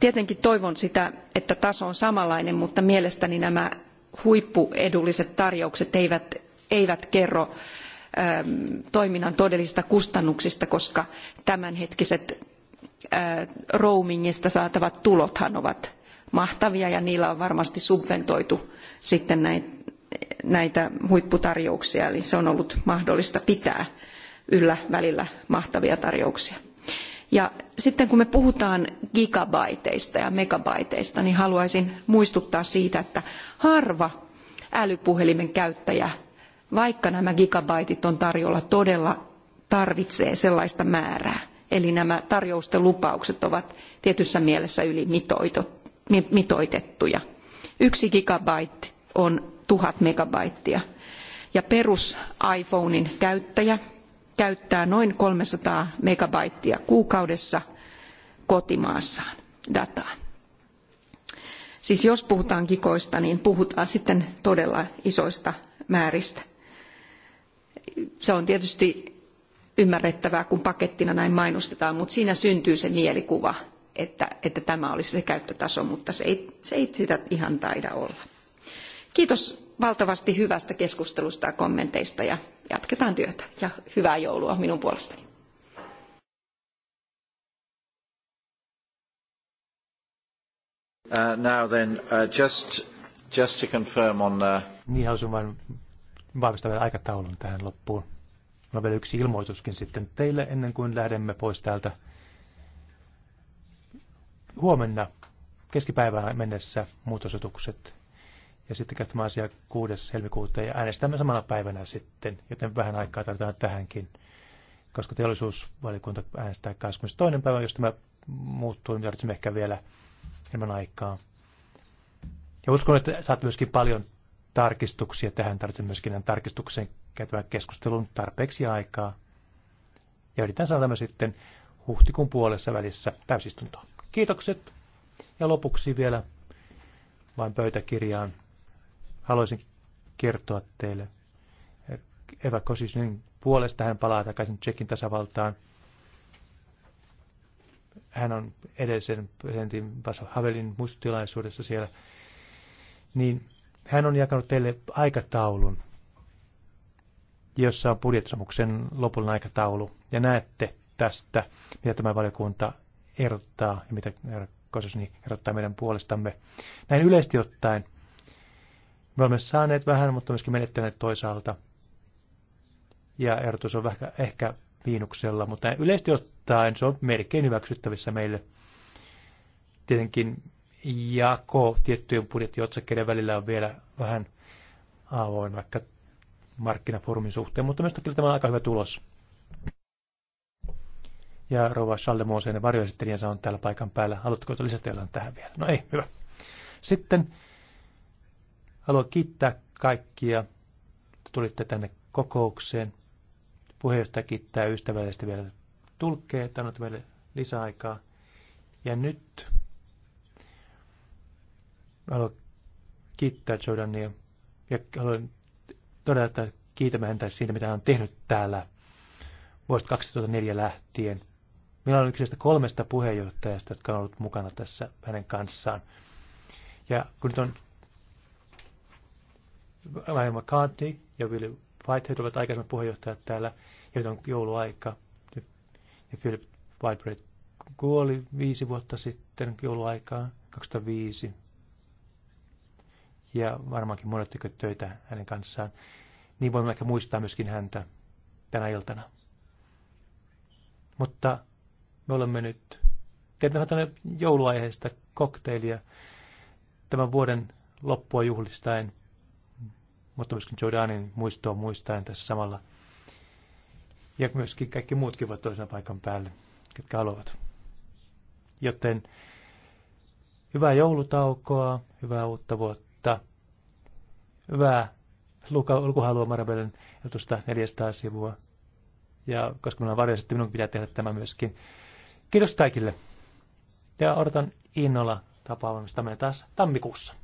Tietenkin toivon sitä, että taso on samanlainen, mutta mielestäni nämä huippuedulliset tarjoukset eivät, eivät kerro ähm, toiminnan todellisista kustannuksista, koska tämänhetkiset äh, roamingista saatavat tulothan ovat mahtavia ja niillä on varmasti subventoitu sitten näitä huipputarjouksia, eli se on ollut mahdollista pitää yllä välillä mahtavia tarjouksia. Ja sitten kun me puhutaan gigabaiteista ja megabaiteista, niin haluaisin muistuttaa siitä, että harva älypuhelimen käyttäjä, vaikka nämä gigabaitit on tarjolla, todella tarvitsee sellaista määrää. Eli nämä tarjousten lupaukset ovat tietyssä mielessä ylimitoitettuja. Yksi gigabyte on tuhat megabaittia. Ja perus iPhonein käyttäjä käyttää noin 300 megabaittia kuukaudessa kotimaassaan dataa. Siis jos puhutaan kikoista, niin puhutaan sitten todella isoista määristä. Se on tietysti ymmärrettävää, kun pakettina näin mainostetaan, mutta siinä syntyy se mielikuva, että, että tämä olisi se käyttötaso, mutta se ei, se ei sitä ihan taida olla. Kiitos valtavasti hyvästä keskustelusta ja kommenteista ja jatketaan työtä ja hyvää joulua minun puolestani. Uh, now then, uh, just, just to confirm on... Uh... Niin haluaisin vain vahvistaa vielä aikataulun tähän loppuun. Minulla on vielä yksi ilmoituskin sitten teille ennen kuin lähdemme pois täältä. Huomenna keskipäivään mennessä muutosotukset ja sitten käyttämään asiaa 6. helmikuuta ja äänestämme samana päivänä sitten, joten vähän aikaa tarvitaan tähänkin, koska teollisuusvaliokunta äänestää 22. päivä, jos tämä muuttuu, niin tarvitsemme ehkä vielä enemmän aikaa. Ja uskon, että saat myöskin paljon tarkistuksia tähän, tarvitsen myöskin tämän tarkistuksen käytävän keskustelun tarpeeksi aikaa. Ja yritän saada tämä sitten huhtikuun puolessa välissä täysistuntoon. Kiitokset. Ja lopuksi vielä vain pöytäkirjaan haluaisin kertoa teille Eva Kosisnin puolesta. Hän palaa takaisin Tsekin tasavaltaan. Hän on edellisen presidentin Vasa Havelin muistotilaisuudessa siellä. Niin hän on jakanut teille aikataulun, jossa on budjettisomuksen lopullinen aikataulu. Ja näette tästä, mitä tämä valiokunta erottaa ja mitä Kosisni erottaa meidän puolestamme. Näin yleisesti ottaen – me olemme saaneet vähän, mutta myöskin menettäneet toisaalta. Ja erotus on vähän ehkä viinuksella, mutta yleisesti ottaen se on melkein hyväksyttävissä meille. Tietenkin jako tiettyjen budjettiotsakkeiden välillä on vielä vähän avoin, vaikka markkinafoorumin suhteen, mutta myös kyllä tämä on aika hyvä tulos. Ja Rova Mooseinen varjoesittelijänsä on täällä paikan päällä. Haluatteko lisätä jotain tähän vielä? No ei, hyvä. Sitten Haluan kiittää kaikkia, että tulitte tänne kokoukseen. Puheenjohtaja kiittää ystävällisesti vielä tulkkeja, että annat meille lisäaikaa. Ja nyt haluan kiittää Jordania ja haluan todeta, että kiitämme häntä siitä, mitä hän on tehnyt täällä vuodesta 2004 lähtien. Meillä on yksi kolmesta puheenjohtajasta, jotka on ollut mukana tässä hänen kanssaan. Ja kun nyt on Lionel McCarthy ja Willy Whitehead ovat aikaisemmat puheenjohtajat täällä, ja nyt on jouluaika. Ja Philip Whitehead kuoli viisi vuotta sitten jouluaikaan, 2005. Ja varmaankin monet tekevät töitä hänen kanssaan. Niin voimme ehkä muistaa myöskin häntä tänä iltana. Mutta me olemme nyt tehneet jouluaiheesta kokteilia tämän vuoden loppua juhlistaen – mutta myöskin Jordanin muistoa muistaen tässä samalla. Ja myöskin kaikki muutkin voivat toisen paikan päälle, ketkä haluavat. Joten hyvää joulutaukoa, hyvää uutta vuotta, hyvää lukuhalua Marabellen jutusta 400 sivua. Ja koska minulla on varjo, että minun pitää tehdä tämä myöskin. Kiitos kaikille. Ja odotan innolla tapaamista. Mennään taas tammikuussa.